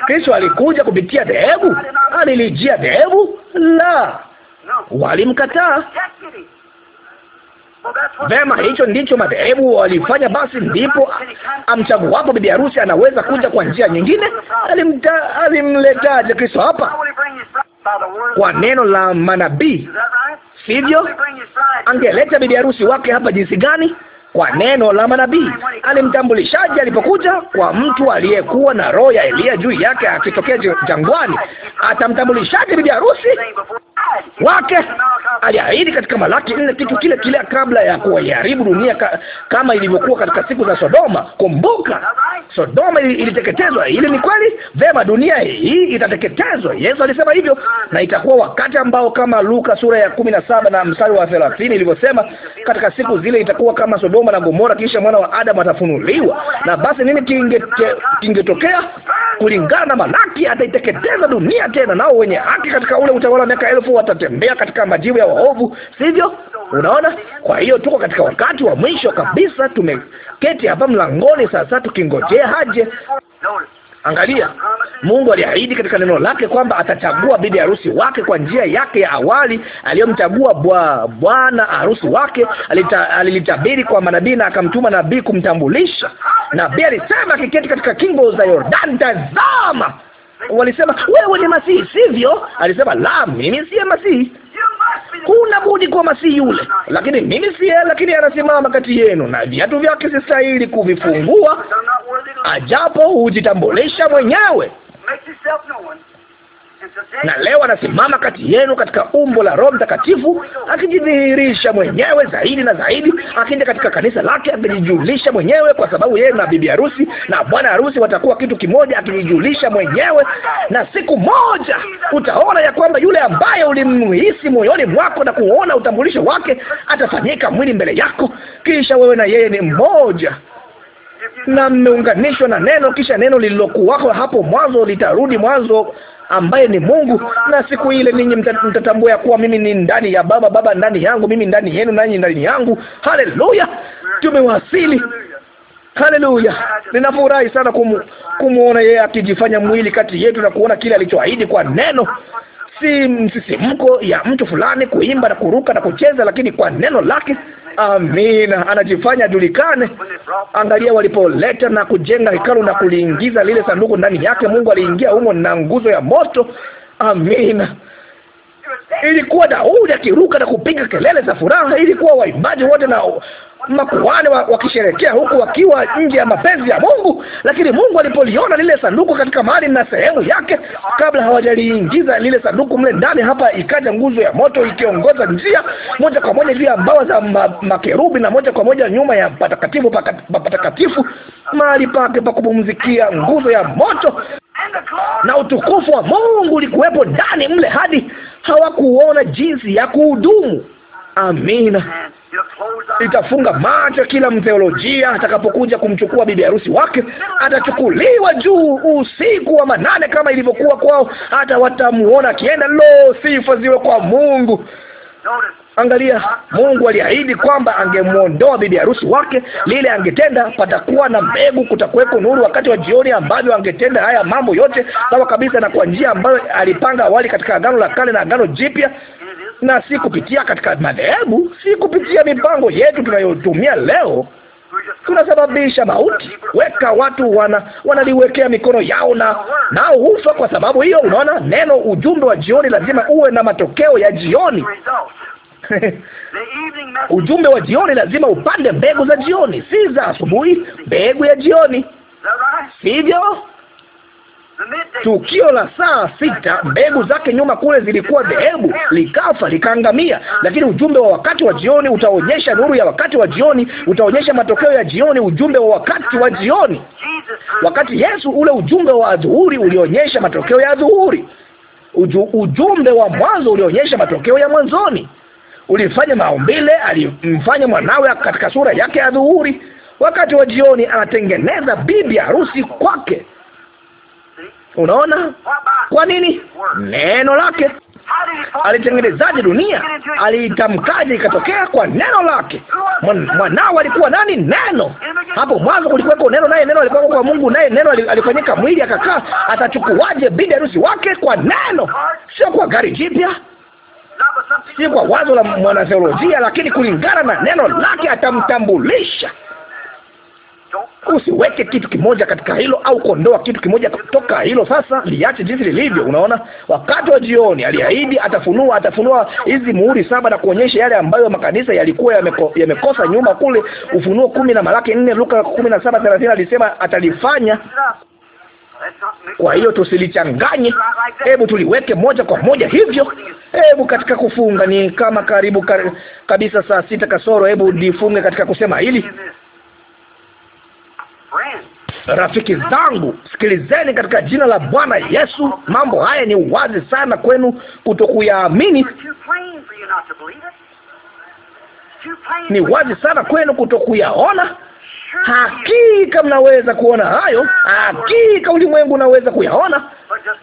S3: Kristo alikuja kupitia dhehebu? Alilijia dhehebu? La, walimkataa.
S1: Vema, hicho ndicho
S3: madhehebu walifanya. Basi ndipo wapo bibi harusi anaweza kuja kwa njia nyingine. Alimletaje Kristo hapa?
S1: Kwa neno la
S3: manabii, sivyo? Angeleta bibi harusi wake hapa jinsi gani? Kwa neno la manabii. Alimtambulishaje alipokuja? Kwa mtu aliyekuwa na roho ya Elia juu yake akitokea jangwani. Atamtambulishaje bibi harusi? wake. Aliahidi katika Malaki nne kitu kile kile kabla ya kuiharibu dunia ka, kama ilivyokuwa katika siku za Sodoma. Kumbuka Sodoma iliteketezwa, ili ni kweli vema, dunia hii itateketezwa. Yesu alisema hivyo, na itakuwa wakati ambao kama Luka sura ya kumi na saba na mstari wa thelathini ilivyosema, katika siku zile itakuwa kama Sodoma na Gomora, kisha mwana wa Adamu atafunuliwa. Na basi nini kingetokea? Kulingana na Malaki, ataiteketeza dunia tena, nao wenye haki katika ule utawala wa miaka elfu waovu watatembea katika majivu ya waovu, sivyo? Unaona, kwa hiyo tuko katika wakati wa mwisho kabisa. Tumeketi hapa mlangoni sasa tukingojea haje. Angalia, Mungu aliahidi katika neno lake kwamba atachagua bibi harusi wake kwa njia yake ya awali aliyomchagua bwana harusi wake. Alita, alilitabiri kwa manabii na akamtuma nabii kumtambulisha. Nabii alisema akiketi katika kingo za Yordani, tazama Walisema wewe ni Masihi, sivyo? Alisema la, mimi siye Masihi. Kuna budi kuwa Masihi yule, lakini mimi siye. Lakini anasimama kati yenu na viatu vyake sistahili kuvifungua, ajapo hujitambulisha mwenyewe na leo anasimama kati yenu katika umbo la Roho Mtakatifu, akijidhihirisha mwenyewe zaidi na zaidi, akija katika kanisa lake akijijulisha mwenyewe, kwa sababu yeye na bibi harusi na bwana harusi watakuwa kitu kimoja, akijijulisha mwenyewe. Na siku moja utaona ya kwamba yule ambaye ulimhisi moyoni mwako na kuona utambulisho wake atafanyika mwili mbele yako, kisha wewe na yeye ni mmoja na mmeunganishwa na neno, kisha neno lililokuwako hapo mwanzo litarudi mwanzo ambaye ni Mungu, na siku ile ninyi mtatambua ya kuwa mimi ni ndani ya Baba, Baba ndani yangu, mimi ndani yenu, nanyi ndani yangu. Haleluya, tumewasili. Haleluya! Ninafurahi sana kumu, kumuona yeye akijifanya mwili kati yetu na kuona kile alichoahidi kwa neno si msisimko ya mtu fulani kuimba na kuruka na kucheza, lakini kwa neno lake. Amina, anajifanya julikane Angalia, walipoleta na kujenga hekalu na kuliingiza lile sanduku ndani yake, Mungu aliingia humo na nguzo ya moto. Amina. Ilikuwa Daudi akiruka na kupiga kelele za furaha, ilikuwa waimbaji wote na makuhani wakisherekea wa huku wakiwa nje ya mapenzi ya Mungu. Lakini Mungu alipoliona lile sanduku katika mahali na sehemu yake, kabla hawajaliingiza lile sanduku mle ndani, hapa ikaja nguzo ya moto ikiongoza njia moja kwa moja juu ya mbawa za ma, makerubi na moja kwa moja nyuma ya patakatifu patakatifu, mahali pake pa kupumzikia, nguzo ya moto na utukufu wa Mungu ulikuwepo ndani mle hadi hawakuona jinsi ya kuhudumu. Amina. Itafunga macho kila mtheolojia atakapokuja kumchukua bibi harusi wake, atachukuliwa juu usiku wa manane kama ilivyokuwa kwao, hata watamuona akienda. Lo, sifa ziwe kwa Mungu. Angalia, Mungu aliahidi kwamba angemwondoa bibi harusi wake, lile angetenda. Patakuwa na mbegu, kutakuweko nuru wakati wa jioni, ambavyo angetenda haya mambo yote sawa kabisa, na kwa njia ambayo alipanga awali katika Agano la Kale na Agano Jipya na si kupitia katika madhehebu, si kupitia mipango yetu tunayotumia leo. Tunasababisha mauti, weka watu wana wanaliwekea mikono yao na nao hufa kwa sababu hiyo. Unaona, neno ujumbe wa jioni lazima uwe na matokeo ya jioni.
S1: *laughs* ujumbe wa
S3: jioni lazima upande mbegu za jioni, si za asubuhi, mbegu ya jioni, sivyo? Tukio la saa sita, mbegu zake nyuma kule zilikuwa dhehebu, likafa likaangamia. Lakini ujumbe wa wakati wa jioni utaonyesha nuru ya wakati wa jioni, utaonyesha matokeo ya jioni, ujumbe wa wakati wa jioni. Wakati Yesu, ule ujumbe wa adhuhuri ulionyesha matokeo ya adhuhuri. Uju, ujumbe wa mwanzo ulionyesha matokeo ya mwanzoni ulifanya maumbile, alimfanya mwanawe katika sura yake ya dhuhuri. Wakati wa jioni anatengeneza bibi harusi kwake. Unaona, kwa nini? Neno lake. Alitengenezaje dunia? Aliitamkaje ikatokea? Kwa neno lake. Mwanao alikuwa nani? Neno. Hapo mwanzo kulikuwako neno, naye neno alikuwa kwa Mungu, naye neno alifanyika mwili akakaa. Atachukuaje bibi harusi wake? Kwa neno, sio kwa gari jipya si kwa wazo la mwanatheolojia, lakini kulingana na neno lake atamtambulisha. Usiweke kitu kimoja katika hilo au kuondoa kitu kimoja kutoka hilo. Sasa liache jinsi lilivyo. Unaona, wakati wa jioni aliahidi atafunua, atafunua hizi muhuri saba na kuonyesha yale ambayo makanisa yalikuwa yameko, yamekosa nyuma kule. Ufunuo kumi na Malaki nne, Luka kumi na saba thelathini alisema atalifanya kwa hiyo tusilichanganye, hebu tuliweke moja kwa moja hivyo. Hebu katika kufunga ni kama karibu kar... kabisa saa sita kasoro, hebu difunge katika kusema hili Rafiki zangu sikilizeni, katika jina la Bwana Yesu, mambo haya ni wazi sana kwenu kutokuyaamini. Ni wazi sana kwenu kutokuyaona. Hakika mnaweza kuona hayo, hakika ulimwengu unaweza kuyaona,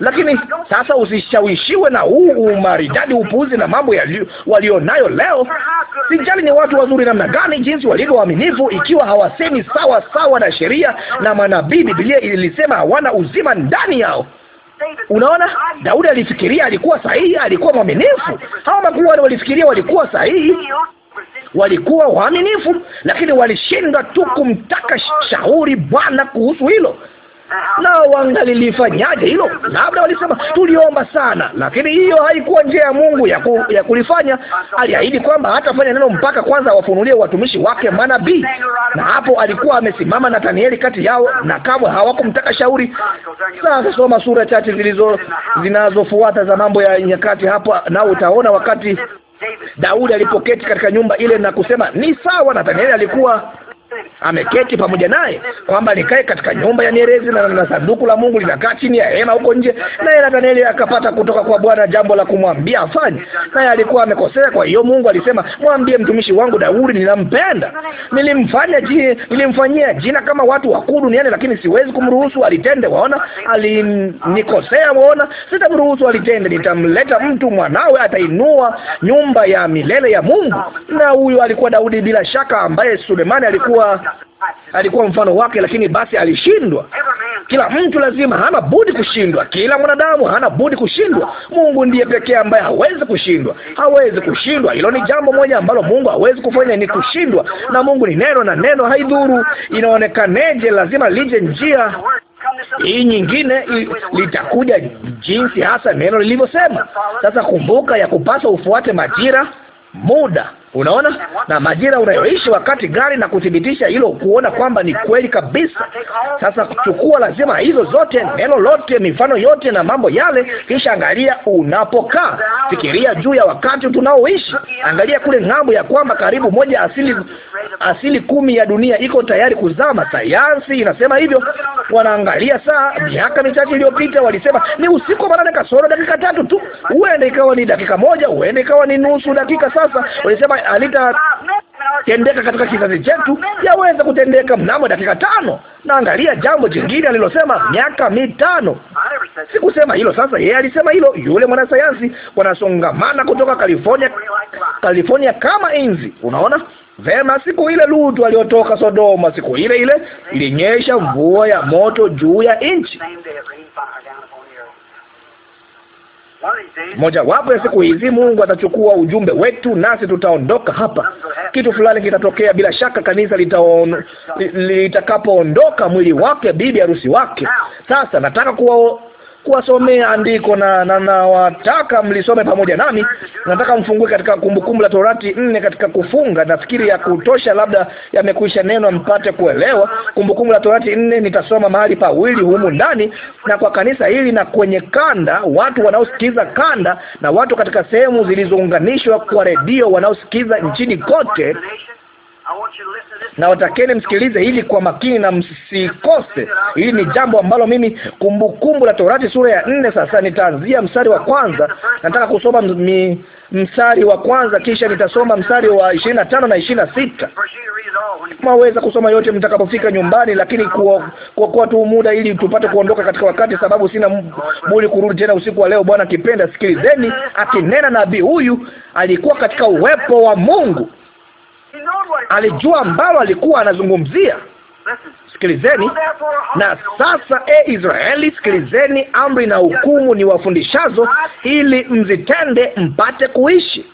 S3: lakini sasa usishawishiwe na huu umaridadi, upuzi na mambo walionayo leo. Sijali ni watu wazuri namna gani, jinsi walivyo waaminifu, ikiwa hawasemi sawa sawa na sheria na manabii, Biblia ilisema hawana uzima ndani yao. Unaona, Daudi alifikiria alikuwa sahihi, alikuwa mwaminifu. Hawa makuhani walifikiria walikuwa sahihi, walikuwa waaminifu, lakini walishindwa tu kumtaka shauri Bwana kuhusu hilo. Na wangalilifanyaje hilo? Labda walisema tuliomba sana, lakini hiyo haikuwa njia ya Mungu ya, ku, ya kulifanya. Aliahidi kwamba hatafanya neno mpaka kwanza awafunulie watumishi wake manabii, na hapo alikuwa amesimama Danieli kati yao, na kamwe hawakumtaka shauri. Sasa soma sura chache zilizo zinazofuata za Mambo ya Nyakati hapa na utaona wakati Daudi alipoketi katika nyumba ile na kusema ni sawa. Nathanieli alikuwa ameketi pamoja naye, kwamba nikae katika nyumba ya mierezi na, na sanduku la Mungu linakaa chini ya hema huko nje. Naye Nathanieli akapata kutoka kwa Bwana jambo la kumwambia afanye, naye alikuwa amekosea. Kwa hiyo Mungu alisema, mwambie mtumishi wangu Daudi, ninampenda, nilimfanya jini, nilimfanyia jina kama watu wakuu duniani, lakini siwezi kumruhusu alitende. Waona, alinikosea. Waona, sitamruhusu alitende. Nitamleta mtu mwanawe, atainua nyumba ya milele ya Mungu. Na huyu alikuwa Daudi bila shaka, ambaye Sulemani alikuwa alikuwa alikuwa mfano wake, lakini basi alishindwa. Kila mtu lazima, hana budi kushindwa. Kila mwanadamu hana budi kushindwa. Mungu ndiye pekee ambaye hawezi kushindwa, hawezi kushindwa. Hilo ni jambo moja ambalo Mungu hawezi kufanya, ni kushindwa. Na Mungu ni neno, na neno haidhuru inaonekaneje, lazima lije njia hii nyingine litakuja jinsi hasa neno lilivyosema. Sasa kumbuka, ya kupasa ufuate majira, muda Unaona, na majira unayoishi wakati gani, na kuthibitisha hilo, kuona kwamba ni kweli kabisa. Sasa chukua lazima hizo zote, neno lote, mifano yote na mambo yale, kisha angalia unapokaa. Fikiria juu ya wakati tunaoishi, angalia kule ng'ambo ya kwamba karibu moja asili asili kumi ya dunia iko tayari kuzama. Sayansi inasema hivyo. Wanaangalia saa, miaka michache iliyopita walisema ni usiku wa manane kasoro dakika tatu tu, huenda ikawa ni dakika moja, huenda ikawa ni nusu dakika. Sasa walisema alitatendeka katika kizazi chetu, yaweza kutendeka mnamo dakika tano. Na angalia jambo jingine alilosema, miaka mitano. Sikusema hilo sasa, yeye alisema hilo. Yule mwanasayansi wanasongamana kutoka California, California kama inzi. Unaona vema, siku ile Lutu aliotoka Sodoma, siku ile ile ilinyesha mvua ya moto juu ya nchi
S1: Mojawapo ya siku hizi
S3: Mungu atachukua ujumbe wetu, nasi tutaondoka hapa. Kitu fulani kitatokea bila shaka, kanisa litakapoondoka, li, mwili wake, bibi harusi wake. Sasa nataka kuwa kuwasomea andiko na na mlisome pamoja nami. Nataka mfungue katika Kumbukumbu la Torati nne katika kufunga. Nafikiri ya kutosha, labda yamekwisha neno mpate kuelewa. Kumbukumbu la Torati nne nitasoma mahali pawili humu ndani na kwa kanisa hili na kwenye kanda, watu wanaosikiza kanda na watu katika sehemu zilizounganishwa kwa redio wanaosikiza nchini kote na watakeni msikilize hili kwa makini na msikose. Hili ni jambo ambalo mimi, Kumbukumbu la Torati sura ya nne, sasa nitaanzia mstari wa kwanza. Nataka kusoma mi, mstari wa kwanza, kisha nitasoma mstari wa ishirini na tano na ishirini na sita. Maweza kusoma yote mtakapofika nyumbani, lakini kuokoa kuo, tu muda ili tupate kuondoka katika wakati, sababu sina budi kurudi tena usiku wa leo. Bwana kipenda sikilizeni akinena nabii huyu, alikuwa katika uwepo wa Mungu alijua ambalo alikuwa anazungumzia. Sikilizeni na sasa, e Israeli, sikilizeni amri na hukumu ni wafundishazo, ili mzitende mpate kuishi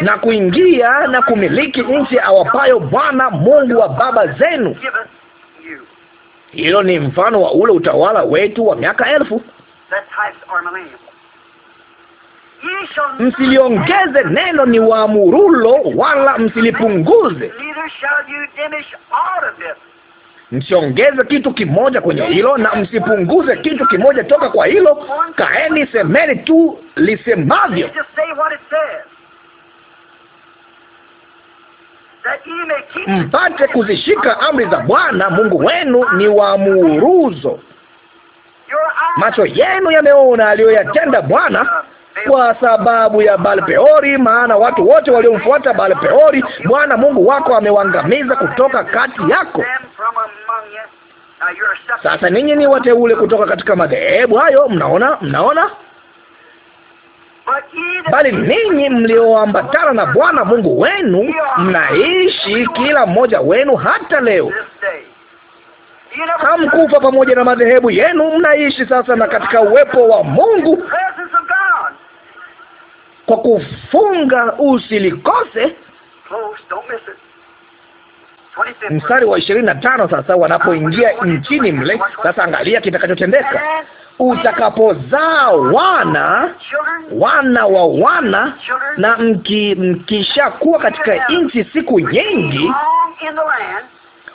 S3: na kuingia na kumiliki nchi awapayo Bwana Mungu wa baba zenu. Hilo ni mfano wa ule utawala wetu wa miaka elfu
S1: msiliongeze
S3: neno ni waamurulo, wala msilipunguze. Msiongeze kitu kimoja kwenye hilo na msipunguze kitu kimoja toka kwa hilo. Kaeni, semeni tu lisemavyo, mpate kuzishika amri za Bwana Mungu wenu ni waamuruzo. Macho yenu yameona aliyoyatenda Bwana, kwa sababu ya Baal Peori, maana watu wote waliomfuata Baal Peori Bwana Mungu wako amewangamiza kutoka kati yako. Sasa ninyi ni wateule kutoka katika madhehebu hayo. Mnaona, mnaona bali ninyi mlioambatana na Bwana Mungu wenu mnaishi kila mmoja wenu hata leo. Hamkufa pamoja na madhehebu yenu, mnaishi sasa na katika uwepo wa Mungu kwa kufunga usilikose. Mstari wa ishirini na tano. Sasa wanapoingia nchini mle, sasa angalia kitakachotendeka utakapozaa wana wana wa wana, na mkishakuwa katika nchi siku nyingi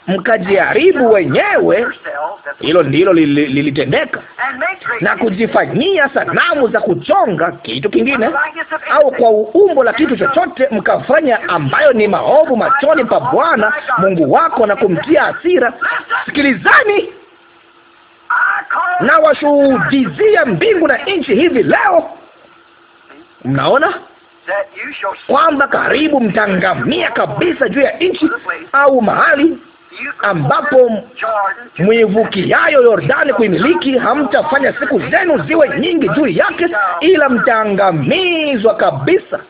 S3: mkajiharibu wenyewe. Hilo ndilo lilitendeka li, na kujifanyia sanamu za kuchonga kitu kingine au kwa umbo la kitu chochote, mkafanya ambayo ni maovu machoni pa Bwana Mungu wako na kumtia hasira. Sikilizani, na washuhudizia mbingu na nchi hivi leo, mnaona kwamba karibu mtangamia kabisa juu ya nchi au mahali ambapo mwivukiayo Yordani kuimiliki, hamtafanya siku zenu ziwe nyingi juu yake, ila mtaangamizwa kabisa.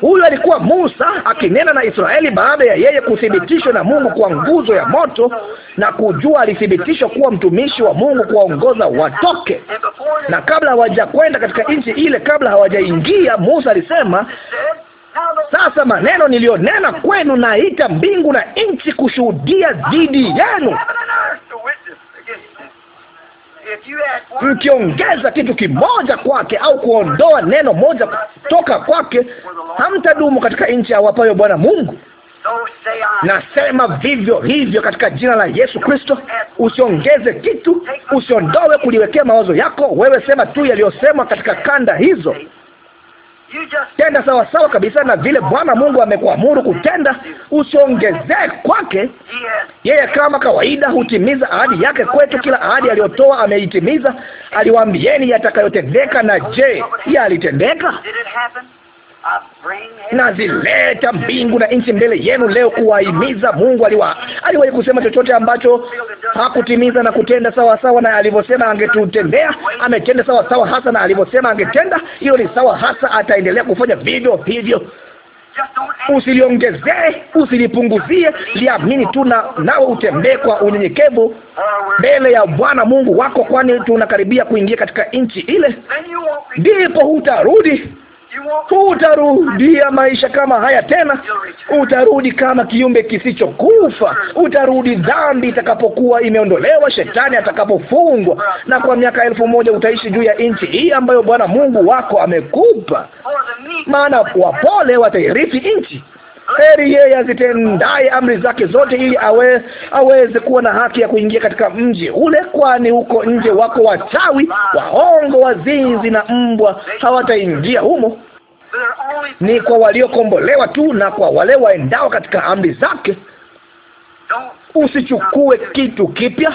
S3: Huyu alikuwa Musa akinena na Israeli baada ya yeye kuthibitishwa na Mungu kwa nguzo ya moto na kujua alithibitishwa kuwa mtumishi wa Mungu kuwaongoza watoke. Na kabla hawajakwenda katika nchi ile, kabla hawajaingia, Musa alisema sasa maneno niliyonena kwenu, naita mbingu na nchi kushuhudia dhidi yenu.
S1: Mkiongeza
S3: kitu kimoja kwake au kuondoa neno moja toka kwake, hamtadumu katika nchi awapayo Bwana Mungu. Nasema vivyo hivyo katika jina la Yesu Kristo. Usiongeze kitu, usiondoe kuliwekea mawazo yako. Wewe sema tu yaliyosemwa katika kanda hizo. Tenda sawasawa kabisa na vile Bwana Mungu amekuamuru kutenda, usiongezee kwake. Yeye kama kawaida hutimiza ahadi yake kwetu. Kila ahadi aliyotoa ameitimiza. Aliwaambieni yatakayotendeka, na je, yalitendeka? nazileta mbingu na nchi mbele yenu leo kuwahimiza. Mungu aliwa aliwahi kusema chochote ambacho hakutimiza na kutenda sawa sawa na alivyosema angetutendea? Ametenda sawa sawa hasa na alivyosema angetenda. Hiyo ni sawa hasa, ataendelea kufanya vivyo hivyo. Usiliongezee, usilipunguzie, liamini tu, na nawe utembee kwa unyenyekevu mbele ya Bwana Mungu wako, kwani tunakaribia kuingia katika nchi ile, ndipo hutarudi utarudia maisha kama haya tena. Utarudi kama kiumbe kisichokufa. Utarudi dhambi itakapokuwa imeondolewa, shetani atakapofungwa, na kwa miaka elfu moja utaishi juu ya nchi hii ambayo Bwana Mungu wako amekupa, maana wapole watairithi nchi heri yeye azitendaye amri zake zote, ili awe aweze kuwa na haki ya kuingia katika mji ule, kwani huko nje wako wachawi, waongo, wazinzi na mbwa, hawataingia humo. Ni kwa waliokombolewa tu na kwa wale waendao katika amri zake. Usichukue kitu kipya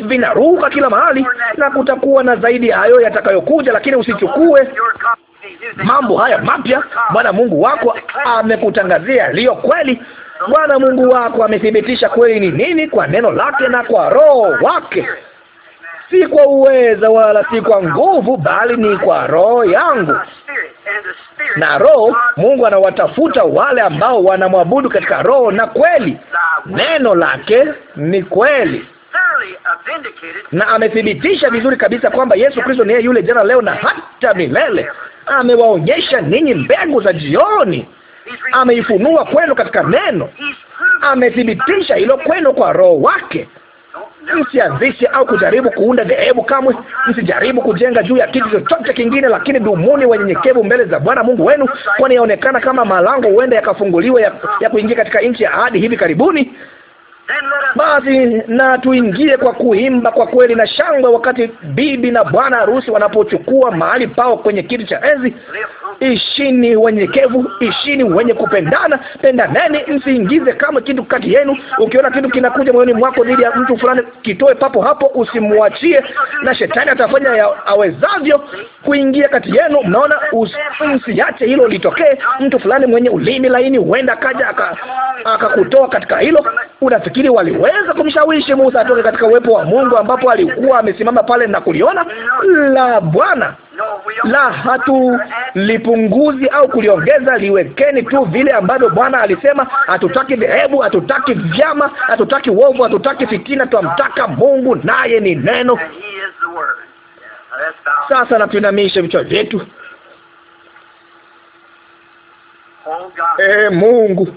S3: vinaruka kila mahali, na kutakuwa na zaidi hayo yatakayokuja, lakini usichukue mambo haya mapya. Bwana Mungu wako amekutangazia yaliyo kweli. Bwana Mungu wako amethibitisha kweli ni nini kwa neno lake na kwa Roho wake, si kwa uweza wala si kwa nguvu, bali ni kwa Roho yangu
S1: na Roho.
S3: Mungu anawatafuta wale ambao wanamwabudu katika Roho na kweli. Neno lake ni kweli
S1: na amethibitisha
S3: vizuri kabisa kwamba Yesu Kristo ni yeye yule jana, leo na hata milele amewaonyesha ninyi mbegu za jioni, ameifunua kwenu katika neno, amethibitisha hilo kwenu kwa Roho wake. Msianzishe au kujaribu kuunda dhehebu kamwe, msijaribu kujenga juu ya kitu chochote kingine, lakini dumuni wanyenyekevu mbele za Bwana Mungu wenu, kwani yaonekana kama malango huenda yakafunguliwa ya, ya kuingia katika nchi ya ahadi hivi karibuni. Basi na tuingie kwa kuimba kwa kweli na shangwe, wakati bibi na bwana harusi wanapochukua mahali pao kwenye kiti cha enzi, Ishini wenyekevu, ishini wenye kupendana. Pendaneni, msiingize kama kitu kati yenu. Ukiona kitu kinakuja moyoni mwako dhidi ya mtu fulani, kitoe papo hapo, usimwachie, na shetani atafanya ya awezavyo kuingia kati yenu. Mnaona, msiache hilo litokee. Mtu fulani mwenye ulimi laini huenda akaja akakutoa aka katika hilo. Unafikiri waliweza kumshawishi Musa atoke katika uwepo wa Mungu ambapo alikuwa amesimama pale na kuliona la Bwana? la hatulipunguzi au kuliongeza. Liwekeni tu vile ambavyo Bwana alisema. Hatutaki dhehebu, hatutaki vyama, hatutaki uovu, hatutaki fitina. Twamtaka Mungu naye ni neno.
S1: Sasa natuinamishe vichwa vyetu.
S3: E Mungu,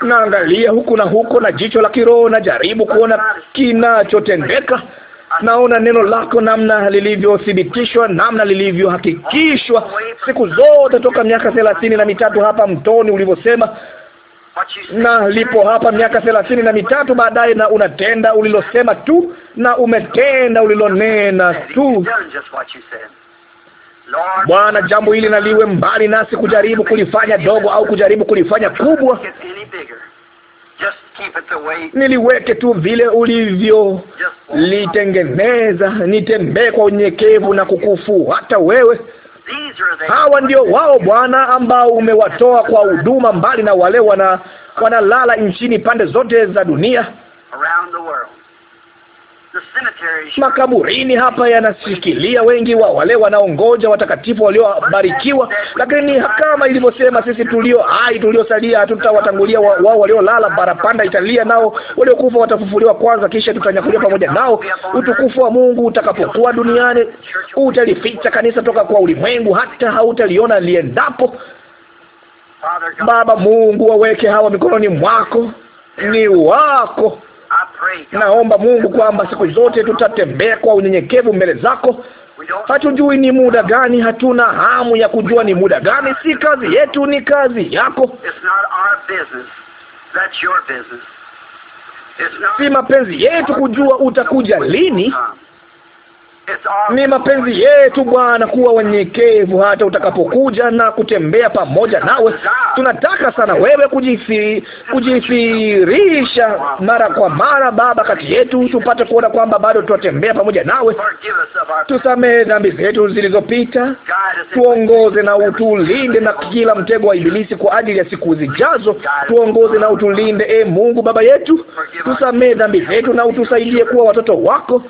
S3: naangalia huku na huko na jicho la kiroho, najaribu kuona kinachotendeka naona neno lako namna lilivyothibitishwa, namna lilivyohakikishwa siku zote toka miaka thelathini na mitatu hapa mtoni ulivyosema na lipo hapa miaka thelathini na mitatu baadaye, na unatenda ulilosema tu, na umetenda ulilonena tu. Bwana, jambo hili naliwe mbali nasi kujaribu kulifanya dogo au kujaribu kulifanya kubwa niliweke tu vile ulivyolitengeneza, nitembee kwa unyenyekevu na kukufuata wewe. Hawa ndio wao Bwana, ambao umewatoa kwa huduma, mbali na wale wana wanalala nchini pande zote za dunia makaburini hapa yanashikilia wengi wa wale wanaongoja watakatifu waliobarikiwa, lakini kama ilivyosema, sisi tulio hai tuliosalia hatutawatangulia wao waliolala barapanda italia, nao waliokufa watafufuliwa kwanza, kisha tutanyakuliwa pamoja nao. Utukufu wa Mungu utakapokuwa duniani utalificha kanisa toka kwa ulimwengu, hata hautaliona liendapo. Baba Mungu, waweke hawa mikononi mwako, ni wako Naomba Mungu kwamba siku zote tutatembea kwa unyenyekevu mbele zako. Hatujui ni muda gani, hatuna hamu ya kujua ni muda gani. Si kazi yetu, ni kazi yako.
S1: Si mapenzi yetu
S3: kujua utakuja lini, ni mapenzi yetu Bwana kuwa wenyekevu hata utakapokuja na kutembea pamoja nawe. Tunataka sana wewe kujidhihirisha mara kwa mara, Baba, kati yetu, tupate kuona kwamba bado tutatembea pamoja nawe. Tusamehe dhambi zetu zilizopita, tuongoze na utulinde na kila mtego wa Ibilisi kwa ajili ya siku zijazo. Tuongoze na utulinde, e Mungu Baba yetu, tusamehe dhambi zetu na utusaidie kuwa watoto wako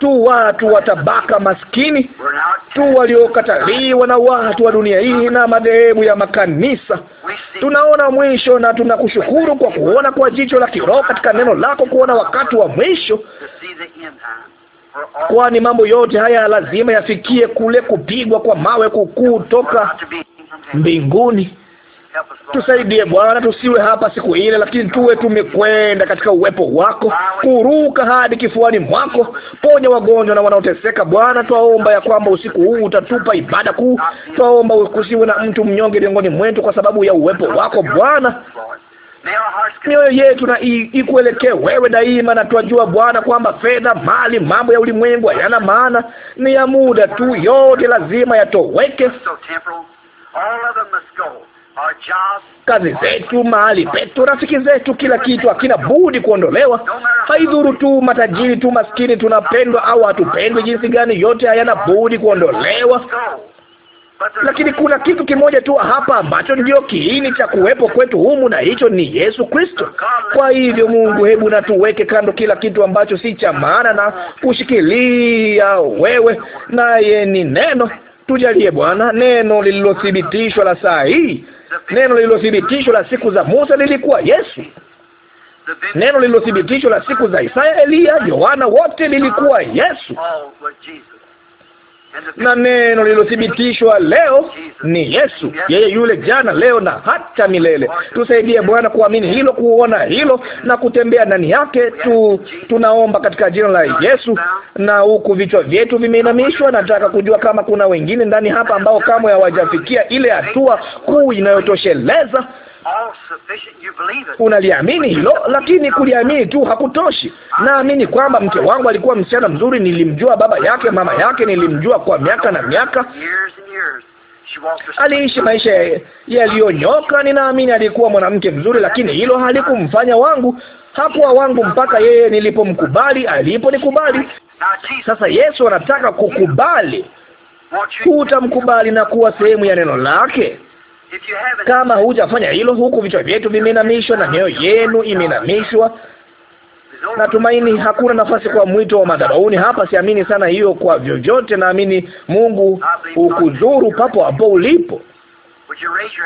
S3: tu watu wa tabaka maskini tu waliokataliwa na watu wa dunia hii na madhehebu ya makanisa. Tunaona mwisho, na tunakushukuru kwa kuona kwa jicho la kiroho katika neno lako, kuona wakati wa mwisho, kwani mambo yote haya lazima yafikie kule kupigwa kwa mawe kukuu toka mbinguni Tusaidie Bwana, tusiwe hapa siku ile, lakini tuwe tumekwenda katika uwepo wako, kuruka hadi kifuani mwako. Ponya wagonjwa na wanaoteseka Bwana. Twaomba ya kwamba usiku huu utatupa ibada kuu. Twaomba kusiwe na mtu mnyonge miongoni mwetu kwa sababu ya uwepo wako Bwana. Mioyo yetu na ikuelekee wewe daima, na twajua Bwana kwamba fedha, mali, mambo ya ulimwengu hayana maana, ni ya muda tu. Yote lazima yatoweke kazi zetu, mahali petu, rafiki zetu, kila kitu hakina budi kuondolewa. Haidhuru tu matajiri tu maskini, tunapendwa au hatupendwi jinsi gani, yote hayana budi kuondolewa. Lakini kuna kitu kimoja tu hapa ambacho ndio kiini cha kuwepo kwetu humu, na hicho ni Yesu Kristo. Kwa hivyo, Mungu, hebu natuweke kando kila kitu ambacho si cha maana na kushikilia wewe, naye ni neno. Tujalie Bwana neno lililothibitishwa la saa hii Neno lililothibitishwa la siku za Musa lilikuwa Yesu. Neno lililothibitishwa la siku za Isaya, Eliya, Yohana, wote lilikuwa Yesu
S1: na neno
S3: lililothibitishwa leo ni Yesu, yeye yule jana, leo na hata milele. Tusaidie Bwana kuamini hilo, kuona hilo na kutembea ndani yake. Tu tunaomba katika jina la Yesu. Na huku vichwa vyetu vimeinamishwa, nataka kujua kama kuna wengine ndani hapa ambao kamwe hawajafikia ile hatua kuu inayotosheleza
S4: Oh,
S1: Unaliamini hilo, lakini kuliamini tu
S3: hakutoshi. Naamini kwamba mke wangu alikuwa msichana mzuri. Nilimjua baba yake, mama yake, nilimjua kwa miaka na miaka aliishi maisha yaliyonyoka. Ninaamini alikuwa mwanamke mzuri, lakini hilo halikumfanya wangu. Hakuwa wangu mpaka yeye nilipomkubali, aliponikubali. Sasa Yesu anataka kukubali, utamkubali na kuwa sehemu ya neno lake. Kama hujafanya hilo, huku vichwa vyetu vimeinamishwa na mioyo yenu imeinamishwa, natumaini hakuna nafasi kwa mwito wa madhabahuni hapa. Siamini sana hiyo kwa vyovyote. Naamini Mungu hukudhuru papo hapo ulipo.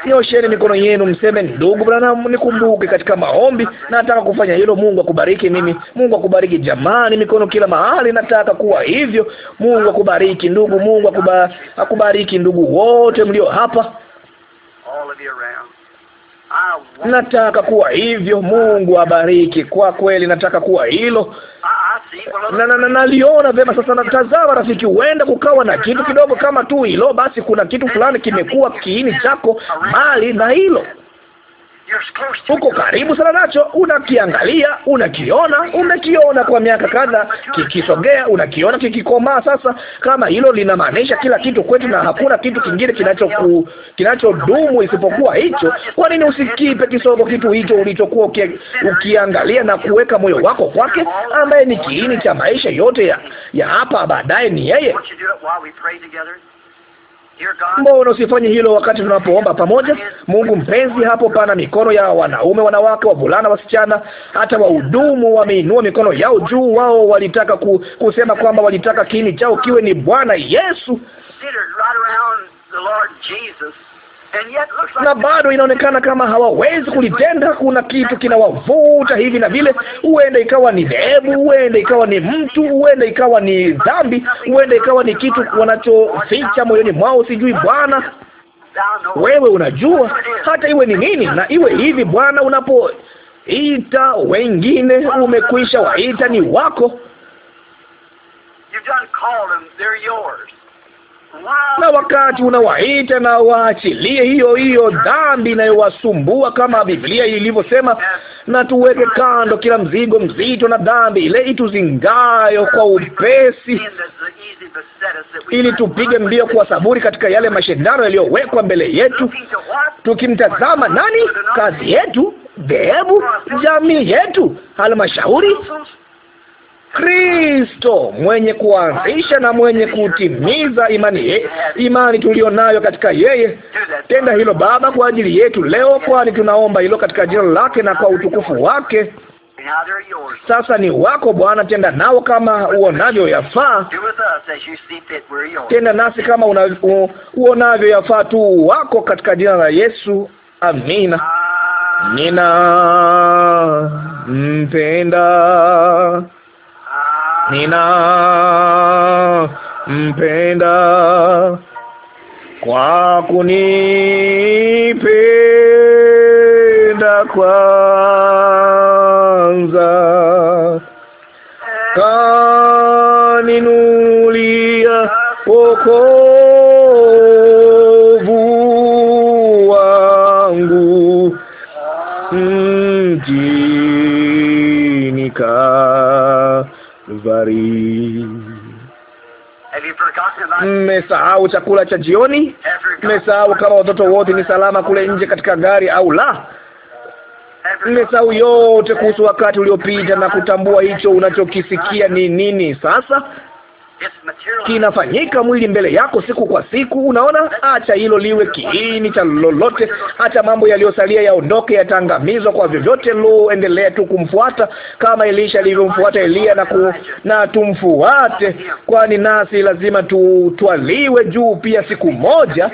S3: Nyosheni mikono yenu, mseme ndugu Branham, nikumbuke katika maombi. Nataka kufanya hilo. Mungu akubariki mimi. Mungu akubariki jamani, mikono kila mahali. Nataka kuwa hivyo. Mungu akubariki ndugu. Mungu akubariki ndugu wote mlio hapa. Nataka kuwa hivyo. Mungu abariki. Kwa kweli nataka kuwa hilo. Na, na, na, naliona vyema sasa. Natazama rafiki, huenda kukawa na kitu kidogo kama tu hilo basi. Kuna kitu fulani kimekuwa kiini chako mbali na hilo uko karibu sana nacho, unakiangalia, unakiona, umekiona kwa miaka kadhaa kikisogea, unakiona kikikomaa. Sasa kama hilo linamaanisha kila kitu kwetu na hakuna kitu kingine kinachoku kinachodumu isipokuwa hicho, kwa nini usikipe kisogo kitu hicho ulichokuwa ukiangalia na kuweka moyo wako kwake, ambaye ni kiini cha maisha yote ya, ya hapa baadaye ni yeye Mbona usifanye hilo wakati tunapoomba pamoja? Mungu mpenzi, hapo pana mikono ya wanaume, wanawake, wavulana, wasichana, hata wahudumu wameinua mikono yao juu. Wao walitaka ku, kusema kwamba walitaka kiini chao kiwe ni Bwana Yesu na bado inaonekana kama hawawezi kulitenda. Kuna kitu kinawavuta hivi na vile. Huenda ikawa ni dhehebu, huenda ikawa ni mtu, huenda ikawa ni dhambi, huenda ikawa ni kitu wanachoficha moyoni mwao. Sijui Bwana, wewe unajua. Hata iwe ni nini na iwe hivi, Bwana, unapoita wengine, umekwisha waita, ni wako na wakati unawaita na waachilie hiyo hiyo dhambi inayowasumbua kama Biblia ilivyosema, na tuweke kando kila mzigo mzito na dhambi ile ituzingayo kwa upesi,
S1: ili tupige
S3: mbio kwa saburi katika yale mashindano yaliyowekwa mbele yetu, tukimtazama nani? Kazi yetu, dhehebu, jamii yetu, halmashauri Kristo mwenye kuanzisha na mwenye kutimiza imani imani tuliyo nayo katika yeye. Tenda hilo Baba kwa ajili yetu leo, kwani tunaomba hilo katika jina lake na kwa utukufu wake. Sasa ni wako Bwana, tenda nao kama uonavyo yafaa. Tenda nasi
S2: kama una, u, uonavyo yafaa tu wako katika jina la Yesu, amina. Nina mpenda nina mpenda kwa kunipe Mmesahau chakula cha jioni? Mmesahau kama watoto wote ni salama kule nje katika gari au
S3: la? Mmesahau yote kuhusu wakati uliopita na kutambua hicho unachokisikia ni nini sasa? kinafanyika mwili mbele yako siku kwa siku. Unaona, acha hilo liwe kiini cha lolote. Hata mambo yaliyosalia yaondoke, yataangamizwa kwa vyovyote. Lo, endelea tu kumfuata kama Elisha alivyomfuata Eliya na, ku, na tumfuate, kwani nasi lazima tutwaliwe juu pia siku moja.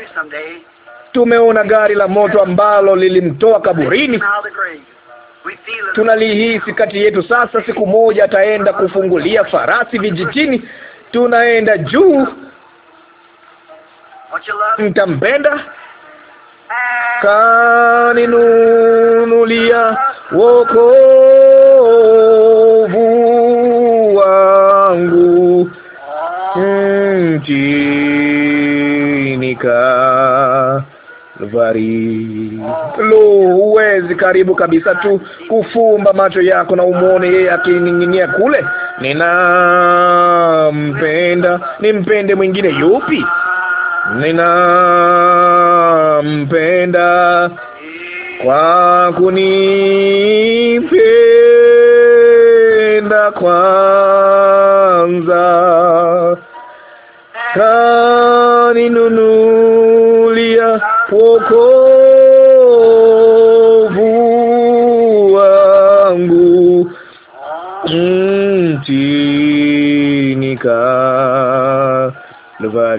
S3: Tumeona gari la moto ambalo lilimtoa kaburini tunalihisi kati yetu sasa. Siku moja ataenda kufungulia farasi vijijini, tunaenda juu.
S2: Mtampenda eh. kaninunulia wokovu wangu oh. nchini Kalvari. Lo, huwezi karibu kabisa tu kufumba macho yako na umwone yeye akining'inia kule. Ninampenda, nimpende mwingine yupi? Ninampenda kwa kunipenda kwanza, kaninunulia woko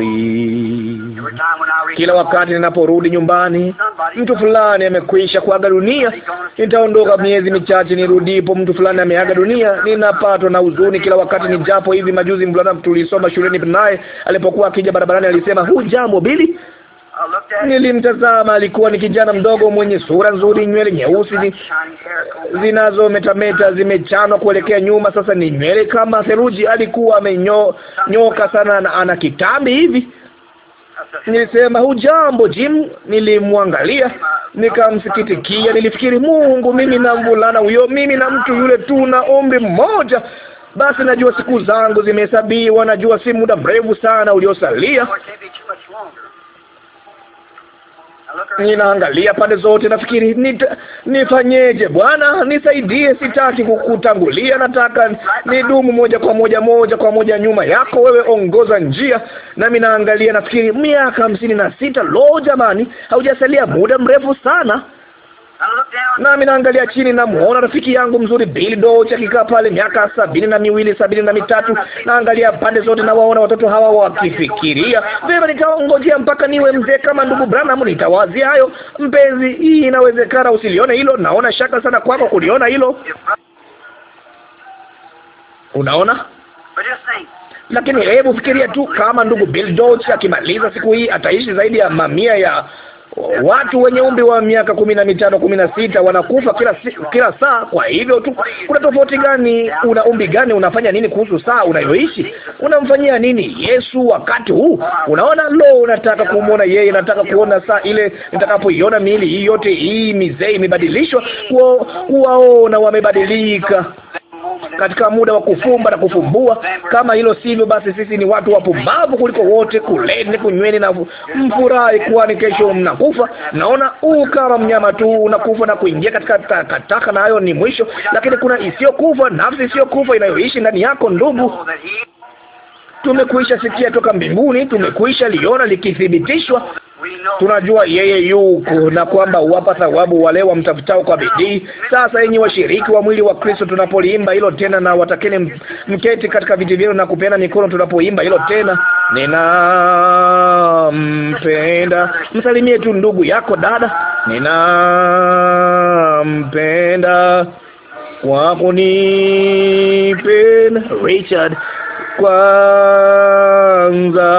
S2: habari. Kila wakati ninaporudi nyumbani, mtu fulani amekwisha
S3: kuaga dunia. Nitaondoka miezi michache nirudipo, mtu fulani ameaga dunia. Ninapatwa na huzuni kila wakati nijapo. Hivi majuzi mvulana tulisoma shuleni naye alipokuwa akija barabarani alisema, hujambo Bili? Nilimtazama, alikuwa ni kijana mdogo mwenye sura nzuri, nywele nyeusi zinazometameta zimechanwa kuelekea nyuma, sasa ni nywele kama theluji. Alikuwa amenyoka sana na ana kitambi hivi. Nilisema hujambo Jim. Nilimwangalia, nikamsikitikia. Nilifikiri, Mungu, mimi na mvulana huyo, mimi na mtu yule, tu na umri mmoja. Basi najua siku zangu zimehesabiwa, najua si muda mrefu sana uliosalia Ninaangalia pande zote, nafikiri nita, nifanyeje? Bwana nisaidie, sitaki kukutangulia, nataka nidumu moja kwa moja moja kwa moja nyuma yako. Wewe ongoza njia. Nami naangalia, nafikiri miaka hamsini na sita. Lo, jamani, haujasalia muda mrefu sana nami naangalia chini, namwona rafiki yangu mzuri Billy Doche akikaa pale, miaka sabini na miwili sabini na mitatu. Naangalia pande zote, nawaona watoto hawa wakifikiria vyema. Nitaongojea mpaka niwe mzee kama ndugu Branham, nitawazia hayo. Mpenzi, hii inawezekana usilione hilo. Naona shaka sana kwako kuliona hilo, unaona lakini hebu fikiria tu, kama ndugu Bill George akimaliza siku hii ataishi zaidi ya mamia ya watu wenye umri wa miaka kumi na mitano kumi na sita wanakufa kila, kila saa. Kwa hivyo tu, kuna tofauti gani? Una umri gani? Unafanya nini kuhusu saa unayoishi? Unamfanyia nini Yesu wakati huu? Unaona, lo, unataka kumwona yeye, nataka kuona saa ile nitakapoiona miili hii yote hii mizee imebadilishwa, kuwaona wamebadilika katika muda wa kufumba na kufumbua. Kama hilo sivyo, basi sisi ni watu wapumbavu kuliko wote. Kuleni, kunyweni na mfurahi, kwani kesho mnakufa. Naona huu kama mnyama tu unakufa na kuingia katika takataka, na hayo ni mwisho, lakini kuna isiyokufa, nafsi isiyokufa inayoishi ndani yako, ndugu Tumekwisha sikia toka mbinguni, tumekwisha liona likithibitishwa. Tunajua yeye yuko na kwamba huwapa thawabu wale wamtafutao kwa bidii. Sasa yenye washiriki wa mwili wa Kristo, tunapoliimba hilo tena, na watakeni mketi katika viti vyenu na kupeana mikono tunapoimba hilo tena,
S2: ninampenda. Msalimie tu ndugu yako dada, ninampenda ni kunipenda. Richard kwanza,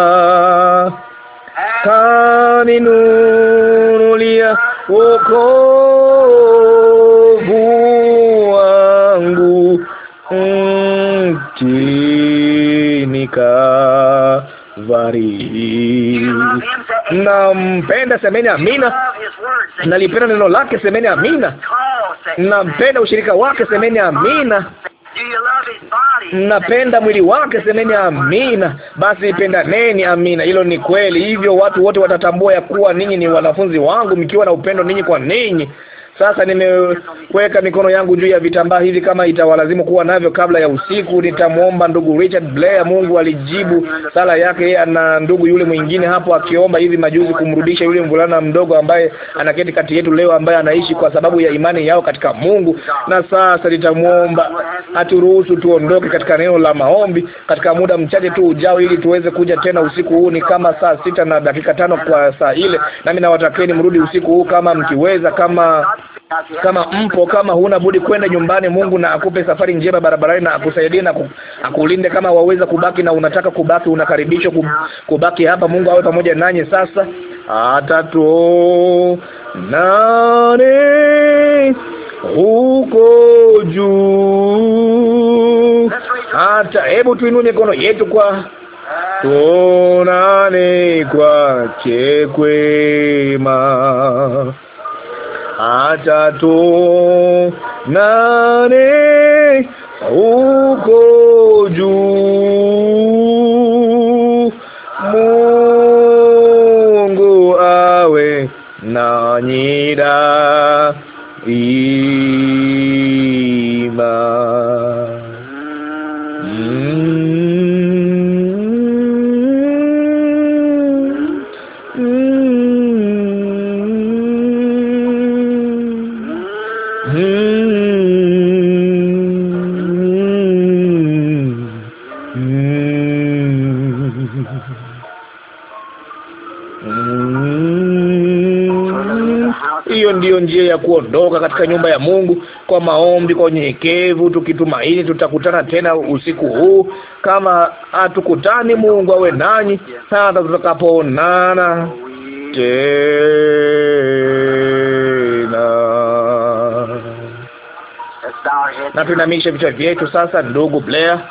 S2: kaninunulia wokovu wangu mtini Kavari. Nampenda, semeni amina. Nalipenda neno lake, semeni
S3: amina. Nampenda ushirika wake, semeni amina mnapenda mwili wake, semeni amina. Basi pendaneni, amina. Hilo ni kweli, hivyo watu wote watatambua ya kuwa ninyi ni wanafunzi wangu, mkiwa na upendo ninyi kwa ninyi. Sasa nimeweka mikono yangu juu ya vitambaa hivi, kama itawalazimu kuwa navyo kabla ya usiku. Nitamwomba ndugu Richard Blair. Mungu alijibu sala yake yeye na ndugu yule mwingine hapo, akiomba hivi majuzi kumrudisha yule mvulana mdogo ambaye anaketi kati yetu leo, ambaye anaishi kwa sababu ya imani yao katika Mungu. Na sasa nitamwomba aturuhusu tuondoke katika neno la maombi katika muda mchache tu ujao, ili tuweze kuja tena usiku huu. Ni kama saa sita na dakika tano kwa saa ile, nami nawatakeni mrudi usiku huu kama mkiweza, kama kama mpo, kama huna budi kwenda nyumbani, Mungu na akupe safari njema barabarani na akusaidie na akulinde. Kama waweza kubaki na unataka kubaki, unakaribishwa kubaki hapa. Mungu awe
S2: pamoja nanyi. Sasa atatu nane huko juu hata, hebu tuinue mikono yetu kwa tuonane kwake kwema atatu nane huko juu. Mungu awe nanyi ima kuondoka katika nyumba ya Mungu kwa maombi, kwa unyenyekevu, tukitumaini tutakutana tena usiku huu. Kama hatukutani, Mungu awe nanyi hata tutakapoonana tena. Na tuinamishe vichwa vyetu sasa, ndugu
S1: Blair.